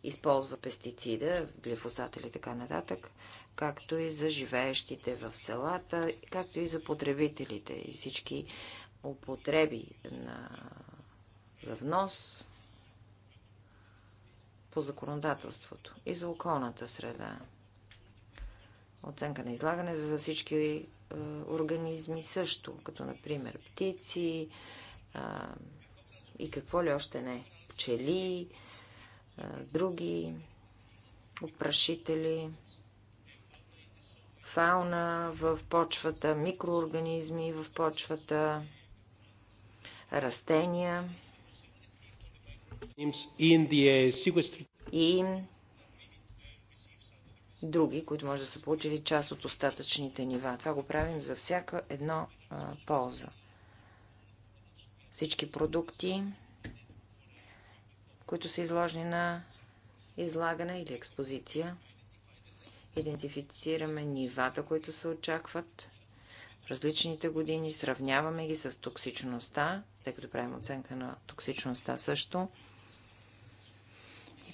използва пестицида, глифосат или така нататък, както и за живеещите в селата, както и за потребителите и всички употреби на, за внос, по законодателството и за околната среда. Оценка на излагане за всички е, организми също, като например птици е, и какво ли още не. Пчели, е, други опрашители, фауна в почвата, микроорганизми в почвата, растения. Uh, И други, които може да са получили част от остатъчните нива. Това го правим за всяка едно а, полза. Всички продукти, които са изложени на излагане или експозиция. Идентифицираме нивата, които се очакват в различните години, сравняваме ги с токсичността, тъй като правим оценка на токсичността също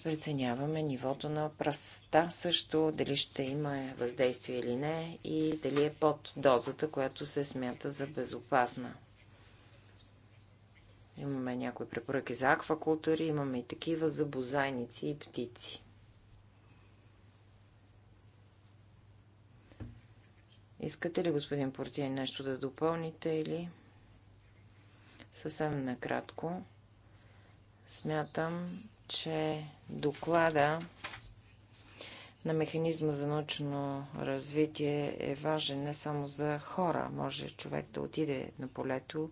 преценяваме нивото на пръста също, дали ще има въздействие или не и дали е под дозата, която се смята за безопасна. Имаме някои препоръки за аквакултури, имаме и такива за бозайници и птици. Искате ли, господин Портия, нещо да допълните или съвсем накратко? Смятам, че доклада на механизма за научно развитие е важен не само за хора. Може човек да отиде на полето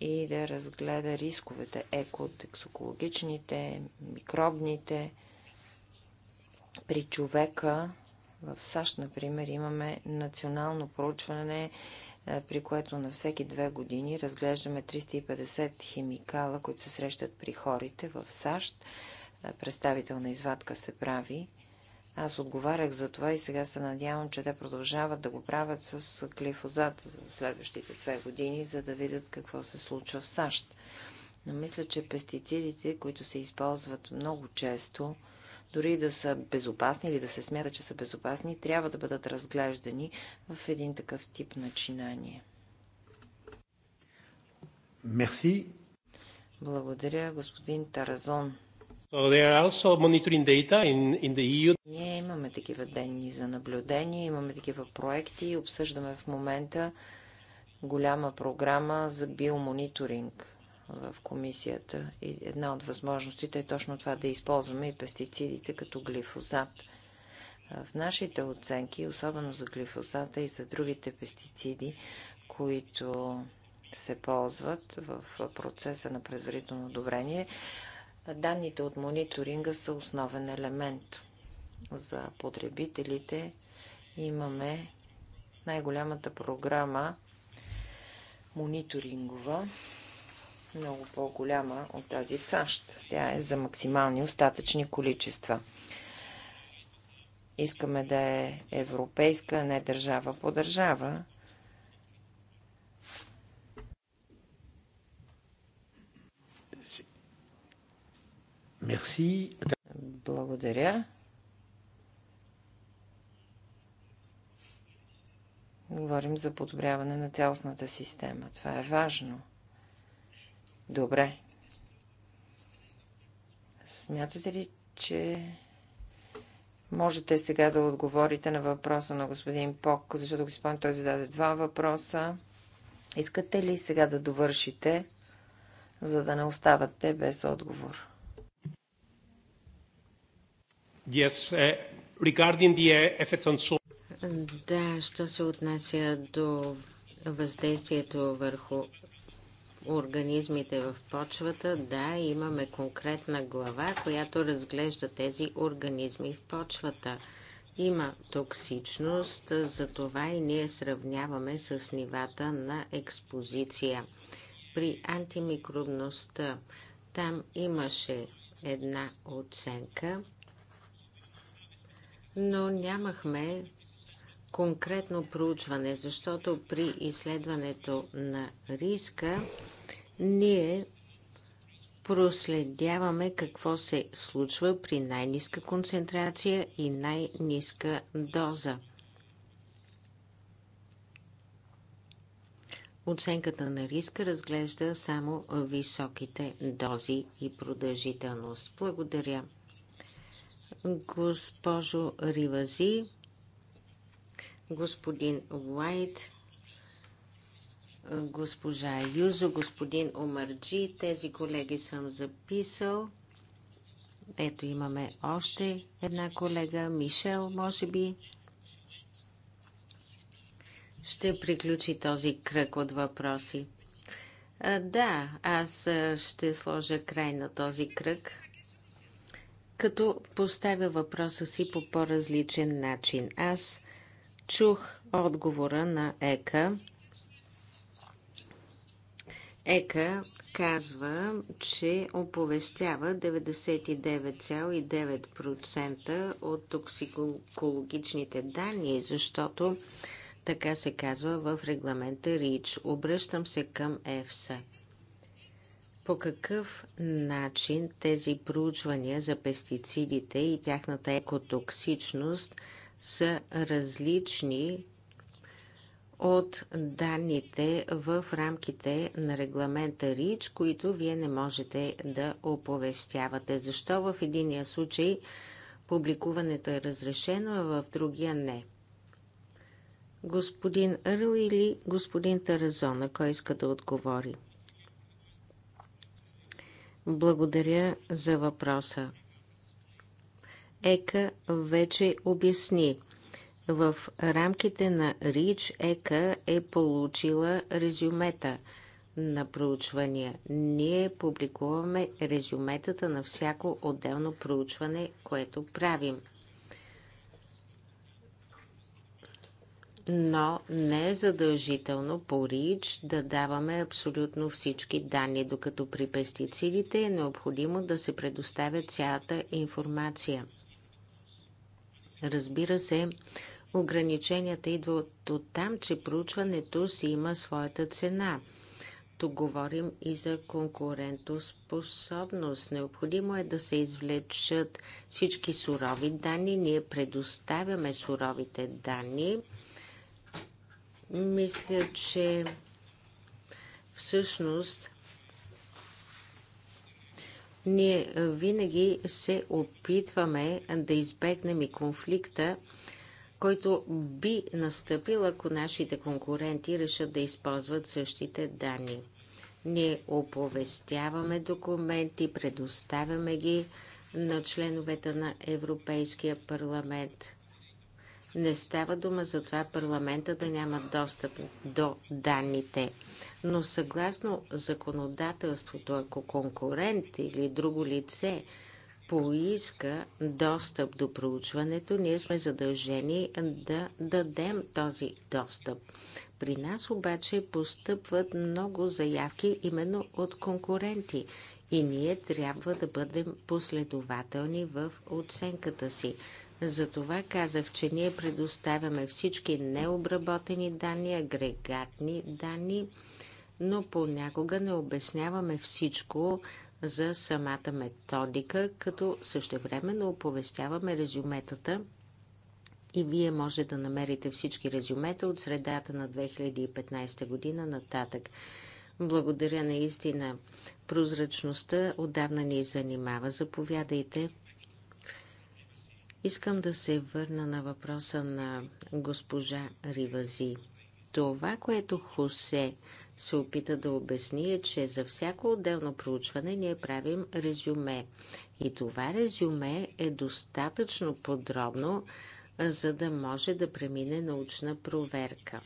и да разгледа рисковете еко, тексокологичните, микробните. При човека в САЩ, например, имаме национално проучване при което на всеки две години разглеждаме 350 химикала, които се срещат при хорите в САЩ. Представителна извадка се прави. Аз отговарях за това и сега се надявам, че те продължават да го правят с глифозат за следващите две години, за да видят какво се случва в САЩ. Но мисля, че пестицидите, които се използват много често, дори да са безопасни или да се смята, че са безопасни, трябва да бъдат разглеждани в един такъв тип начинание. Мерси. Благодаря, господин Таразон. So are also monitoring data in, in the EU. Ние имаме такива денни за наблюдение, имаме такива проекти, обсъждаме в момента голяма програма за биомониторинг в комисията. И една от възможностите е точно това да използваме и пестицидите като глифозат. В нашите оценки, особено за глифозата и за другите пестициди, които се ползват в процеса на предварително одобрение, данните от мониторинга са основен елемент. За потребителите имаме най-голямата програма мониторингова много по-голяма от тази в САЩ. Тя е за максимални остатъчни количества. Искаме да е европейска, а не държава по държава. Мерси. Благодаря. Говорим за подобряване на цялостната система. Това е важно. Добре. Смятате ли, че можете сега да отговорите на въпроса на господин Пок, защото го спомням, той зададе два въпроса. Искате ли сега да довършите, за да не оставате без отговор? Yes, uh, regarding the uh, effects on soil. Да, що се отнася до въздействието върху организмите в почвата, да, имаме конкретна глава, която разглежда тези организми в почвата. Има токсичност, затова и ние сравняваме с нивата на експозиция. При антимикробността там имаше една оценка, но нямахме конкретно проучване, защото при изследването на риска ние проследяваме какво се случва при най-ниска концентрация и най-ниска доза. Оценката на риска разглежда само високите дози и продължителност. Благодаря. Госпожо Ривази, господин Уайт, госпожа Юзо, господин Омарджи. Тези колеги съм записал. Ето имаме още една колега, Мишел, може би. Ще приключи този кръг от въпроси. А, да, аз ще сложа край на този кръг, като поставя въпроса си по по-различен начин. Аз чух отговора на ЕКА ЕКА казва, че оповестява 99,9% от токсикологичните данни, защото така се казва в регламента РИЧ. Обръщам се към ЕФСА. По какъв начин тези проучвания за пестицидите и тяхната екотоксичност са различни от данните в рамките на регламента РИЧ, които вие не можете да оповестявате. Защо в единия случай публикуването е разрешено, а в другия не? Господин ГосподинЪрл или господин Таразона, кой иска да отговори? Благодаря за въпроса. Ека вече обясни. В рамките на РИЧ ЕКА е получила резюмета на проучвания. Ние публикуваме резюметата на всяко отделно проучване, което правим. но не е задължително по РИЧ да даваме абсолютно всички данни, докато при пестицидите е необходимо да се предоставя цялата информация. Разбира се, Ограниченията идват от там, че проучването си има своята цена. Тук говорим и за конкурентоспособност. Необходимо е да се извлечат всички сурови данни. Ние предоставяме суровите данни. Мисля, че всъщност ние винаги се опитваме да избегнем и конфликта който би настъпил, ако нашите конкуренти решат да използват същите данни. Ние оповестяваме документи, предоставяме ги на членовете на Европейския парламент. Не става дума за това парламента да няма достъп до данните. Но съгласно законодателството, ако конкурент или друго лице – поиска достъп до проучването, ние сме задължени да дадем този достъп. При нас обаче постъпват много заявки именно от конкуренти и ние трябва да бъдем последователни в оценката си. Затова казах, че ние предоставяме всички необработени данни, агрегатни данни, но понякога не обясняваме всичко, за самата методика, като същевременно оповестяваме резюметата и вие може да намерите всички резюмета от средата на 2015 година нататък. Благодаря наистина. Прозрачността отдавна ни занимава. Заповядайте. Искам да се върна на въпроса на госпожа Ривази. Това, което Хосе се опита да обясни е, че за всяко отделно проучване ние правим резюме. И това резюме е достатъчно подробно, за да може да премине научна проверка.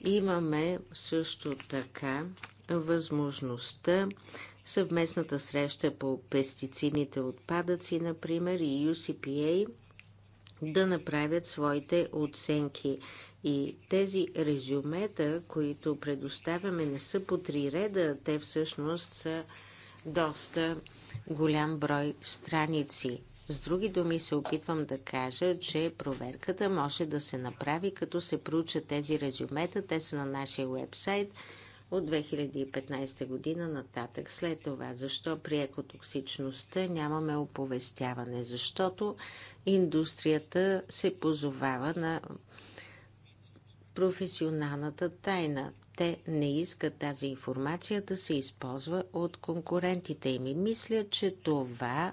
Имаме също така възможността съвместната среща по пестицидните отпадъци, например, и UCPA да направят своите оценки. И тези резюмета, които предоставяме, не са по три реда, те всъщност са доста голям брой страници. С други думи се опитвам да кажа, че проверката може да се направи, като се проучат тези резюмета. Те са на нашия вебсайт от 2015 година нататък. След това, защо при екотоксичността нямаме оповестяване? Защото индустрията се позовава на професионалната тайна. Те не искат тази информация да се използва от конкурентите им. И мисля, че това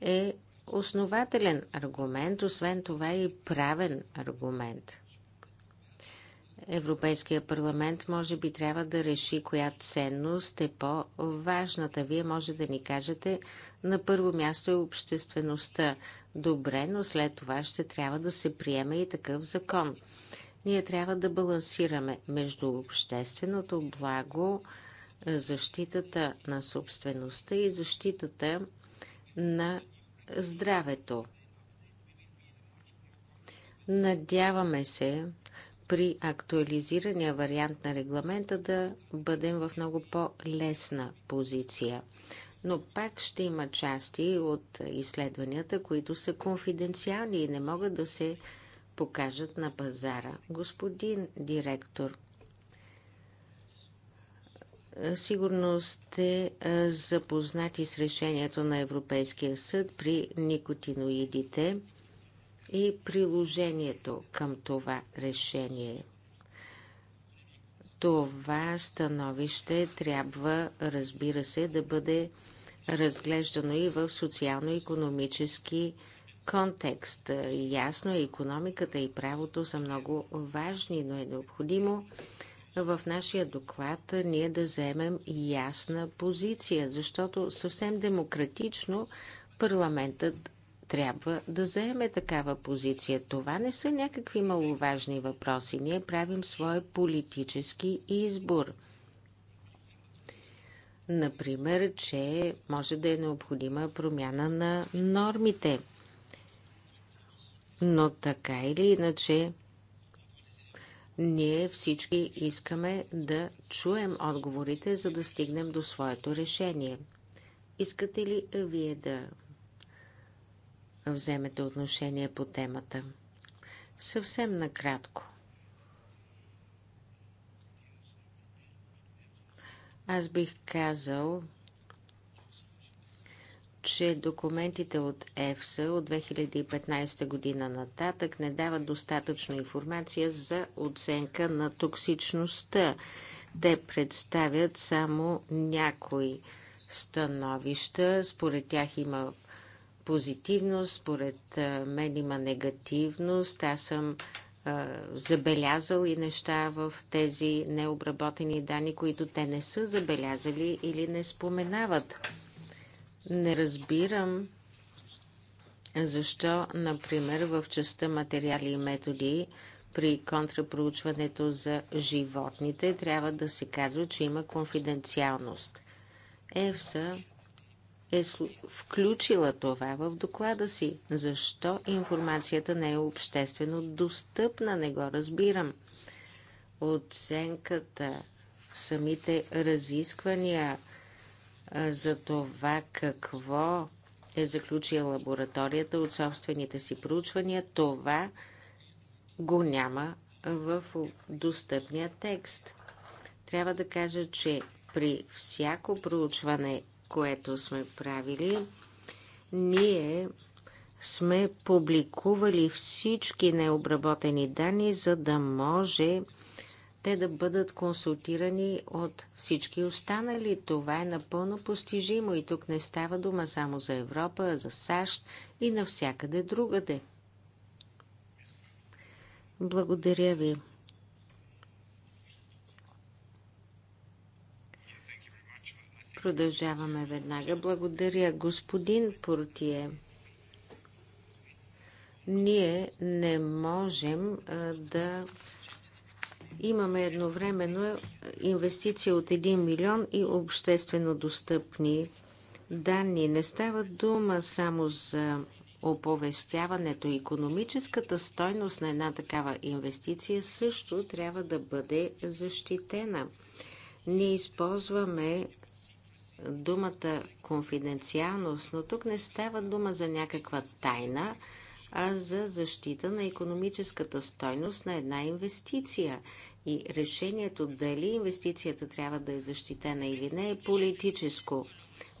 е основателен аргумент, освен това и правен аргумент. Европейския парламент може би трябва да реши коя ценност е по-важната. Вие може да ни кажете на първо място е обществеността. Добре, но след това ще трябва да се приеме и такъв закон – ние трябва да балансираме между общественото благо, защитата на собствеността и защитата на здравето. Надяваме се при актуализирания вариант на регламента да бъдем в много по-лесна позиция. Но пак ще има части от изследванията, които са конфиденциални и не могат да се покажат на пазара. Господин директор, сигурно сте запознати с решението на Европейския съд при никотиноидите и приложението към това решение. Това становище трябва, разбира се, да бъде разглеждано и в социално-економически контекст. Ясно, е, економиката и правото са много важни, но е необходимо в нашия доклад ние да вземем ясна позиция, защото съвсем демократично парламентът трябва да заеме такава позиция. Това не са някакви маловажни въпроси. Ние правим своя политически избор. Например, че може да е необходима промяна на нормите – но така или иначе, ние всички искаме да чуем отговорите, за да стигнем до своето решение. Искате ли вие да вземете отношение по темата? Съвсем накратко. Аз бих казал, че документите от ЕФСА от 2015 година нататък не дават достатъчно информация за оценка на токсичността. Те представят само някои становища. Според тях има позитивност, според мен има негативност. Аз съм забелязал и неща в тези необработени данни, които те не са забелязали или не споменават. Не разбирам защо, например, в частта материали и методи при контрапроучването за животните трябва да се казва, че има конфиденциалност. ЕФСА е включила това в доклада си. Защо информацията не е обществено достъпна, не го разбирам. Оценката, самите разисквания – за това какво е заключила лабораторията от собствените си проучвания, това го няма в достъпния текст. Трябва да кажа, че при всяко проучване, което сме правили, ние сме публикували всички необработени данни, за да може те да бъдат консултирани от всички останали. Това е напълно постижимо и тук не става дума само за Европа, а за САЩ и навсякъде другаде. Благодаря ви. Продължаваме веднага. Благодаря, господин Портие. Ние не можем да Имаме едновременно инвестиция от 1 милион и обществено достъпни данни. Не става дума само за оповестяването. Економическата стойност на една такава инвестиция също трябва да бъде защитена. Не използваме думата конфиденциалност, но тук не става дума за някаква тайна, а за защита на економическата стойност на една инвестиция. И решението дали инвестицията трябва да е защитена или не е политическо.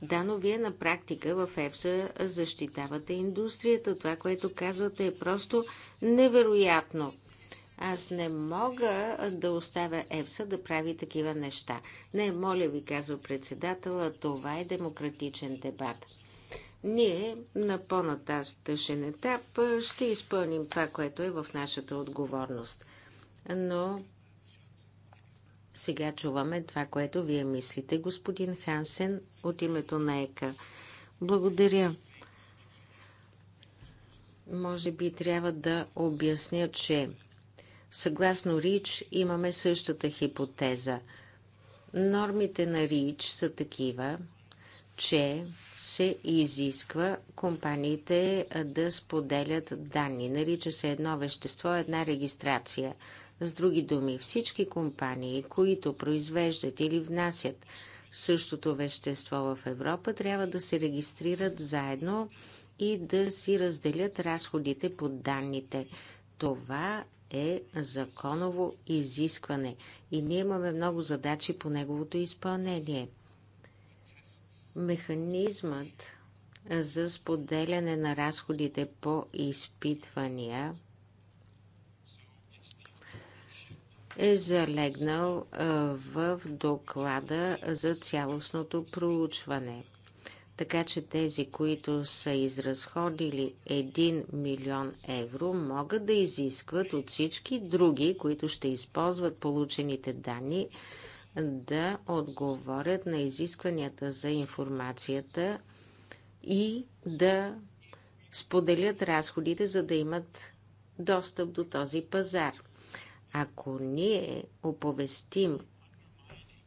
Да, но вие на практика в ЕФСА защитавате индустрията. Това, което казвате е просто невероятно. Аз не мога да оставя ЕФСА да прави такива неща. Не, моля ви, казва председателя, това е демократичен дебат. Ние на по-нататъчен етап ще изпълним това, което е в нашата отговорност. Но сега чуваме това, което вие мислите, господин Хансен, от името на ЕКА. Благодаря. Може би трябва да обясня, че съгласно РИЧ имаме същата хипотеза. Нормите на РИЧ са такива, че се изисква компаниите да споделят данни. Нарича се едно вещество, една регистрация. С други думи, всички компании, които произвеждат или внасят същото вещество в Европа, трябва да се регистрират заедно и да си разделят разходите по данните. Това е законово изискване и ние имаме много задачи по неговото изпълнение. Механизмът за споделяне на разходите по изпитвания – е залегнал в доклада за цялостното проучване. Така че тези, които са изразходили 1 милион евро, могат да изискват от всички други, които ще използват получените данни, да отговорят на изискванията за информацията и да споделят разходите, за да имат достъп до този пазар. Ако ние оповестим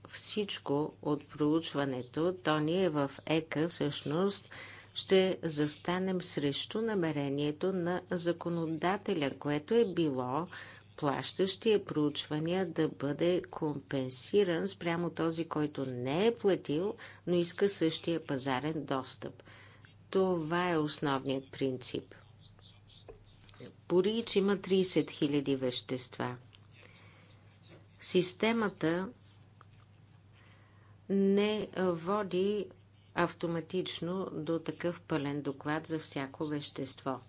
всичко от проучването, то ние в ЕКА всъщност ще застанем срещу намерението на законодателя, което е било плащащия проучвания да бъде компенсиран спрямо този, който не е платил, но иска същия пазарен достъп. Това е основният принцип. Порич има 30 000 вещества – Системата не води автоматично до такъв пълен доклад за всяко вещество.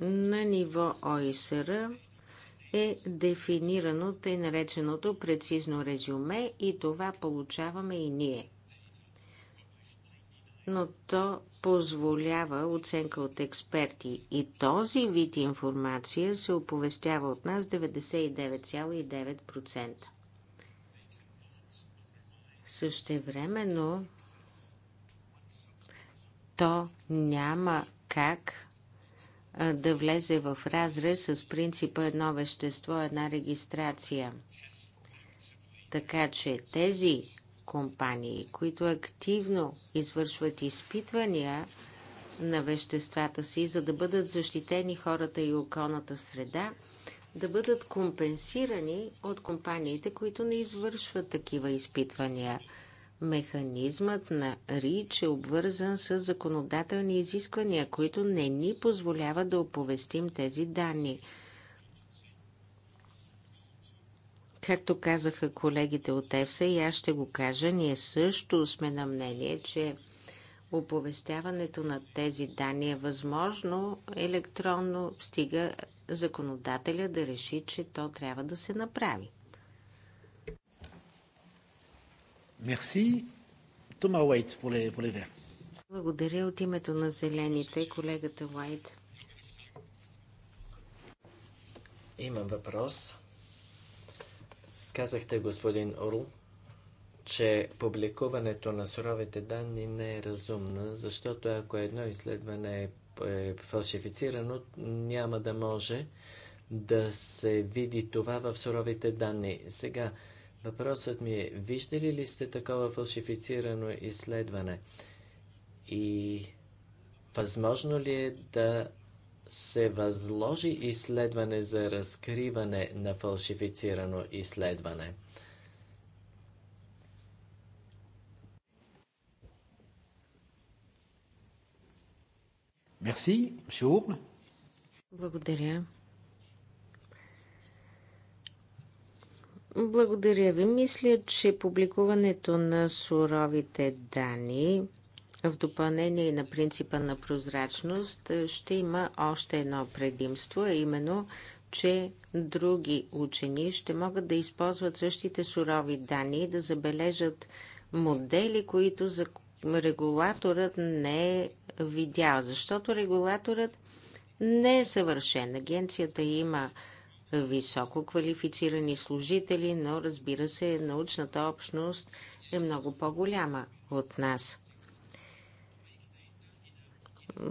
На ниво ОИСР е дефинирано тъй нареченото прецизно резюме и това получаваме и ние – но то позволява оценка от експерти. И този вид информация се оповестява от нас 99,9%. Същевременно то няма как да влезе в разрез с принципа едно вещество, една регистрация. Така че тези компании, които активно извършват изпитвания на веществата си, за да бъдат защитени хората и околната среда, да бъдат компенсирани от компаниите, които не извършват такива изпитвания. Механизмът на РИЧ е обвързан с законодателни изисквания, които не ни позволяват да оповестим тези данни – Както казаха колегите от ЕВСА и аз ще го кажа, ние също сме на мнение, че оповестяването на тези данни е възможно електронно, стига законодателя да реши, че то трябва да се направи. Мерси. Тома Уайт, поле, поле Благодаря от името на зелените, колегата Уайт. Имам въпрос Казахте, господин Орл, че публикуването на суровите данни не е разумно, защото ако едно изследване е, е фалшифицирано, няма да може да се види това в суровите данни. Сега, въпросът ми е, виждали ли сте такова фалшифицирано изследване? И възможно ли е да се възложи изследване за разкриване на фалшифицирано изследване. Мерси, Благодаря. Благодаря ви. Мисля, че публикуването на суровите данни в допълнение на принципа на прозрачност е, ще има още едно предимство, а именно, че други учени ще могат да използват същите сурови данни и да забележат модели, които за регулаторът не е видял, защото регулаторът не е съвършен. Агенцията има високо квалифицирани служители, но разбира се, научната общност е много по-голяма от нас.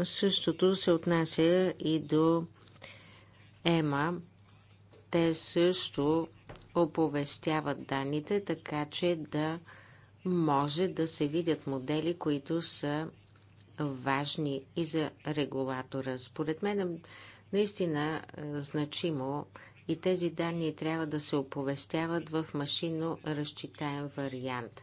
Същото се отнася и до ЕМА. Те също оповестяват данните, така че да може да се видят модели, които са важни и за регулатора. Според мен е наистина е, значимо и тези данни трябва да се оповестяват в машинно разчитаем вариант.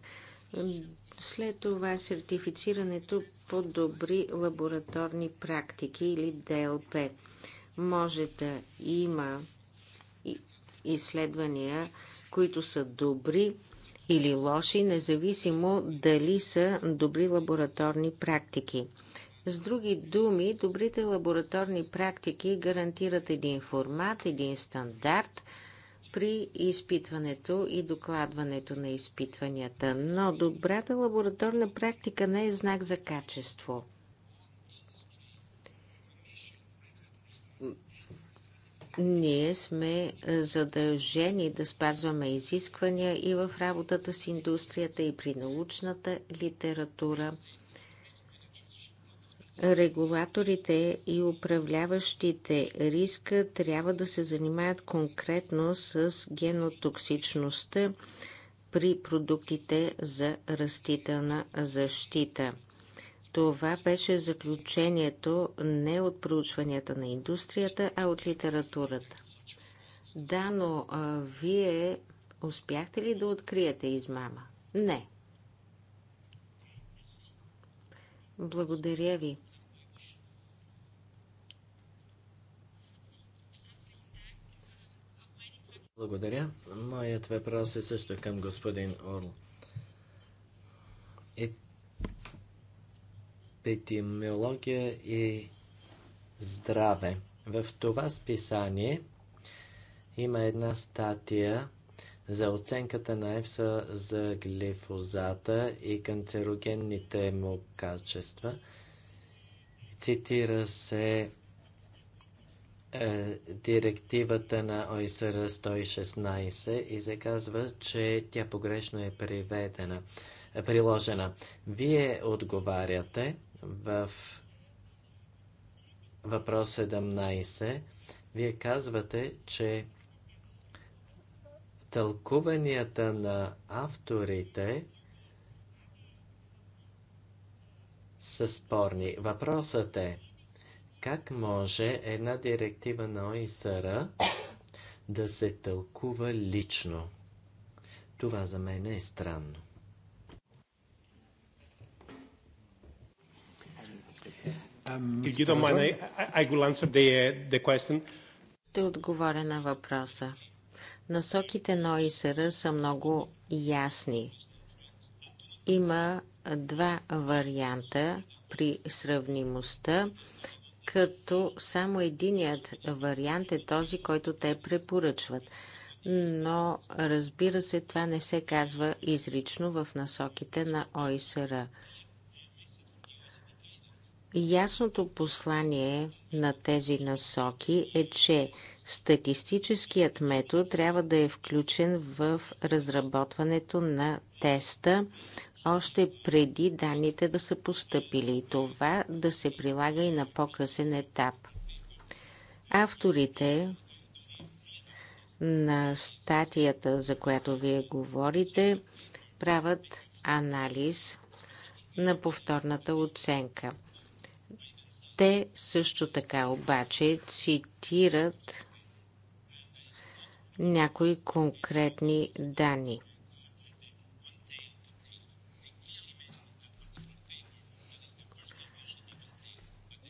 След това сертифицирането по добри лабораторни практики или ДЛП. Може да има изследвания, които са добри или лоши, независимо дали са добри лабораторни практики. С други думи, добрите лабораторни практики гарантират един формат, един стандарт – при изпитването и докладването на изпитванията, но добрата лабораторна практика не е знак за качество. Ние сме задължени да спазваме изисквания и в работата с индустрията, и при научната литература – регулаторите и управляващите риска трябва да се занимаят конкретно с генотоксичността при продуктите за растителна защита. Това беше заключението не от проучванията на индустрията, а от литературата. Да, но а, вие успяхте ли да откриете измама? Не. Благодаря ви. Благодаря. Моят въпрос е също към господин Орл. Е- епидемиология и здраве. В това списание има една статия за оценката на ЕФСА за глифозата и канцерогенните му качества. Цитира се е, директивата на ОИСР 116 и се казва, че тя погрешно е приведена, е приложена. Вие отговаряте в въпрос 17. Вие казвате, че тълкуванията на авторите са спорни. Въпросът е, как може една директива на ОИСР да се тълкува лично? Това за мен е странно. Uh, Ще отговоря на въпроса. Насоките на ОИСР са много ясни. Има два варианта при сравнимостта като само единият вариант е този, който те препоръчват. Но, разбира се, това не се казва изрично в насоките на ОИСР. Ясното послание на тези насоки е, че статистическият метод трябва да е включен в разработването на теста още преди данните да са поступили и това да се прилага и на по-късен етап. Авторите на статията, за която вие говорите, правят анализ на повторната оценка. Те също така обаче цитират някои конкретни данни –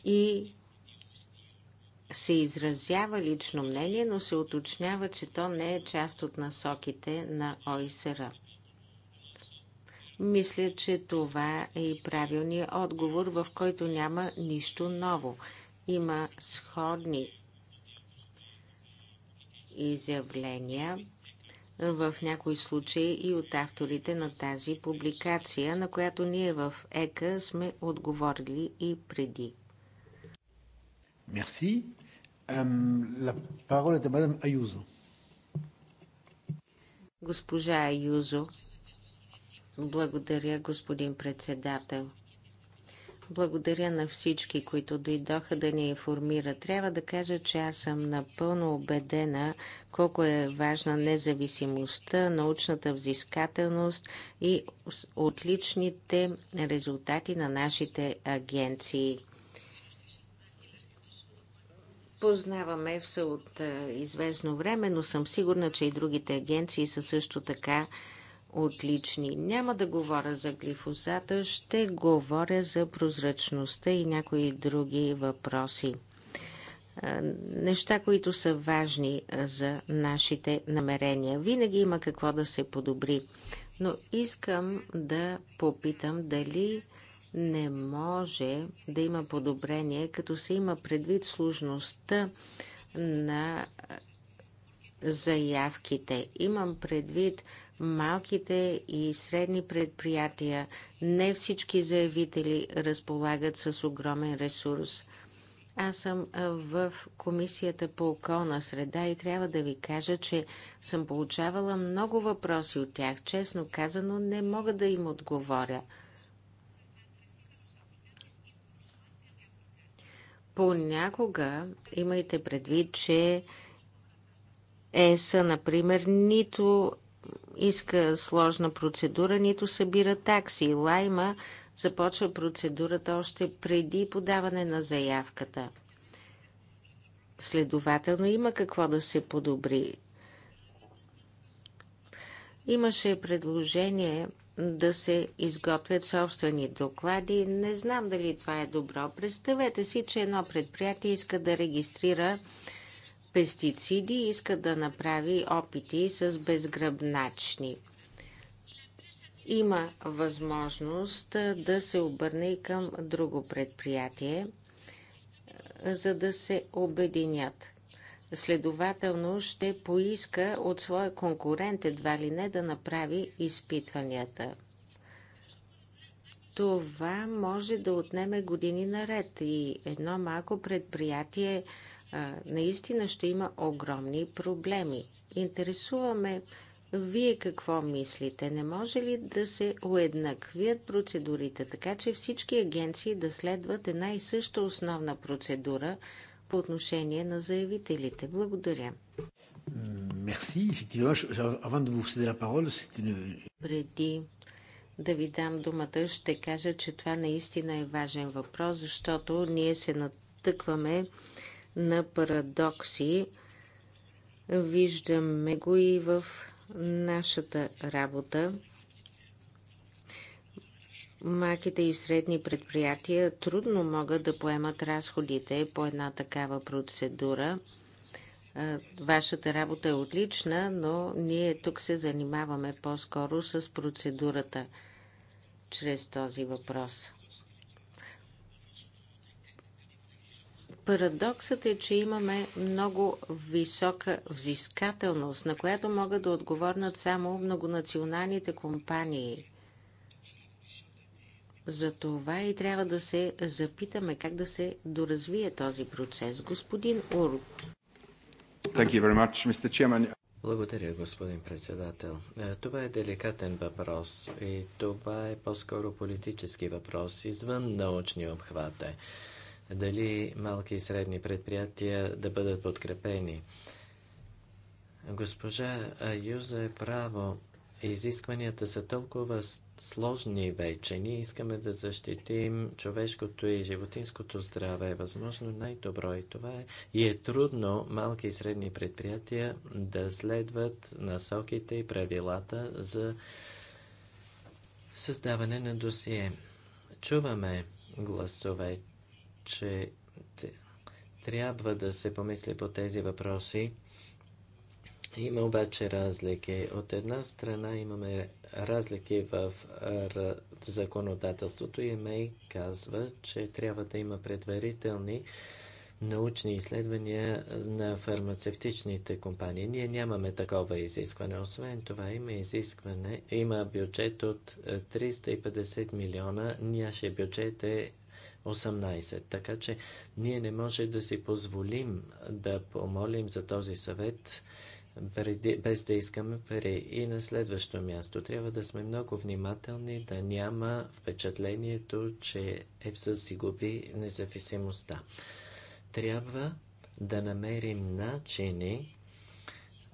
и се изразява лично мнение, но се уточнява, че то не е част от насоките на ОИСР. Мисля, че това е и правилният отговор, в който няма нищо ново. Има сходни изявления в някои случаи и от авторите на тази публикация, на която ние в ЕКА сме отговорили и преди. Merci. Euh, la parole est à Madame Ayuso. Госпожа Аюзо, благодаря, господин председател. Благодаря на всички, които дойдоха да ни информират. Трябва да кажа, че аз съм напълно убедена колко е важна независимостта, научната взискателност и отличните резултати на нашите агенции. Познаваме ЕФСА от е, известно време, но съм сигурна, че и другите агенции са също така отлични. Няма да говоря за глифозата, ще говоря за прозрачността и някои други въпроси. Е, неща, които са важни е, за нашите намерения. Винаги има какво да се подобри. Но искам да попитам дали не може да има подобрение, като се има предвид сложността на заявките. Имам предвид малките и средни предприятия. Не всички заявители разполагат с огромен ресурс. Аз съм в Комисията по околна среда и трябва да ви кажа, че съм получавала много въпроси от тях. Честно казано, не мога да им отговоря. Понякога имайте предвид, че ЕСА, например, нито иска сложна процедура, нито събира такси. Лайма започва процедурата още преди подаване на заявката. Следователно има какво да се подобри. Имаше предложение да се изготвят собствени доклади. Не знам дали това е добро. Представете си, че едно предприятие иска да регистрира пестициди иска да направи опити с безгръбначни. Има възможност да се обърне и към друго предприятие, за да се обединят. Следователно ще поиска от своя конкурент едва ли не да направи изпитванията. Това може да отнеме години наред и едно малко предприятие а, наистина ще има огромни проблеми. Интересуваме вие какво мислите? Не може ли да се уеднаквят процедурите, така че всички агенции да следват една и съща основна процедура по отношение на заявителите. Благодаря. Merci. Avant de vous céder la parole, Преди да ви дам думата, ще кажа, че това наистина е важен въпрос, защото ние се натъкваме на парадокси. Виждаме го и в нашата работа. Малките и средни предприятия трудно могат да поемат разходите по една такава процедура. Вашата работа е отлична, но ние тук се занимаваме по-скоро с процедурата чрез този въпрос. Парадоксът е, че имаме много висока взискателност, на която могат да отговорнат само многонационалните компании. За това и трябва да се запитаме как да се доразвие този процес. Господин Урт. Благодаря, господин председател. Е, това е деликатен въпрос и това е по-скоро политически въпрос, извън научния обхват. Е. Дали малки и средни предприятия да бъдат подкрепени? Госпожа Юза е право, изискванията са толкова сложни вече. Ние искаме да защитим човешкото и животинското здраве, е възможно най-добро и това е. И е трудно малки и средни предприятия да следват насоките и правилата за създаване на досие. Чуваме гласове, че трябва да се помисли по тези въпроси има обаче разлики. От една страна имаме разлики в законодателството и МЕЙ казва, че трябва да има предварителни научни изследвания на фармацевтичните компании. Ние нямаме такова изискване. Освен това има изискване, има бюджет от 350 милиона, нашия бюджет е 18. Така че ние не може да си позволим да помолим за този съвет без да искаме пари. И на следващо място трябва да сме много внимателни да няма впечатлението, че ЕПСА си губи независимостта. Трябва да намерим начини,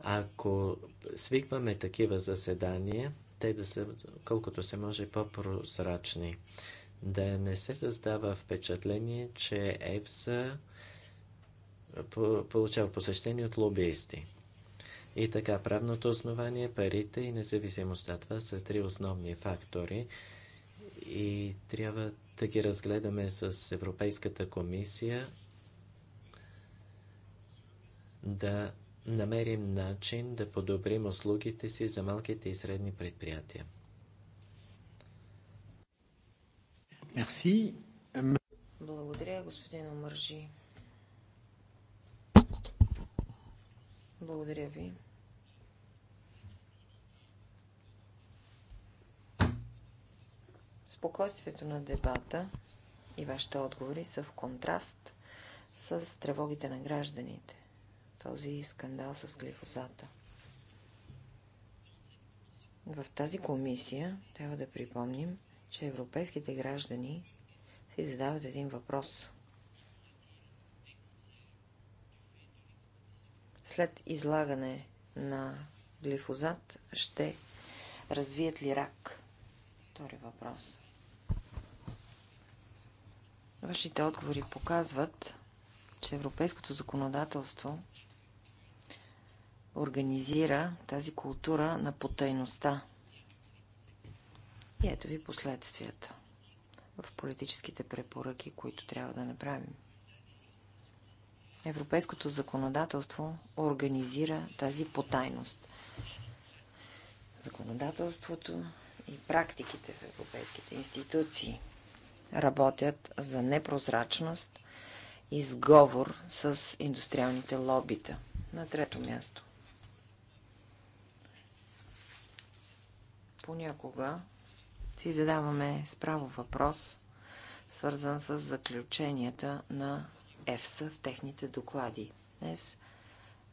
ако свикваме такива заседания, те да са колкото се може по-прозрачни. Да не се създава впечатление, че ЕФСА получава посещение от лобисти. И така, правното основание, парите и независимостта. Това са три основни фактори и трябва да ги разгледаме с Европейската комисия да намерим начин да подобрим услугите си за малките и средни предприятия. Благодаря, господин Омържи. Благодаря ви. Спокойствието на дебата и вашите отговори са в контраст с тревогите на гражданите. Този скандал с глифозата. В тази комисия трябва да припомним, че европейските граждани си задават един въпрос. след излагане на глифозат ще развият ли рак? Втори въпрос. Вашите отговори показват, че европейското законодателство организира тази култура на потайността. И ето ви последствията в политическите препоръки, които трябва да направим. Европейското законодателство организира тази потайност. Законодателството и практиките в европейските институции работят за непрозрачност и сговор с индустриалните лобита. На трето място. Понякога си задаваме справо въпрос, свързан с заключенията на ЕФСА в техните доклади. Днес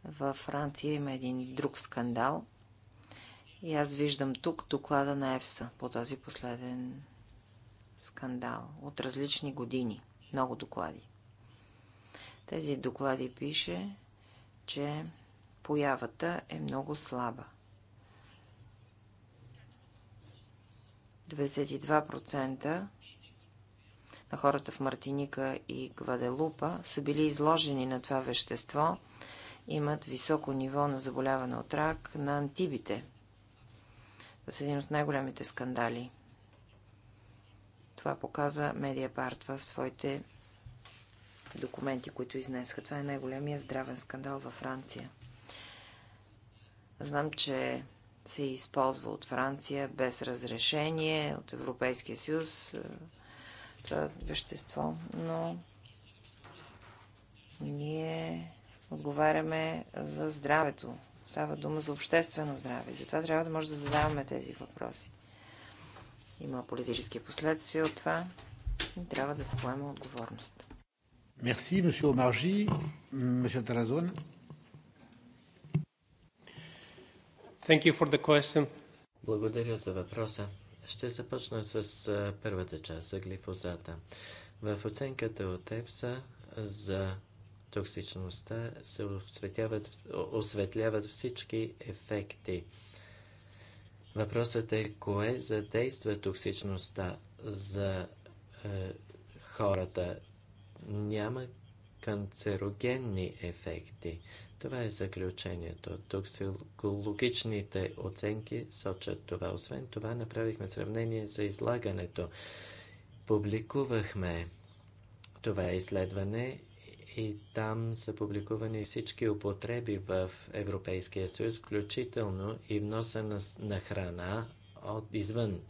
във Франция има един друг скандал и аз виждам тук доклада на ЕФСА по този последен скандал от различни години. Много доклади. Тези доклади пише, че появата е много слаба на хората в Мартиника и Гваделупа са били изложени на това вещество, имат високо ниво на заболяване от рак на антибите. Това са един от най-големите скандали. Това показа Медиапарт в своите документи, които изнесха. Това е най-големия здравен скандал във Франция. Знам, че се използва от Франция без разрешение от Европейския съюз това вещество, но ние отговаряме за здравето. Става дума за обществено здраве. Затова трябва да може да задаваме тези въпроси. Има политически последствия от това и трябва да се поема отговорност. Мерси, месье Маржи, месье Таразон. Благодаря за въпроса. Ще започна с първата част за глифозата. В оценката от ЕФСА за токсичността се осветяват, осветляват всички ефекти. Въпросът е кое задейства токсичността за е, хората. Няма канцерогенни ефекти. Това е заключението. Токсикологичните оценки сочат това. Освен това, направихме сравнение за излагането. Публикувахме това изследване и там са публикувани всички употреби в Европейския съюз, включително и вноса на, на храна от извън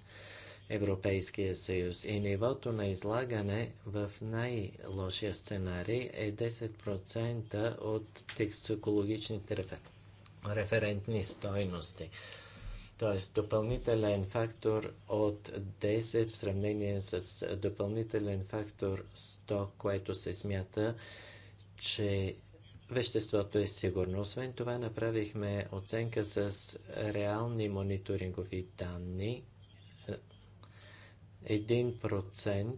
Европейския съюз и нивото на излагане в най-лошия сценарий е 10% от токсикологичните референтни стойности. Тоест допълнителен фактор от 10 в сравнение с допълнителен фактор 100, което се смята, че веществото е сигурно. Освен това направихме оценка с реални мониторингови данни – 1%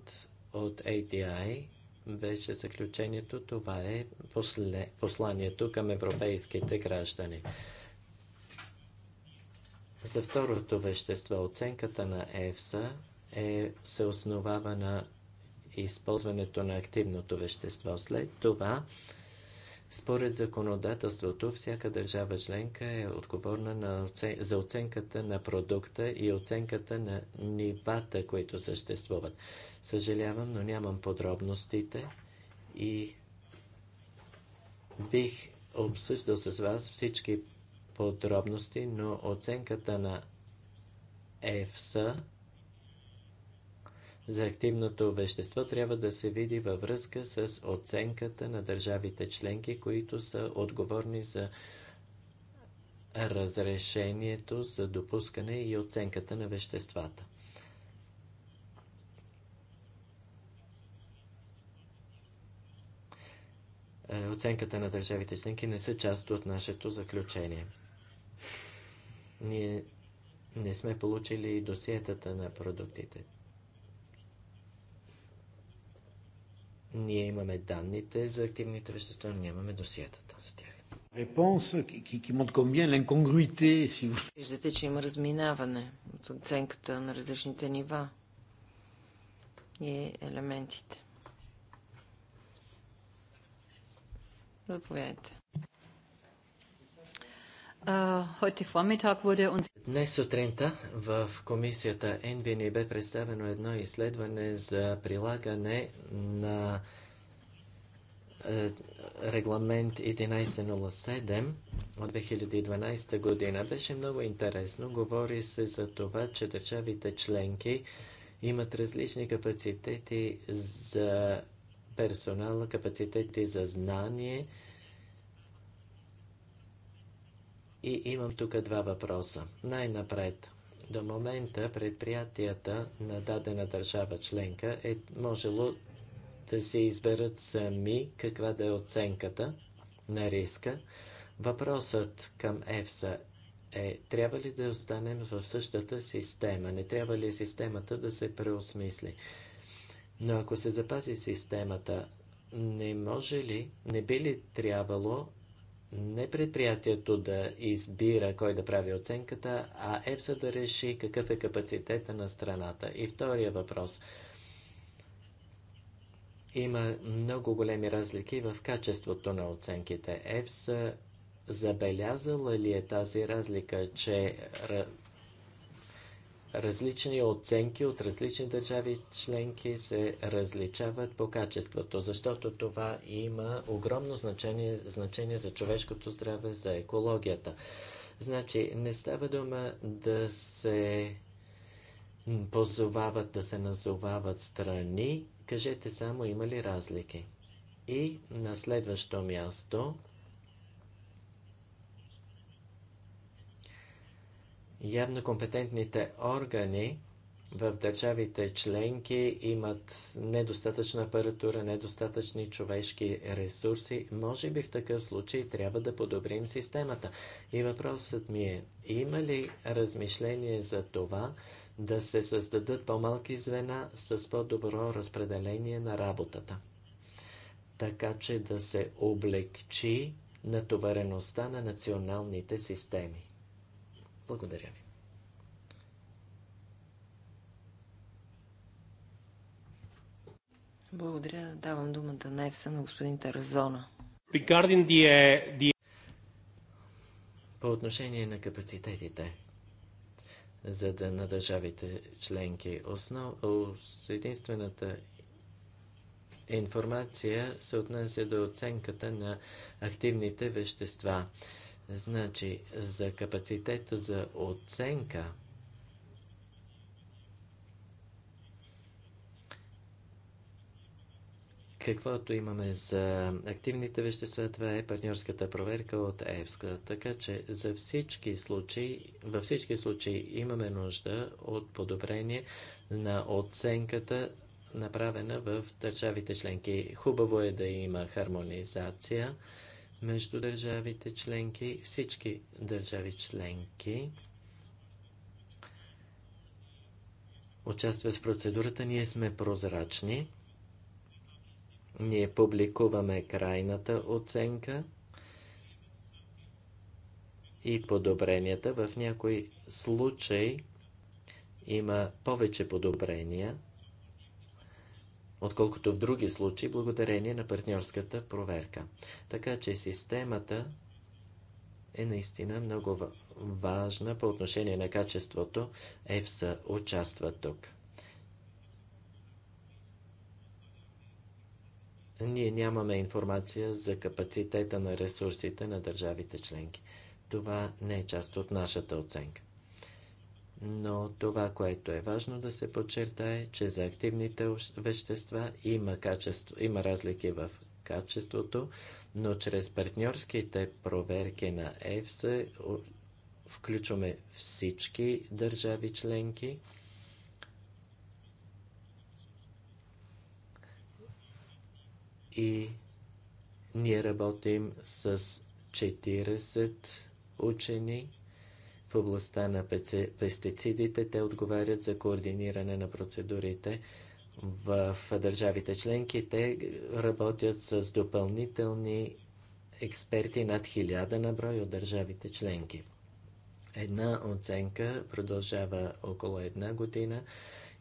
от ADI беше заключението. Това е после, посланието към европейските граждани. За второто вещество оценката на ЕФСА е, се основава на използването на активното вещество. След това според законодателството, всяка държава членка е отговорна на оцен... за оценката на продукта и оценката на нивата, които съществуват. Съжалявам, но нямам подробностите и бих обсъждал с вас всички подробности, но оценката на ЕФСА за активното вещество трябва да се види във връзка с оценката на държавите членки, които са отговорни за разрешението за допускане и оценката на веществата. Е, оценката на държавите членки не са част от нашето заключение. Ние не сме получили досиетата на продуктите. Ние имаме данните за активните вещества, но нямаме досиетата за тях. Виждате, че има разминаване от оценката на различните нива и елементите. Заповядайте. Днес сутринта в комисията НВ ни бе представено едно изследване за прилагане на е, регламент 1107 от 2012 година. Беше много интересно. Говори се за това, че държавите членки имат различни капацитети за персонала, капацитети за знание, и имам тук два въпроса. Най-напред, до момента предприятията на дадена държава членка е можело да се изберат сами каква да е оценката на риска. Въпросът към ЕФСА е, трябва ли да останем в същата система? Не трябва ли системата да се преосмисли? Но ако се запази системата, не може ли, не би ли трябвало не предприятието да избира кой да прави оценката, а ЕПСА да реши какъв е капацитета на страната. И втория въпрос. Има много големи разлики в качеството на оценките. ЕПСА забелязала ли е тази разлика, че Различни оценки от различни държави членки се различават по качеството, защото това има огромно значение, значение за човешкото здраве, за екологията. Значи, не става дума да се позовават, да се назовават страни, кажете само има ли разлики. И на следващо място Явно компетентните органи в държавите членки имат недостатъчна апаратура, недостатъчни човешки ресурси. Може би в такъв случай трябва да подобрим системата. И въпросът ми е, има ли размишление за това да се създадат по-малки звена с по-добро разпределение на работата? Така че да се облегчи натовареността на националните системи. Благодаря ви. Благодаря. Давам думата на Евса на господин Таразона. Uh, По отношение на капацитетите за да, на държавите членки, основ, единствената информация се отнася до оценката на активните вещества. Значи, за капацитета за оценка каквото имаме за активните вещества, това е партньорската проверка от ЕФСКА. Така че за всички случаи, във всички случаи имаме нужда от подобрение на оценката, направена в държавите членки. Хубаво е да има хармонизация между държавите членки, всички държави членки участват в процедурата. Ние сме прозрачни. Ние публикуваме крайната оценка и подобренията. В някой случай има повече подобрения – отколкото в други случаи, благодарение на партньорската проверка. Така че системата е наистина много важна по отношение на качеството. ЕФСА участва тук. Ние нямаме информация за капацитета на ресурсите на държавите членки. Това не е част от нашата оценка но това, което е важно да се подчертае, е, че за активните вещества има, качество, има разлики в качеството, но чрез партньорските проверки на ЕФС включваме всички държави членки. И ние работим с 40 учени в областта на пестицидите. Те отговарят за координиране на процедурите в държавите членки. Те работят с допълнителни експерти над хиляда на брой от държавите членки. Една оценка продължава около една година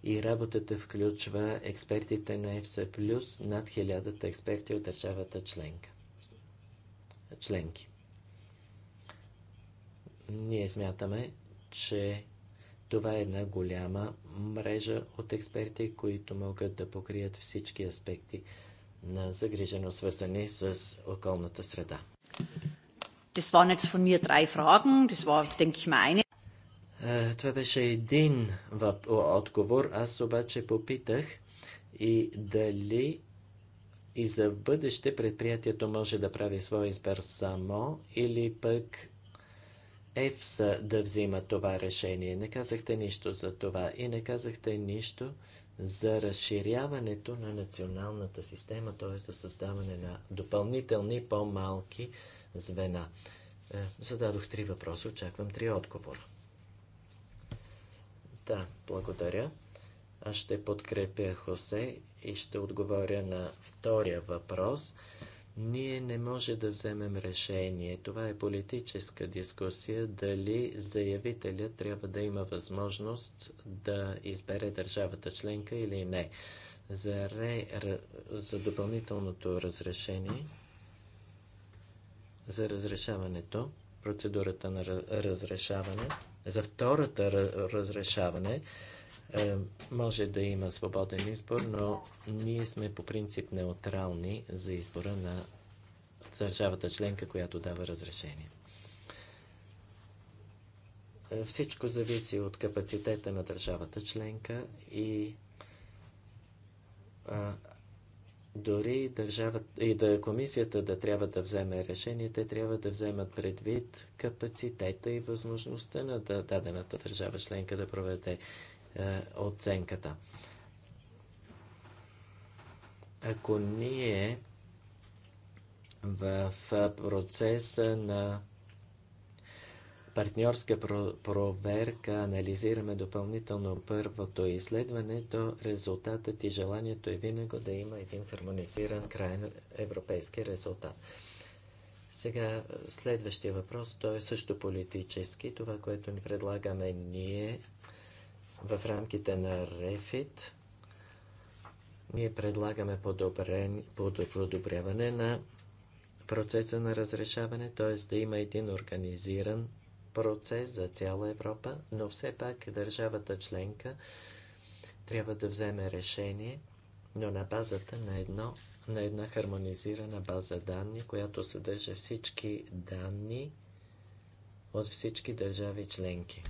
и работата включва експертите на ФС плюс над хилядата експерти от държавата членка. членки. Ние смятаме, че това е една голяма мрежа от експерти, които могат да покрият всички аспекти на загрижено свързани с околната среда. Е, това беше един отговор. Аз обаче попитах и дали и за бъдеще предприятието може да прави своя избор само или пък ЕФСА да взима това решение. Не казахте нищо за това и не казахте нищо за разширяването на националната система, т.е. за създаване на допълнителни по-малки звена. Е, зададох три въпроса, очаквам три отговора. Да, благодаря. Аз ще подкрепя Хосе и ще отговоря на втория въпрос – ние не може да вземем решение. Това е политическа дискусия дали заявителя трябва да има възможност да избере държавата членка или не. За, ре, за допълнителното разрешение, за разрешаването, процедурата на разрешаване, за втората разрешаване, е, може да има свободен избор, но ние сме по принцип неутрални за избора на държавата членка, която дава разрешение. Е, всичко зависи от капацитета на държавата членка и а, дори държавата и да комисията да трябва да вземе решение, те трябва да вземат предвид капацитета и възможността на дадената държава членка да проведе е, оценката. Ако ние в процеса на партньорска проверка анализираме допълнително първото изследване, то резултатът и желанието е винаго да има един хармонизиран крайен европейски резултат. Сега следващия въпрос, той е също политически. Това, което ни предлагаме ние в рамките на РЕФИТ ние предлагаме подобряване на процеса на разрешаване, т.е. да има един организиран процес за цяла Европа, но все пак държавата членка трябва да вземе решение, но на базата на, едно, на една хармонизирана база данни, която съдържа всички данни от всички държави членки.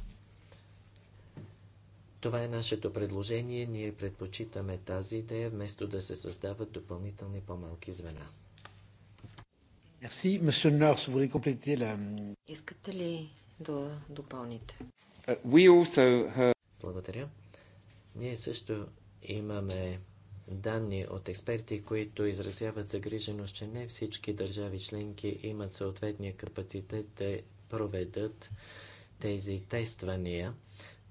Това е нашето предложение. Ние предпочитаме тази идея, вместо да се създават допълнителни по-малки звена. Merci. Monsieur vous voulez compléter la... Искате ли да допълните? Uh, we also heard... Благодаря. Ние също имаме данни от експерти, които изразяват загриженост, че не всички държави членки имат съответния капацитет да проведат тези тествания.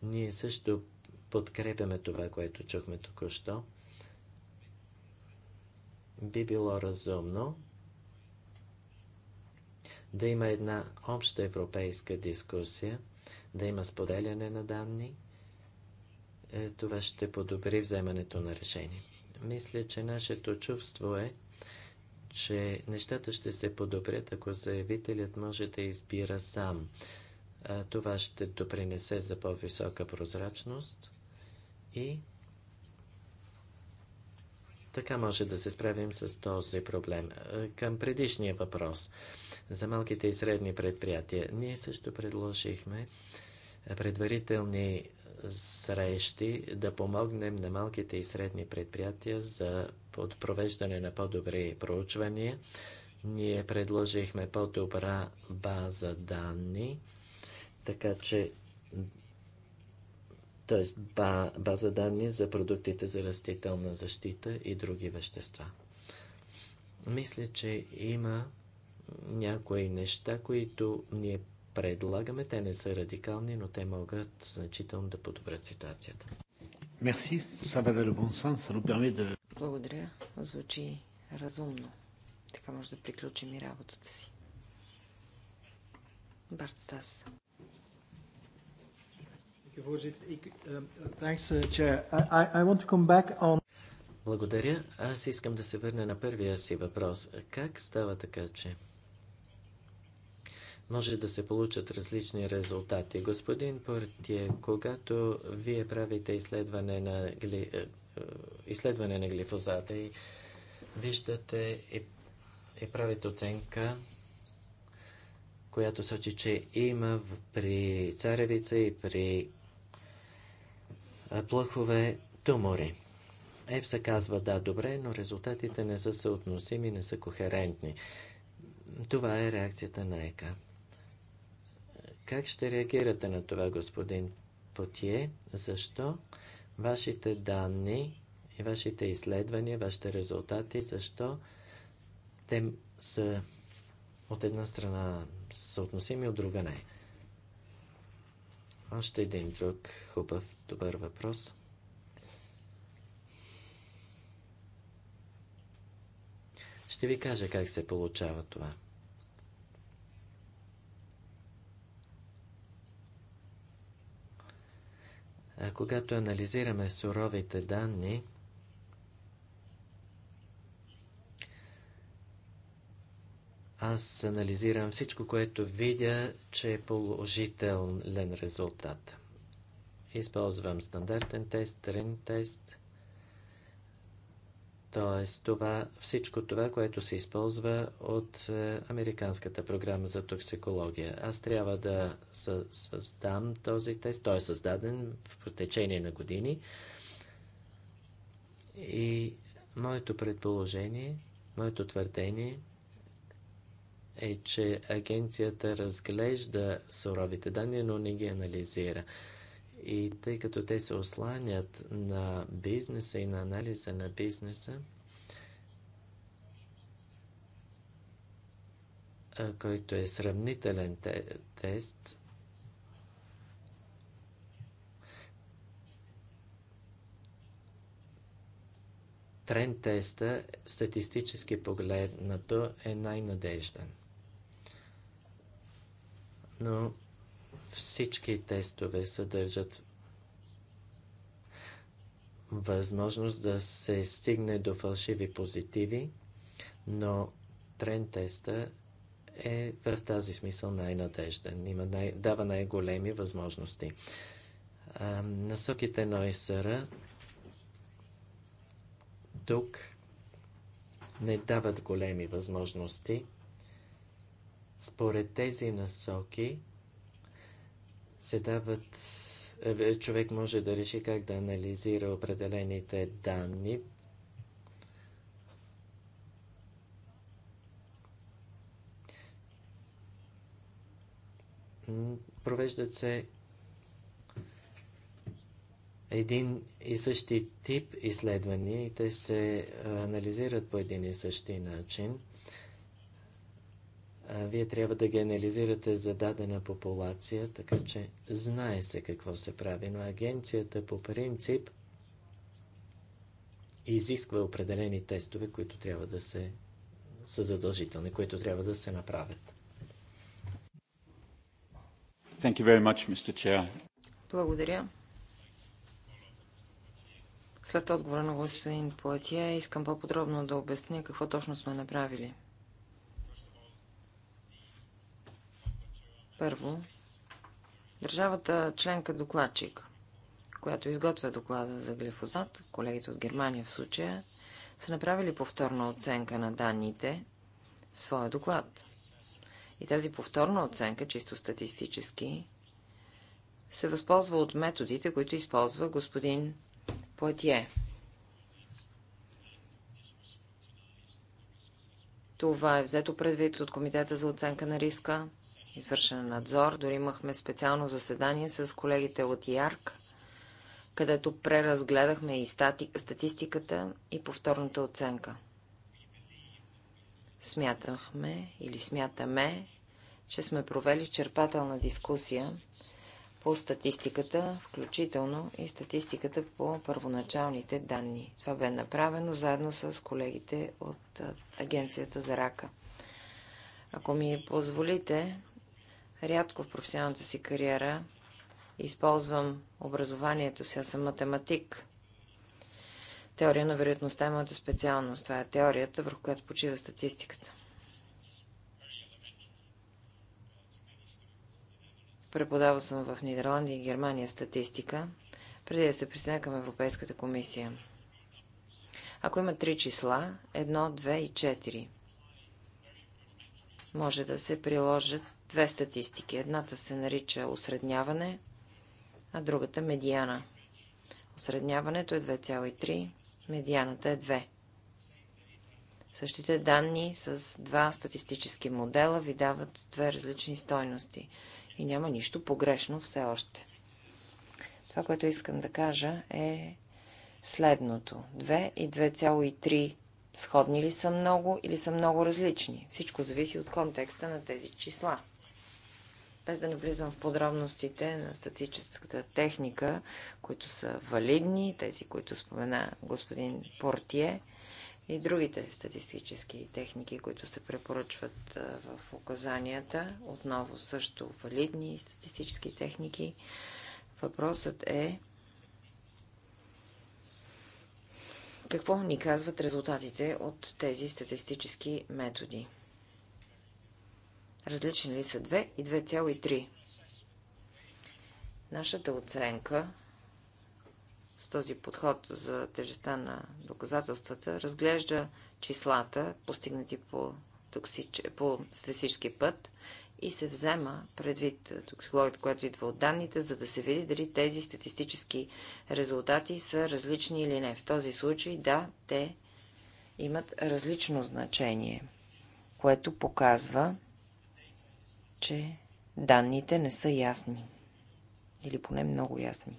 Ние също подкрепяме това, което чухме току-що. Би било разумно да има една обща европейска дискусия, да има споделяне на данни. Е, това ще подобри вземането на решение. Мисля, че нашето чувство е, че нещата ще се подобрят, ако заявителят може да избира сам. Това ще допринесе за по-висока прозрачност и така може да се справим с този проблем. Е, към предишния въпрос за малките и средни предприятия. Ние също предложихме предварителни срещи да помогнем на малките и средни предприятия за провеждане на по-добри проучвания. Ние предложихме по-добра база данни, така че т.е. база данни за продуктите за растителна защита и други вещества. Мисля, че има някои неща, които ние предлагаме. Те не са радикални, но те могат значително да подобрят ситуацията. Мерси, Благодаря, звучи разумно. Така може да приключим и работата си. Барт Стас. Благодаря. Аз искам да се върна на първия си въпрос. Как става така, че може да се получат различни резултати? Господин Портие, когато вие правите изследване на, гли... Е, е, изследване на глифозата и виждате и, и правите оценка, която сочи, че има при царевица и при плъхове, тумори. ЕФСА казва да, добре, но резултатите не са съотносими, не са кохерентни. Това е реакцията на ЕКА. Как ще реагирате на това, господин Потие? Защо вашите данни и вашите изследвания, вашите резултати, защо те са от една страна съотносими, от друга не? Още един друг хубав, добър въпрос. Ще ви кажа как се получава това. А когато анализираме суровите данни, Аз анализирам всичко, което видя, че е положителен резултат. Използвам стандартен тест, трен тест, т.е. Това, всичко това, което се използва от е, Американската програма за токсикология. Аз трябва да създам този тест. Той е създаден в протечение на години. И моето предположение, моето твърдение – е, че агенцията разглежда суровите данни, но не ги анализира. И тъй като те се осланят на бизнеса и на анализа на бизнеса, който е сравнителен те тест, тренд теста, статистически погледнато, е най-надежден но всички тестове съдържат възможност да се стигне до фалшиви позитиви, но трен теста е в тази смисъл най-надежден, Има най- дава най-големи възможности. А, насоките на ОСР тук не дават големи възможности според тези насоки се дават е, човек може да реши как да анализира определените данни. Провеждат се един и същи тип изследвания и те се анализират по един и същи начин вие трябва да ги анализирате за дадена популация, така че знае се какво се прави, но агенцията по принцип изисква определени тестове, които трябва да се са задължителни, които трябва да се направят. Thank you very much, Mr. Chair. Благодаря. След отговора на господин Платия искам по-подробно да обясня какво точно сме направили – Първо, държавата членка докладчик, която изготвя доклада за глифозат, колегите от Германия в случая, са направили повторна оценка на данните в своя доклад. И тази повторна оценка, чисто статистически, се възползва от методите, които използва господин Платие. Това е взето предвид от Комитета за оценка на риска извършен надзор. Дори имахме специално заседание с колегите от ИАРК, където преразгледахме и статистиката и повторната оценка. Смятахме или смятаме, че сме провели черпателна дискусия по статистиката, включително и статистиката по първоначалните данни. Това бе направено заедно с колегите от Агенцията за рака. Ако ми позволите, Рядко в професионалната си кариера използвам образованието си. Аз съм математик. Теория на вероятността е моята специалност. Това е теорията, върху която почива статистиката. Преподавал съм в Нидерландия и Германия статистика, преди да се присъединя към Европейската комисия. Ако има три числа, едно, две и четири, може да се приложат две статистики. Едната се нарича осредняване, а другата медиана. Осредняването е 2,3, медианата е 2. Същите данни с два статистически модела ви дават две различни стойности. И няма нищо погрешно все още. Това, което искам да кажа е следното. 2 и 2,3 сходни ли са много или са много различни? Всичко зависи от контекста на тези числа без да навлизам в подробностите на статическата техника, които са валидни, тези, които спомена господин Портие и другите статистически техники, които се препоръчват в указанията, отново също валидни статистически техники. Въпросът е какво ни казват резултатите от тези статистически методи. Различни ли са 2 и 2,3? Нашата оценка с този подход за тежестта на доказателствата разглежда числата, постигнати по, токсич... по статистически път и се взема предвид токсикологията, която идва от данните, за да се види дали тези статистически резултати са различни или не. В този случай, да, те имат различно значение, което показва, че данните не са ясни. Или поне много ясни.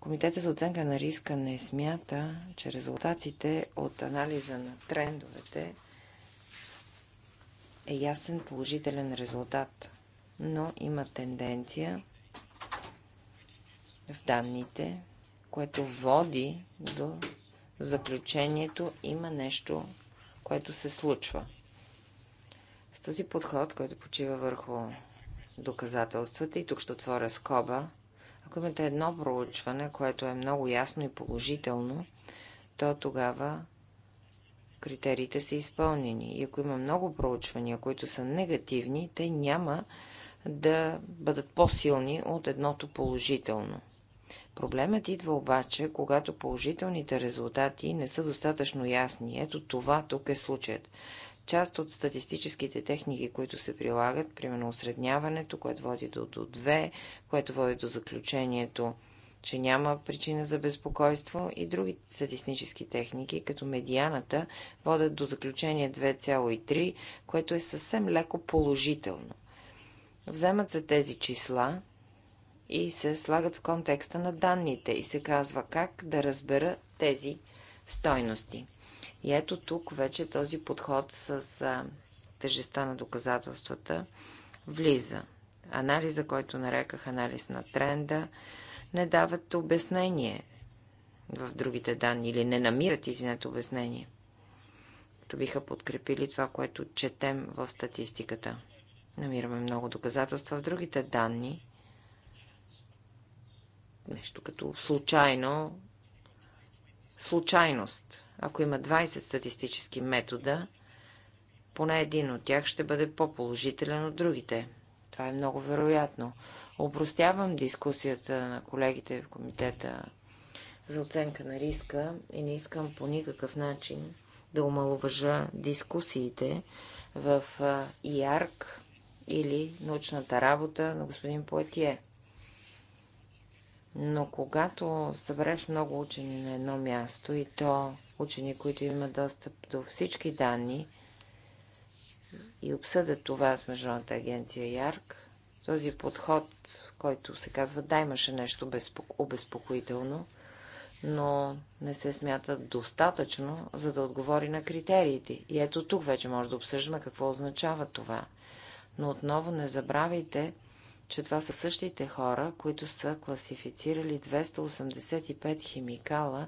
Комитета за оценка на риска не смята, че резултатите от анализа на трендовете е ясен положителен резултат, но има тенденция в данните, което води до заключението има нещо, което се случва. Този подход, който почива върху доказателствата, и тук ще отворя скоба, ако имате едно проучване, което е много ясно и положително, то тогава критериите са изпълнени. И ако има много проучвания, които са негативни, те няма да бъдат по-силни от едното положително. Проблемът идва обаче, когато положителните резултати не са достатъчно ясни. Ето това тук е случаят. Част от статистическите техники, които се прилагат, примерно осредняването, което води до, до 2, което води до заключението, че няма причина за безпокойство и други статистически техники, като медианата, водят до заключение 2,3, което е съвсем леко положително. Вземат се тези числа и се слагат в контекста на данните и се казва как да разбера тези стойности. И ето тук вече този подход с а, на доказателствата влиза. Анализа, който нареках анализ на тренда, не дават обяснение в другите данни или не намират, извинете, обяснение. Като биха подкрепили това, което четем в статистиката. Намираме много доказателства в другите данни. Нещо като случайно, случайност – ако има 20 статистически метода, поне един от тях ще бъде по-положителен от другите. Това е много вероятно. Опростявам дискусията на колегите в комитета за оценка на риска и не искам по никакъв начин да омалуважа дискусиите в ИАРК или научната работа на господин Поетие. Но когато събереш много учени на едно място и то учени, които имат достъп до всички данни и обсъдят това с Международната агенция ЯРК, този подход, който се казва, да, имаше нещо обезпокоително, но не се смята достатъчно, за да отговори на критериите. И ето тук вече може да обсъждаме какво означава това. Но отново не забравяйте, че това са същите хора, които са класифицирали 285 химикала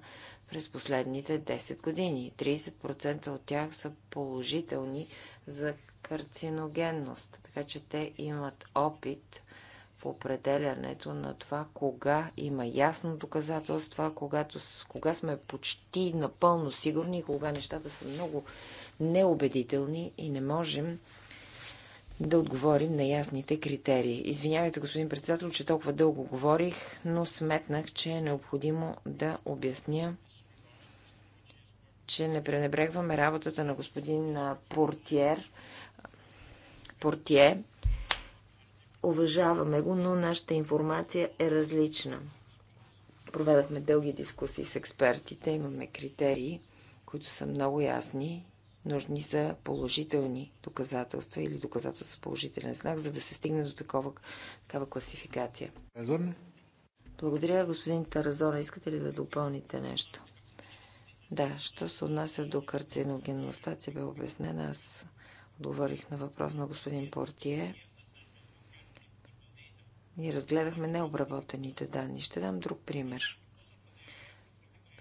през последните 10 години. 30% от тях са положителни за карциногенност, така че те имат опит в определянето на това, кога има ясно доказателство, когато, кога сме почти напълно сигурни кога нещата са много неубедителни и не можем да отговорим на ясните критерии. Извинявайте, господин председател, че толкова дълго говорих, но сметнах, че е необходимо да обясня, че не пренебрегваме работата на господин Портиер. Портие. Уважаваме го, но нашата информация е различна. Проведахме дълги дискусии с експертите, имаме критерии, които са много ясни Нужни са положителни доказателства или доказателства с положителен знак, за да се стигне до такова, такава класификация. Разумно. Благодаря, господин Таразона. Искате ли да допълните нещо? Да, що се отнася до карциногенността, ти бе обяснена. Аз отговорих на въпрос на господин Портие. Ние разгледахме необработените данни. Ще дам друг пример.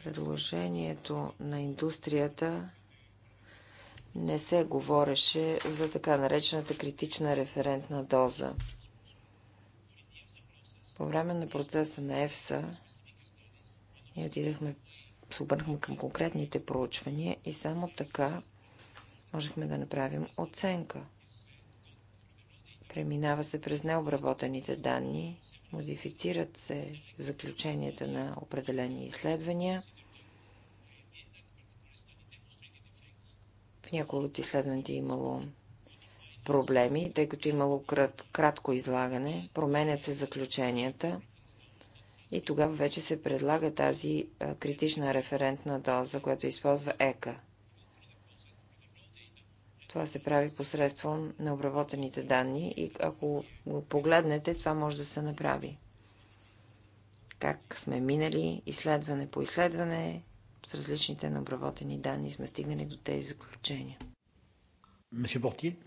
Предложението на индустрията не се говореше за така наречената критична референтна доза. По време на процеса на ЕФСА ние отидахме, се обърнахме към конкретните проучвания и само така можехме да направим оценка. Преминава се през необработените данни, модифицират се заключенията на определени изследвания – В някои от изследването е имало проблеми, тъй като е имало крат, кратко излагане, променят се заключенията и тогава вече се предлага тази критична референтна доза, която използва ЕКА. Това се прави посредством на обработените данни и ако го погледнете, това може да се направи. Как сме минали изследване по изследване, с различните необработени данни сме стигнали до тези заключения. Месье Портие?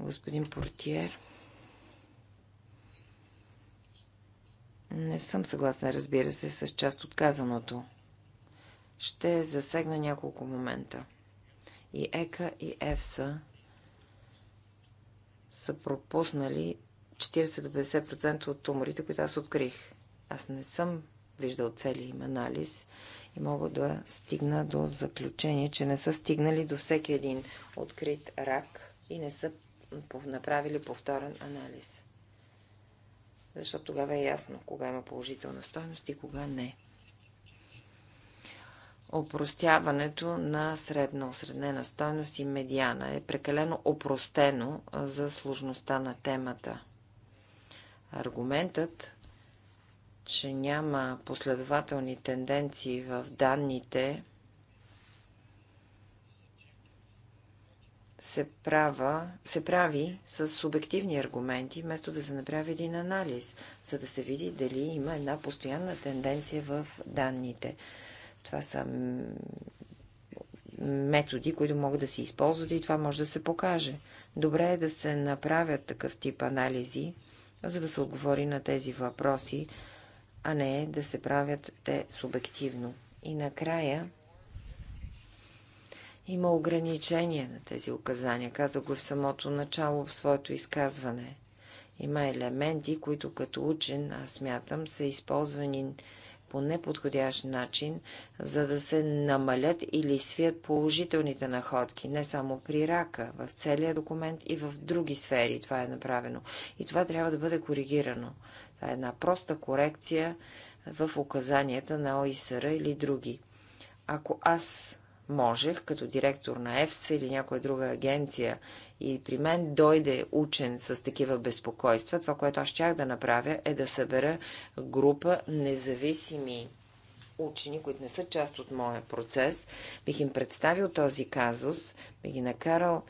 Господин Портиер. Не съм съгласна, разбира се, с част от казаното. Ще засегна няколко момента. И ЕКА, и ЕФСА са пропуснали 40-50% от туморите, които аз открих. Аз не съм виждал целият им анализ и мога да стигна до заключение, че не са стигнали до всеки един открит рак и не са направили повторен анализ. Защото тогава е ясно кога има положителна стойност и кога не. Опростяването на средна осреднена стойност и медиана е прекалено опростено за сложността на темата. Аргументът, че няма последователни тенденции в данните, се, права, се прави с субективни аргументи, вместо да се направи един анализ, за да се види дали има една постоянна тенденция в данните. Това са методи, които могат да се използват и това може да се покаже. Добре е да се направят такъв тип анализи, за да се отговори на тези въпроси а не да се правят те субективно. И накрая има ограничения на тези указания. Каза го в самото начало в своето изказване. Има елементи, които като учен, аз смятам, са използвани по неподходящ начин, за да се намалят или свият положителните находки, не само при рака, в целия документ и в други сфери това е направено. И това трябва да бъде коригирано. Това е една проста корекция в указанията на ОИСР или други. Ако аз можех, като директор на ЕФСА или някоя друга агенция, и при мен дойде учен с такива безпокойства, това, което аз щях да направя, е да събера група независими учени, които не са част от моя процес, бих им представил този казус, би ги накарал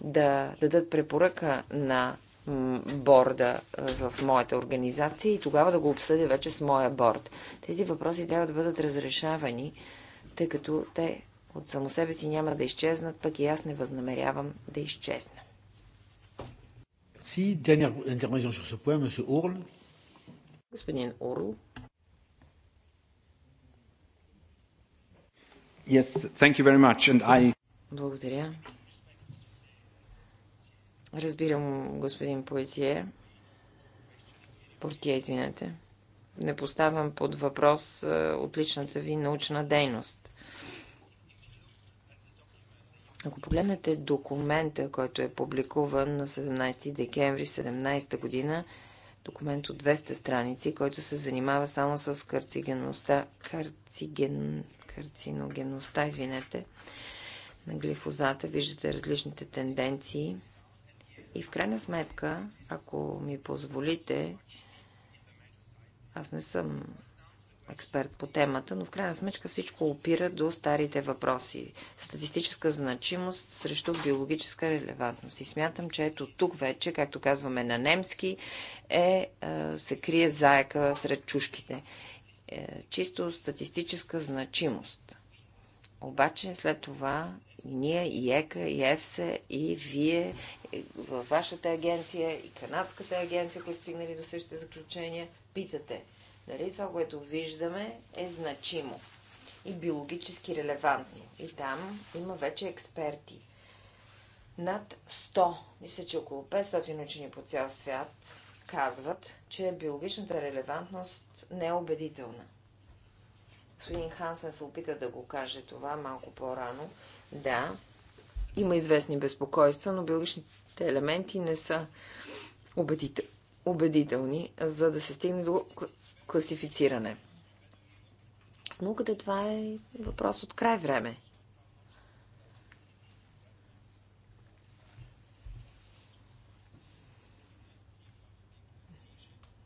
да дадат препоръка на борда в моята организация и тогава да го обсъдя вече с моя борд. Тези въпроси трябва да бъдат разрешавани, тъй като те от само себе си няма да изчезнат, пък и аз не възнамерявам да изчезна. Господин Орл. Yes, thank you very much. And I... Благодаря. Разбирам, господин Поетие. Портие, извинете. Не поставям под въпрос е, отличната ви научна дейност. Ако погледнете документа, който е публикуван на 17 декември 17 година, документ от 200 страници, който се занимава само с карцигеността, карциген, карциногенността, извинете, на глифозата, виждате различните тенденции – и в крайна сметка, ако ми позволите, аз не съм експерт по темата, но в крайна сметка всичко опира до старите въпроси. Статистическа значимост срещу биологическа релевантност. И смятам, че ето тук вече, както казваме на немски, е, е се крие заека сред чушките. Е, чисто статистическа значимост. Обаче след това и ние, и ЕКА, и ЕФСЕ, и вие, и във вашата агенция, и канадската агенция, които стигнали до същите заключения, питате, дали това, което виждаме, е значимо и биологически релевантно. И там има вече експерти. Над 100, мисля, че около 500 учени по цял свят казват, че биологичната релевантност не е убедителна – Господин Хансен се опита да го каже това малко по-рано. Да, има известни безпокойства, но биологичните елементи не са убедител... убедителни, за да се стигне до класифициране. В науката това е въпрос от край време.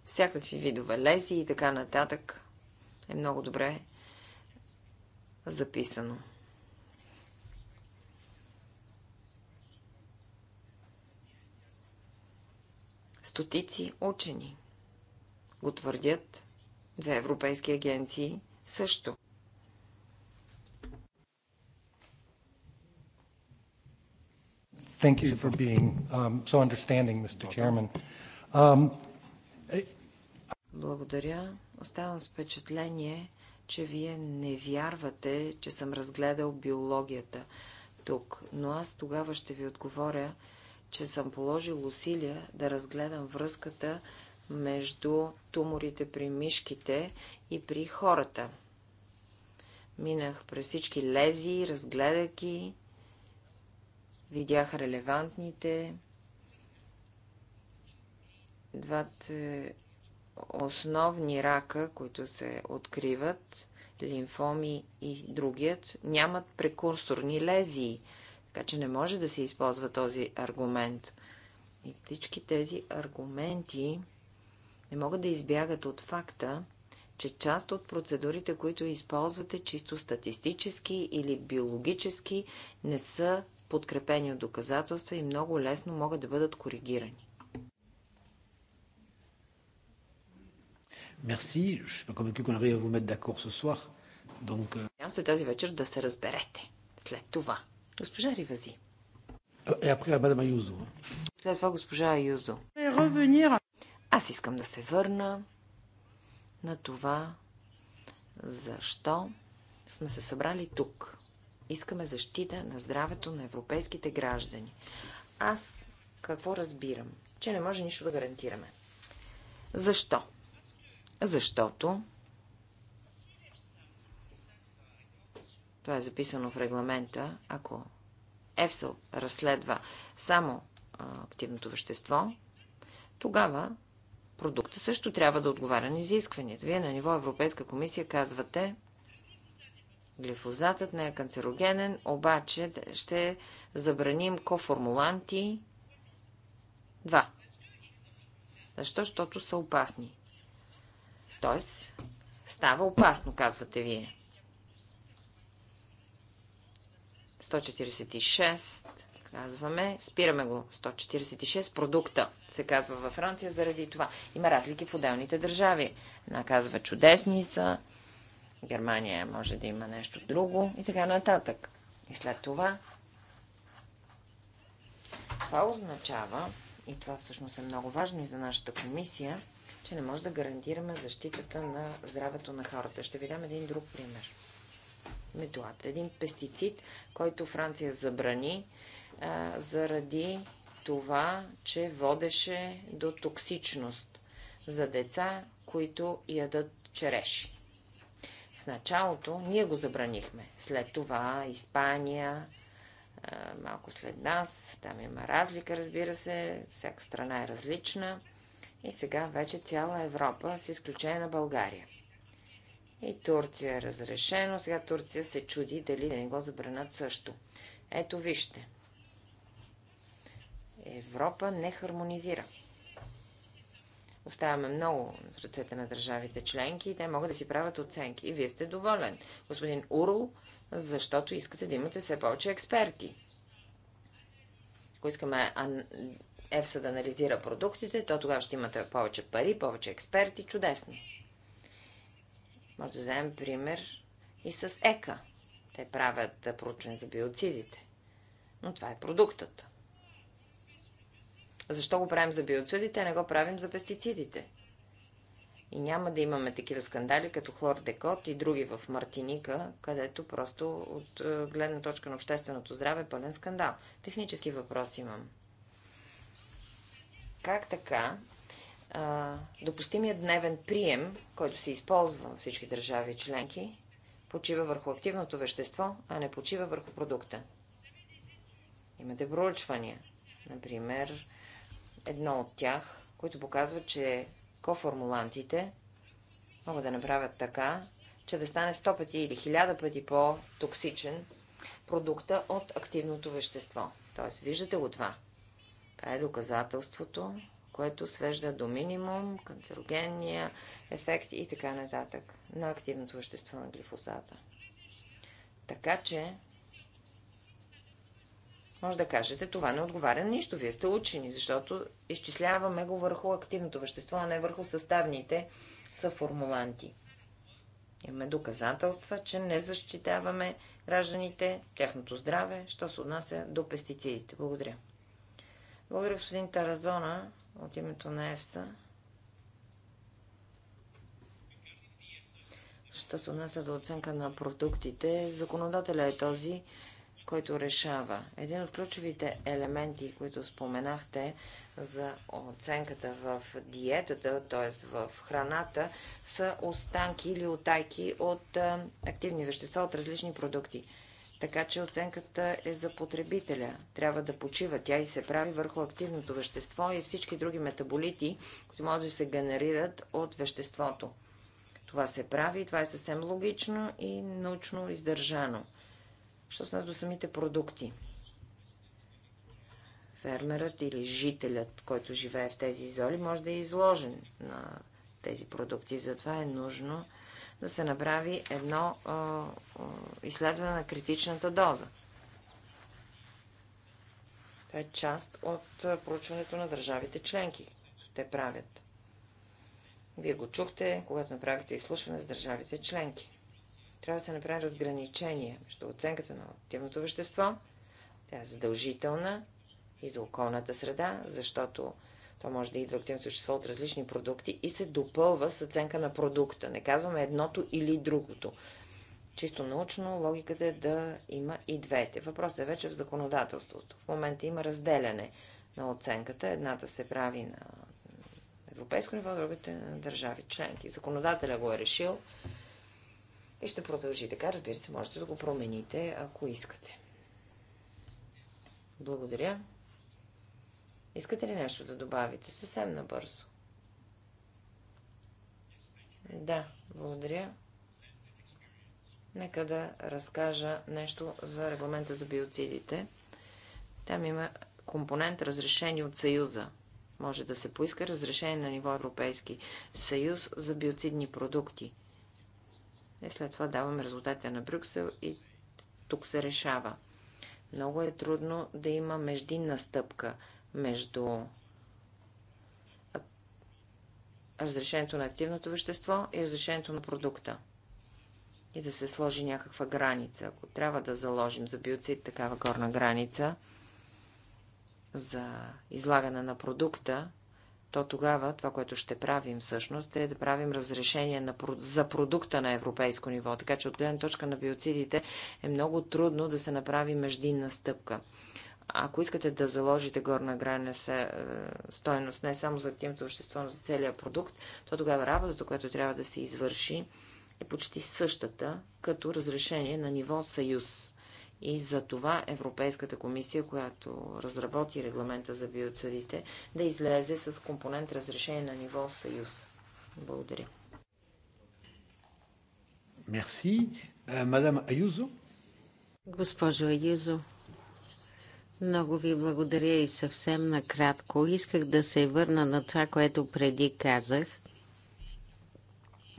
всякакви видове лези и така нататък. Е много добре записано. Стотици учени го твърдят, две европейски агенции също. Thank you for being um, so understanding, Mr. Chairman. Um, I... Благодаря. Оставам с впечатление, че вие не вярвате, че съм разгледал биологията тук, но аз тогава ще ви отговоря, че съм положил усилия да разгледам връзката между туморите при мишките и при хората. Минах през всички лези, разгледах ги, видях релевантните. Двата основни рака, които се откриват, лимфоми и другият, нямат прекурсорни лезии. Така че не може да се използва този аргумент. И всички тези аргументи не могат да избягат от факта, че част от процедурите, които използвате чисто статистически или биологически, не са подкрепени от доказателства и много лесно могат да бъдат коригирани. Мерси. Euh, Надявам се тази вечер да се разберете. След това. Госпожа Ривази. Е, апре, мадам Аюзо. След това госпожа Аюзо. Е, Аз искам да се върна на това, защо сме се събрали тук. Искаме защита на здравето на европейските граждани. Аз какво разбирам? Че не може нищо да гарантираме. Защо? Защото това е записано в регламента, ако ЕФСЛ разследва само активното вещество, тогава продукта също трябва да отговаря на изискванията. Вие на ниво Европейска комисия казвате, глифозатът не е канцерогенен, обаче ще забраним коформуланти Два. Защо? Защото са опасни. Тоест, става опасно, казвате вие. 146, казваме, спираме го, 146 продукта, се казва във Франция, заради това. Има разлики в отделните държави. Една казва чудесни са, Германия може да има нещо друго и така нататък. И след това това означава, и това всъщност е много важно и за нашата комисия, че не може да гарантираме защитата на здравето на хората. Ще ви дам един друг пример. Метуат. Един пестицид, който Франция забрани а, заради това, че водеше до токсичност за деца, които ядат череши. В началото ние го забранихме. След това Испания, малко след нас. Там има разлика, разбира се. Всяка страна е различна. И сега вече цяла Европа, с изключение на България. И Турция е разрешено. Сега Турция се чуди дали да не го забранат също. Ето вижте. Европа не хармонизира. Оставяме много в ръцете на държавите членки и те могат да си правят оценки. И вие сте доволен, господин Урл, защото искате да имате все повече експерти. Ако искаме ЕФСА да анализира продуктите, то тогава ще имате повече пари, повече експерти. Чудесно. Може да вземем пример и с ЕКА. Те правят проучване за биоцидите. Но това е продуктът. Защо го правим за биоцидите, а не го правим за пестицидите? И няма да имаме такива скандали, като хлор декот и други в Мартиника, където просто от е, гледна точка на общественото здраве е пълен скандал. Технически въпрос имам. Как така допустимият дневен прием, който се използва във всички държави членки, почива върху активното вещество, а не почива върху продукта? Имате проучвания. Например, едно от тях, които показва, че коформулантите могат да направят така, че да стане 100 пъти или 1000 пъти по-токсичен продукта от активното вещество. Тоест, виждате го това. Това е доказателството, което свежда до минимум канцерогенния ефект и така нататък на активното вещество на глифозата. Така че, може да кажете, това не отговаря на нищо. Вие сте учени, защото изчисляваме го върху активното вещество, а не върху съставните съформуланти. Имаме доказателства, че не защитаваме гражданите, тяхното здраве, що се отнася до пестицидите. Благодаря. Благодаря, господин Таразона, от името на ЕФСА. Що се отнася до оценка на продуктите, законодателя е този, който решава. Един от ключовите елементи, които споменахте за оценката в диетата, т.е. в храната, са останки или отайки от активни вещества от различни продукти. Така че оценката е за потребителя. Трябва да почива. Тя и се прави върху активното вещество и всички други метаболити, които може да се генерират от веществото. Това се прави, това е съвсем логично и научно издържано. Що се нас до самите продукти? Фермерът или жителят, който живее в тези изоли, може да е изложен на тези продукти. Затова е нужно да се направи едно а, а, изследване на критичната доза. Това е част от проучването на държавите членки. Те правят. Вие го чухте, когато направихте изслушване с държавите членки. Трябва да се направи разграничение между оценката на активното вещество, тя е задължителна и за околната среда, защото то може да идва активно същество от различни продукти и се допълва с оценка на продукта. Не казваме едното или другото. Чисто научно логиката е да има и двете. Въпросът е вече в законодателството. В момента има разделяне на оценката. Едната се прави на европейско ниво, другата е на държави членки. Законодателя го е решил и ще продължи така. Разбира се, можете да го промените, ако искате. Благодаря. Искате ли нещо да добавите? Съвсем набързо. Да, благодаря. Нека да разкажа нещо за регламента за биоцидите. Там има компонент разрешение от Съюза. Може да се поиска разрешение на ниво Европейски съюз за биоцидни продукти. И е, след това даваме резултатите на Брюксел и тук се решава. Много е трудно да има междинна стъпка между разрешението на активното вещество и разрешението на продукта. И да се сложи някаква граница. Ако трябва да заложим за биоцид такава горна граница за излагане на продукта, то тогава това, което ще правим всъщност, е да правим разрешение на, за продукта на европейско ниво. Така че от гледна точка на биоцидите е много трудно да се направи междинна стъпка. Ако искате да заложите горна граница е, стойност не само за активното общество, но за целия продукт, то тогава работата, която трябва да се извърши, е почти същата като разрешение на ниво съюз. И за това Европейската комисия, която разработи регламента за биоцидите, да излезе с компонент разрешение на ниво съюз. Благодаря. Мерси. Мадам Аюзо. Госпожо Аюзо. Много ви благодаря и съвсем накратко. Исках да се върна на това, което преди казах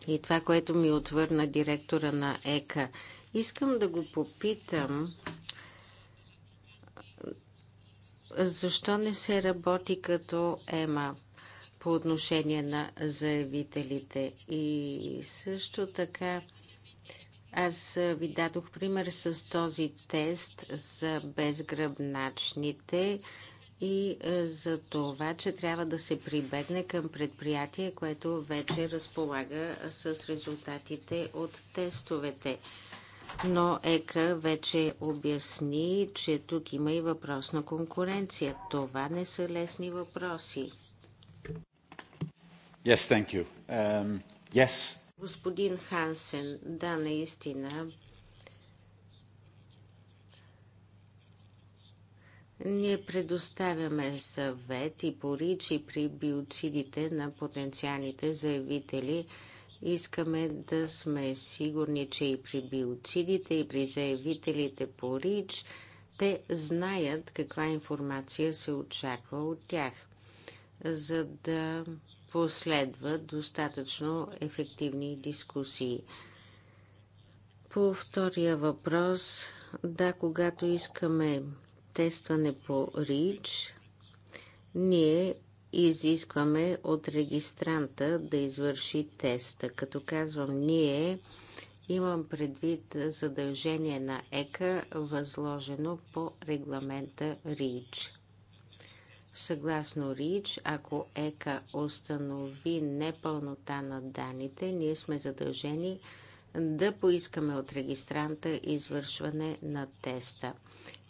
и това, което ми отвърна директора на ЕКА. Искам да го попитам защо не се работи като ЕМА по отношение на заявителите и също така аз ви дадох пример с този тест за безгръбначните и за това, че трябва да се прибегне към предприятие, което вече разполага с резултатите от тестовете. Но ЕКА вече обясни, че тук има и въпрос на конкуренция. Това не са лесни въпроси. Yes, thank you. Um, yes, Господин Хансен, да, наистина. Ние предоставяме съвет и по рич и при биоцидите на потенциалните заявители. Искаме да сме сигурни, че и при биоцидите, и при заявителите по рич, те знаят каква информация се очаква от тях, за да последват достатъчно ефективни дискусии. По втория въпрос, да, когато искаме тестване по РИЧ, ние изискваме от регистранта да извърши теста. Като казвам ние, имам предвид задължение на ЕКА, възложено по регламента РИЧ. Съгласно РИЧ, ако ЕКА установи непълнота на данните, ние сме задължени да поискаме от регистранта извършване на теста.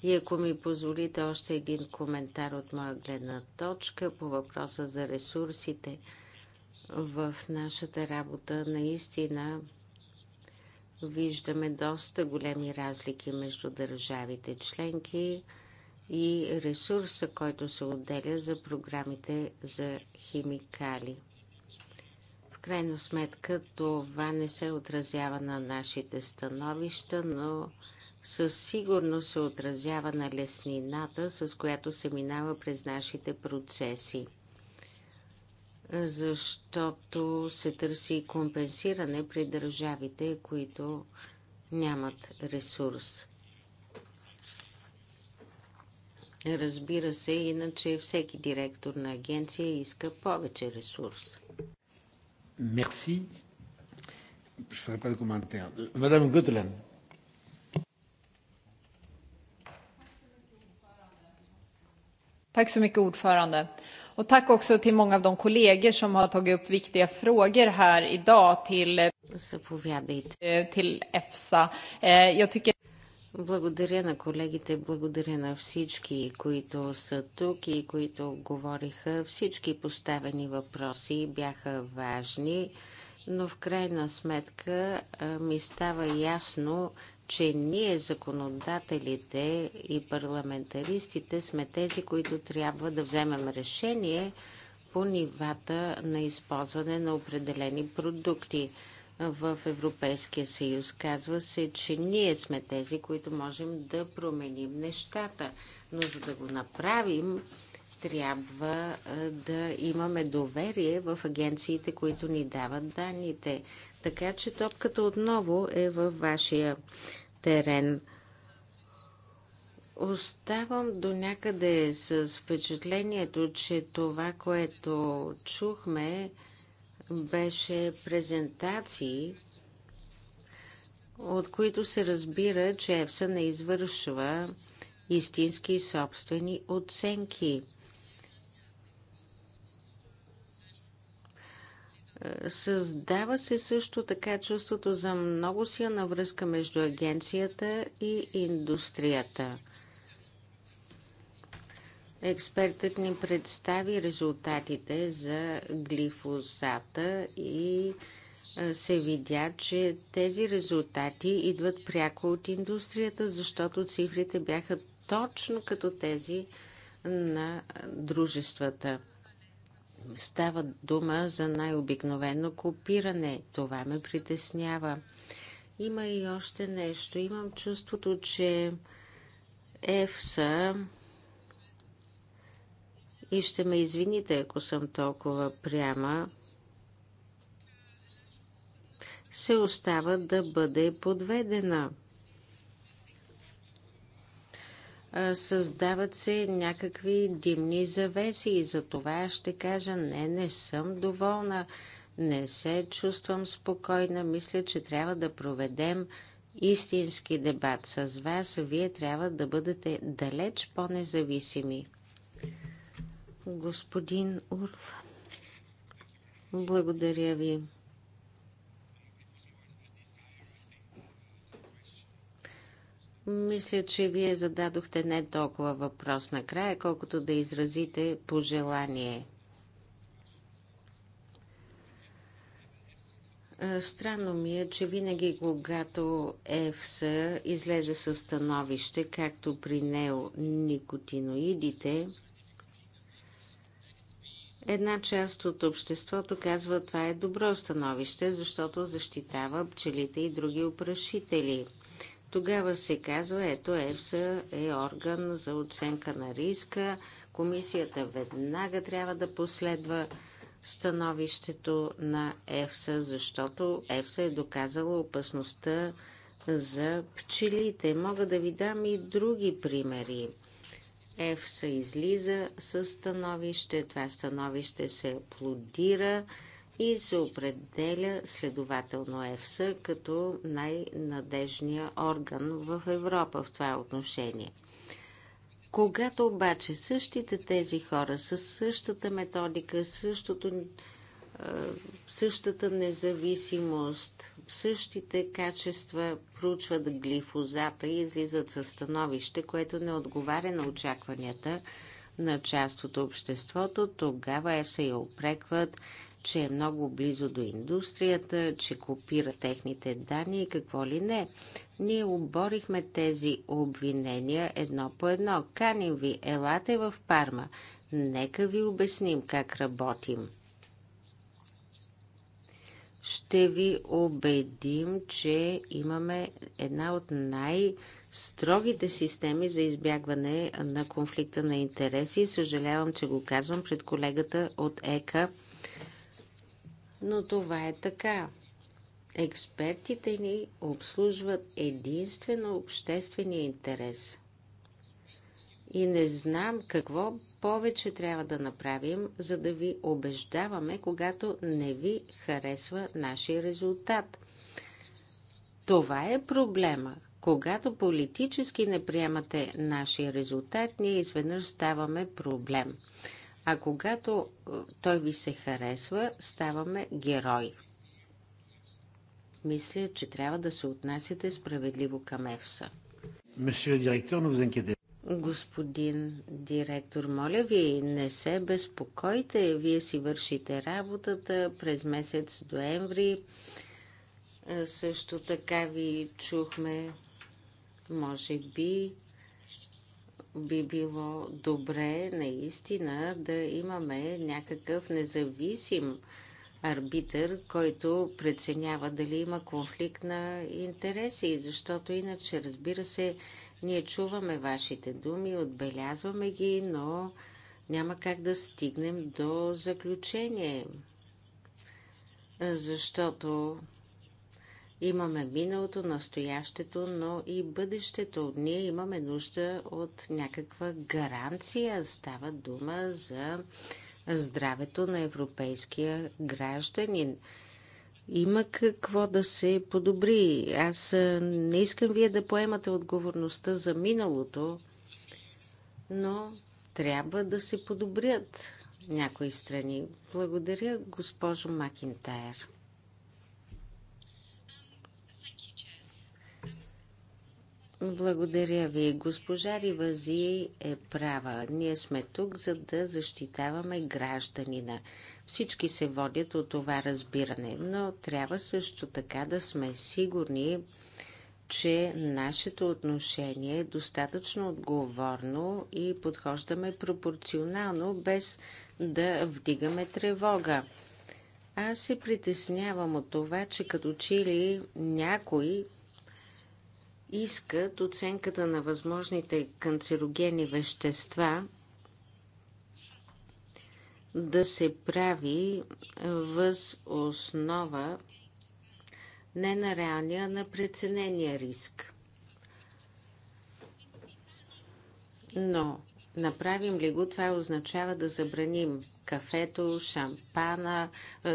И ако ми позволите още един коментар от моя гледна точка по въпроса за ресурсите в нашата работа, наистина виждаме доста големи разлики между държавите членки – и ресурса, който се отделя за програмите за химикали. В крайна сметка това не се отразява на нашите становища, но със сигурност се отразява на леснината, с която се минава през нашите процеси. Защото се търси компенсиране при държавите, които нямат ресурс. Разбира се, иначе всеки директор на агенция иска повече ресурс. Мерси. Je ferai pas de commentaire. Madame Tack så mycket ordförande. Och tack också till många av de kollegor som har tagit upp viktiga frågor här idag till, till EFSA. Jag tycker благодаря на колегите, благодаря на всички, които са тук и които говориха. Всички поставени въпроси бяха важни, но в крайна сметка ми става ясно, че ние, законодателите и парламентаристите, сме тези, които трябва да вземем решение по нивата на използване на определени продукти – в Европейския съюз. Казва се, че ние сме тези, които можем да променим нещата. Но за да го направим, трябва да имаме доверие в агенциите, които ни дават данните. Така че топката отново е във вашия терен. Оставам до някъде с впечатлението, че това, което чухме, беше презентации, от които се разбира, че ЕФСА не извършва истински собствени оценки. Създава се също така чувството за много силна връзка между агенцията и индустрията. Експертът ни представи резултатите за глифозата и се видя, че тези резултати идват пряко от индустрията, защото цифрите бяха точно като тези на дружествата. Става дума за най-обикновено копиране. Това ме притеснява. Има и още нещо. Имам чувството, че ЕФСА и ще ме извините, ако съм толкова пряма, се остава да бъде подведена. Създават се някакви димни завеси и за това ще кажа не, не съм доволна, не се чувствам спокойна, мисля, че трябва да проведем истински дебат с вас. Вие трябва да бъдете далеч по-независими. Господин Урф, благодаря ви. Мисля, че вие зададохте не толкова въпрос накрая, колкото да изразите пожелание. Странно ми е, че винаги когато ЕФСА излезе със становище, както при неоникотиноидите, никотиноидите, Една част от обществото казва, това е добро становище, защото защитава пчелите и други опрашители. Тогава се казва, ето ЕФСА е орган за оценка на риска, комисията веднага трябва да последва становището на ЕФСА, защото ЕФСА е доказала опасността за пчелите. Мога да ви дам и други примери. ЕФСА излиза с становище, това становище се аплодира и се определя следователно ЕФСА като най-надежния орган в Европа в това отношение. Когато обаче същите тези хора с същата методика, същото, същата независимост същите качества проучват глифозата и излизат със становище, което не отговаря на очакванията на част от обществото, тогава ЕФСА я опрекват, че е много близо до индустрията, че копира техните данни и какво ли не. Ние оборихме тези обвинения едно по едно. Каним ви, елате в Парма. Нека ви обясним как работим ще ви убедим, че имаме една от най- строгите системи за избягване на конфликта на интереси. Съжалявам, че го казвам пред колегата от ЕКА, но това е така. Експертите ни обслужват единствено обществения интерес. И не знам какво повече трябва да направим, за да ви убеждаваме, когато не ви харесва нашия резултат. Това е проблема. Когато политически не приемате нашия резултат, ние изведнъж ставаме проблем. А когато е, той ви се харесва, ставаме герой. Мисля, че трябва да се отнасяте справедливо към ЕФСА. директор, не Господин директор, моля ви, не се безпокойте, вие си вършите работата през месец ноември. Също така ви чухме, може би, би било добре наистина да имаме някакъв независим арбитър, който преценява дали има конфликт на интереси, защото иначе, разбира се, ние чуваме вашите думи, отбелязваме ги, но няма как да стигнем до заключение, защото имаме миналото, настоящето, но и бъдещето. Ние имаме нужда от някаква гаранция. Става дума за здравето на европейския гражданин. Има какво да се подобри. Аз не искам вие да поемате отговорността за миналото, но трябва да се подобрят някои страни. Благодаря, госпожо Макинтайр. Благодаря ви. Госпожа Ривази е права. Ние сме тук, за да защитаваме гражданина. Всички се водят от това разбиране, но трябва също така да сме сигурни, че нашето отношение е достатъчно отговорно и подхождаме пропорционално, без да вдигаме тревога. Аз се притеснявам от това, че като чили някой искат оценката на възможните канцерогени вещества да се прави въз основа не на реалния, а на преценения риск. Но направим ли го, това означава да забраним кафето, шампана,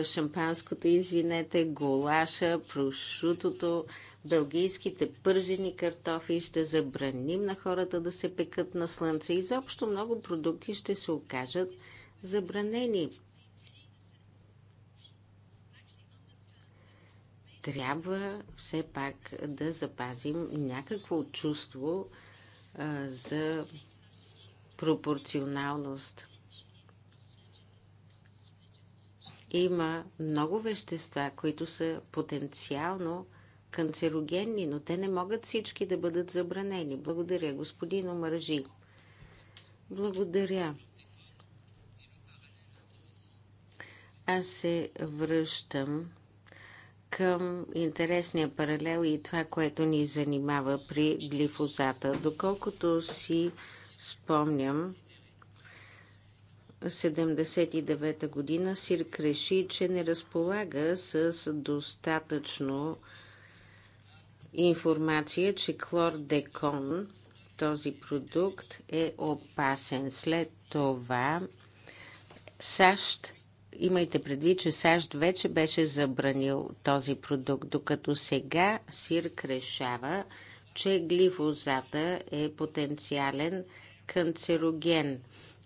шампанското, извинете, голаша, прошутото, белгийските пържени картофи, ще забраним на хората да се пекат на слънце. Изобщо много продукти ще се окажат забранени. Трябва все пак да запазим някакво чувство а, за пропорционалност. Има много вещества, които са потенциално канцерогенни, но те не могат всички да бъдат забранени. Благодаря, господин Омаржи. Благодаря. Аз се връщам към интересния паралел и това, което ни занимава при глифозата. Доколкото си спомням, 79-та година Сирк реши, че не разполага с достатъчно информация, че хлордекон, този продукт, е опасен. След това САЩ, имайте предвид, че САЩ вече беше забранил този продукт, докато сега СИРК решава, че глифозата е потенциален канцероген.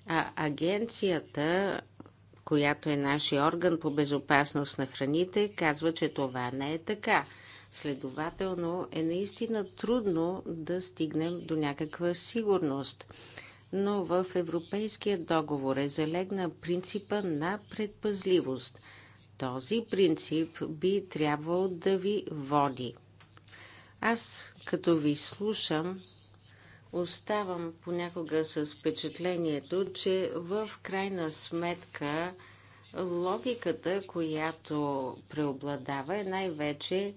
А агенцията, която е нашия орган по безопасност на храните, казва, че това не е така. Следователно е наистина трудно да стигнем до някаква сигурност. Но в Европейския договор е залегна принципа на предпазливост. Този принцип би трябвало да ви води. Аз, като ви слушам, оставам понякога с впечатлението, че в крайна сметка логиката, която преобладава е най-вече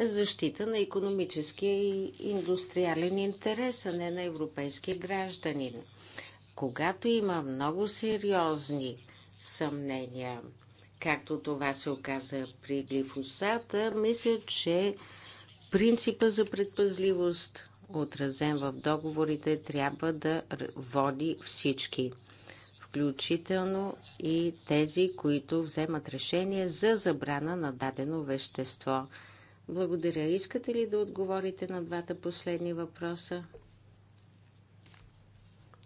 защита на економическия и индустриален интерес, а не на европейски гражданин. Когато има много сериозни съмнения, както това се оказа при глифосата, мисля, че принципа за предпазливост, отразен в договорите, трябва да води всички, включително и тези, които вземат решение за забрана на дадено вещество – благодаря. Искате ли да отговорите на двата последни въпроса?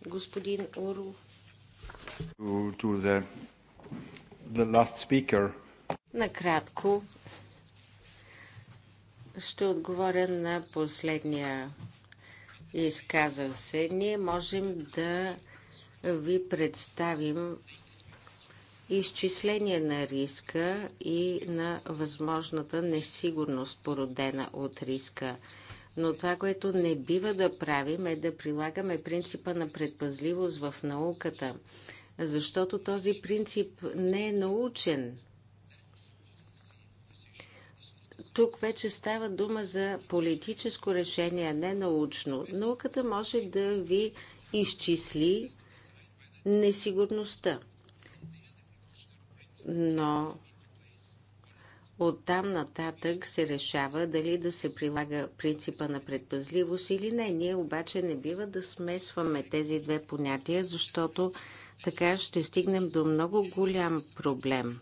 Господин Ору. To, the, Накратко ще отговоря на последния изказал се. Ние можем да ви представим изчисление на риска и на възможната несигурност, породена от риска. Но това, което не бива да правим, е да прилагаме принципа на предпазливост в науката, защото този принцип не е научен. Тук вече става дума за политическо решение, а не научно. Науката може да ви изчисли несигурността но оттам нататък се решава дали да се прилага принципа на предпазливост или не. Ние обаче не бива да смесваме тези две понятия, защото така ще стигнем до много голям проблем.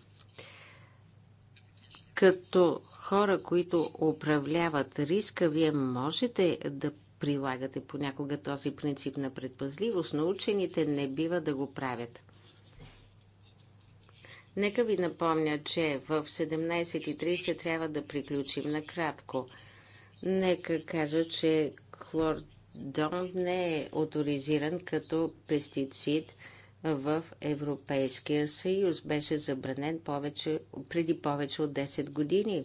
Като хора, които управляват риска, вие можете да прилагате понякога този принцип на предпазливост, но учените не бива да го правят. Нека ви напомня, че в 17.30 трябва да приключим накратко. Нека кажа, че хлордон не е авторизиран като пестицид в Европейския съюз. Беше забранен повече, преди повече от 10 години.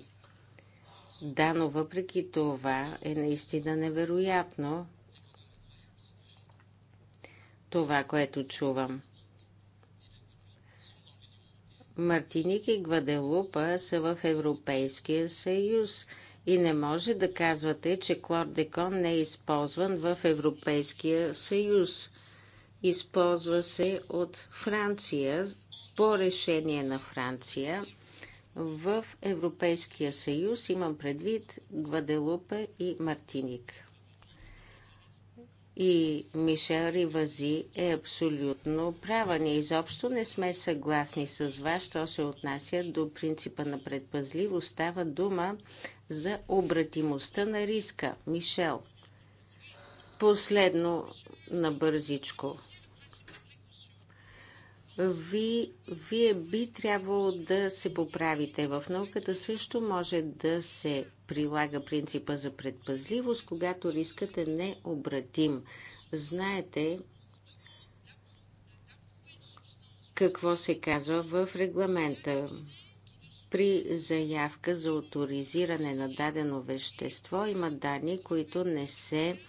Да, но въпреки това е наистина невероятно това, което чувам. Мартиник и Гваделупа са в Европейския съюз и не може да казвате, че клордекон не е използван в Европейския съюз. Използва се от Франция по решение на Франция в Европейския съюз. Имам предвид Гваделупа и Мартиник. И Мишел Ривази е абсолютно права. Ние изобщо не сме съгласни с вас, що се отнася до принципа на предпазливост. Става дума за обратимостта на риска. Мишел, последно на бързичко: Ви, вие би трябвало да се поправите. В науката също може да се прилага принципа за предпазливост, когато рискът е необратим. Знаете какво се казва в регламента. При заявка за авторизиране на дадено вещество има данни, които не се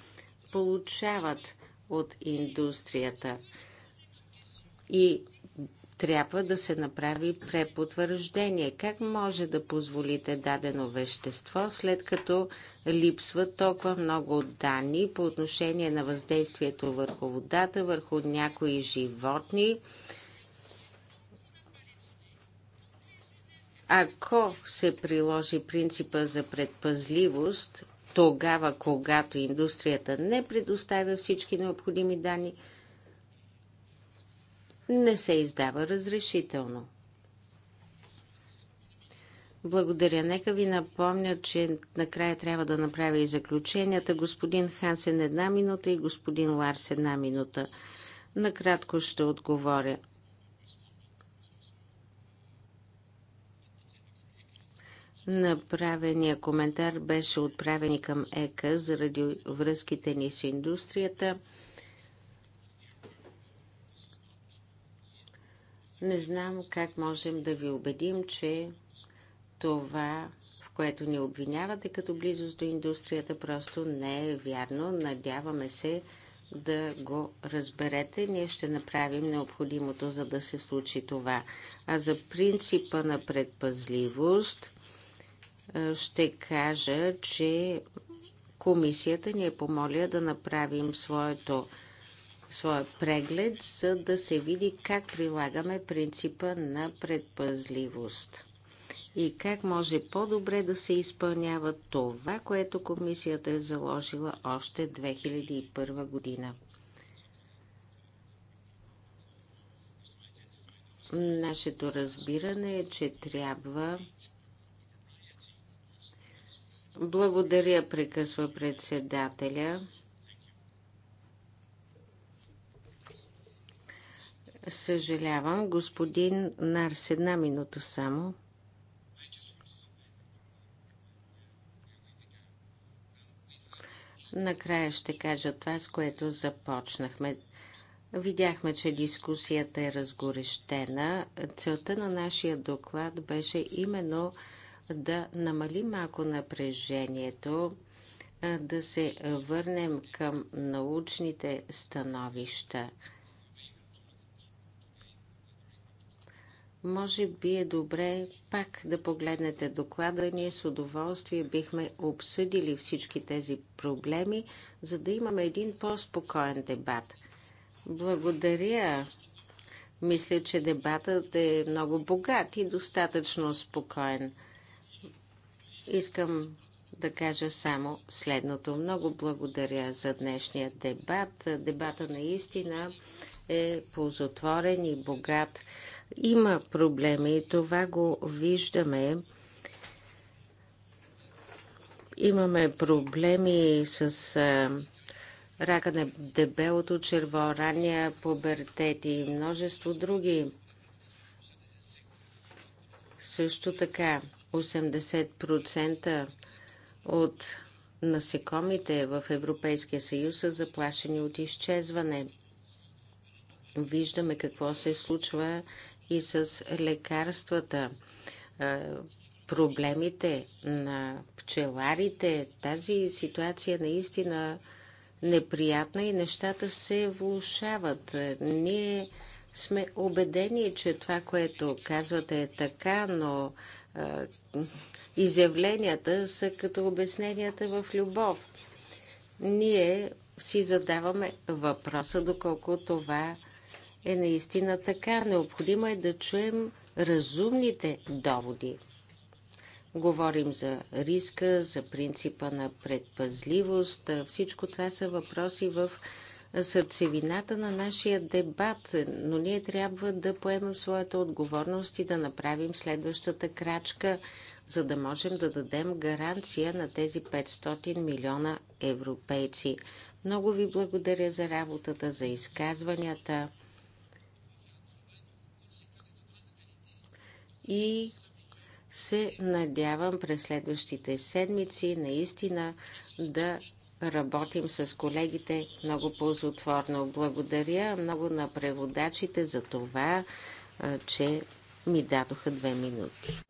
получават от индустрията. И трябва да се направи препотвърждение. Как може да позволите дадено вещество, след като липсват толкова много данни по отношение на въздействието върху водата, върху някои животни? Ако се приложи принципа за предпазливост, тогава, когато индустрията не предоставя всички необходими данни, не се издава разрешително. Благодаря. Нека ви напомня, че накрая трябва да направя и заключенията. Господин Хансен една минута и господин Ларс една минута. Накратко ще отговоря. Направения коментар беше отправен към ЕКА заради връзките ни с индустрията – Не знам как можем да ви убедим, че това, в което ни обвинявате като близост до индустрията, просто не е вярно. Надяваме се да го разберете. Ние ще направим необходимото, за да се случи това. А за принципа на предпазливост ще кажа, че комисията ни е помоля да направим своето своя преглед, за да се види как прилагаме принципа на предпазливост и как може по-добре да се изпълнява това, което комисията е заложила още 2001 година. Нашето разбиране е, че трябва благодаря, прекъсва председателя. Съжалявам, господин Нарс, една минута само. Накрая ще кажа това, с което започнахме. Видяхме, че дискусията е разгорещена. Целта на нашия доклад беше именно да намали малко напрежението, да се върнем към научните становища. Може би е добре пак да погледнете доклада. Ние с удоволствие бихме обсъдили всички тези проблеми, за да имаме един по-спокоен дебат. Благодаря. Мисля, че дебатът е много богат и достатъчно спокоен. Искам да кажа само следното. Много благодаря за днешния дебат. Дебата наистина е ползотворен и богат. Има проблеми и това го виждаме. Имаме проблеми с а, рака на дебелото черво, ранния пубертет и множество други. Също така, 80% от насекомите в Европейския съюз са заплашени от изчезване. Виждаме какво се случва и с лекарствата, проблемите на пчеларите. Тази ситуация наистина неприятна и нещата се влушават. Ние сме убедени, че това, което казвате е така, но а, изявленията са като обясненията в любов. Ние си задаваме въпроса доколко това е наистина така. Необходимо е да чуем разумните доводи. Говорим за риска, за принципа на предпазливост. Всичко това са въпроси в сърцевината на нашия дебат, но ние трябва да поемем своята отговорност и да направим следващата крачка, за да можем да дадем гаранция на тези 500 милиона европейци. Много ви благодаря за работата, за изказванията. и се надявам през следващите седмици наистина да работим с колегите много ползотворно. Благодаря много на преводачите за това, че ми дадоха две минути.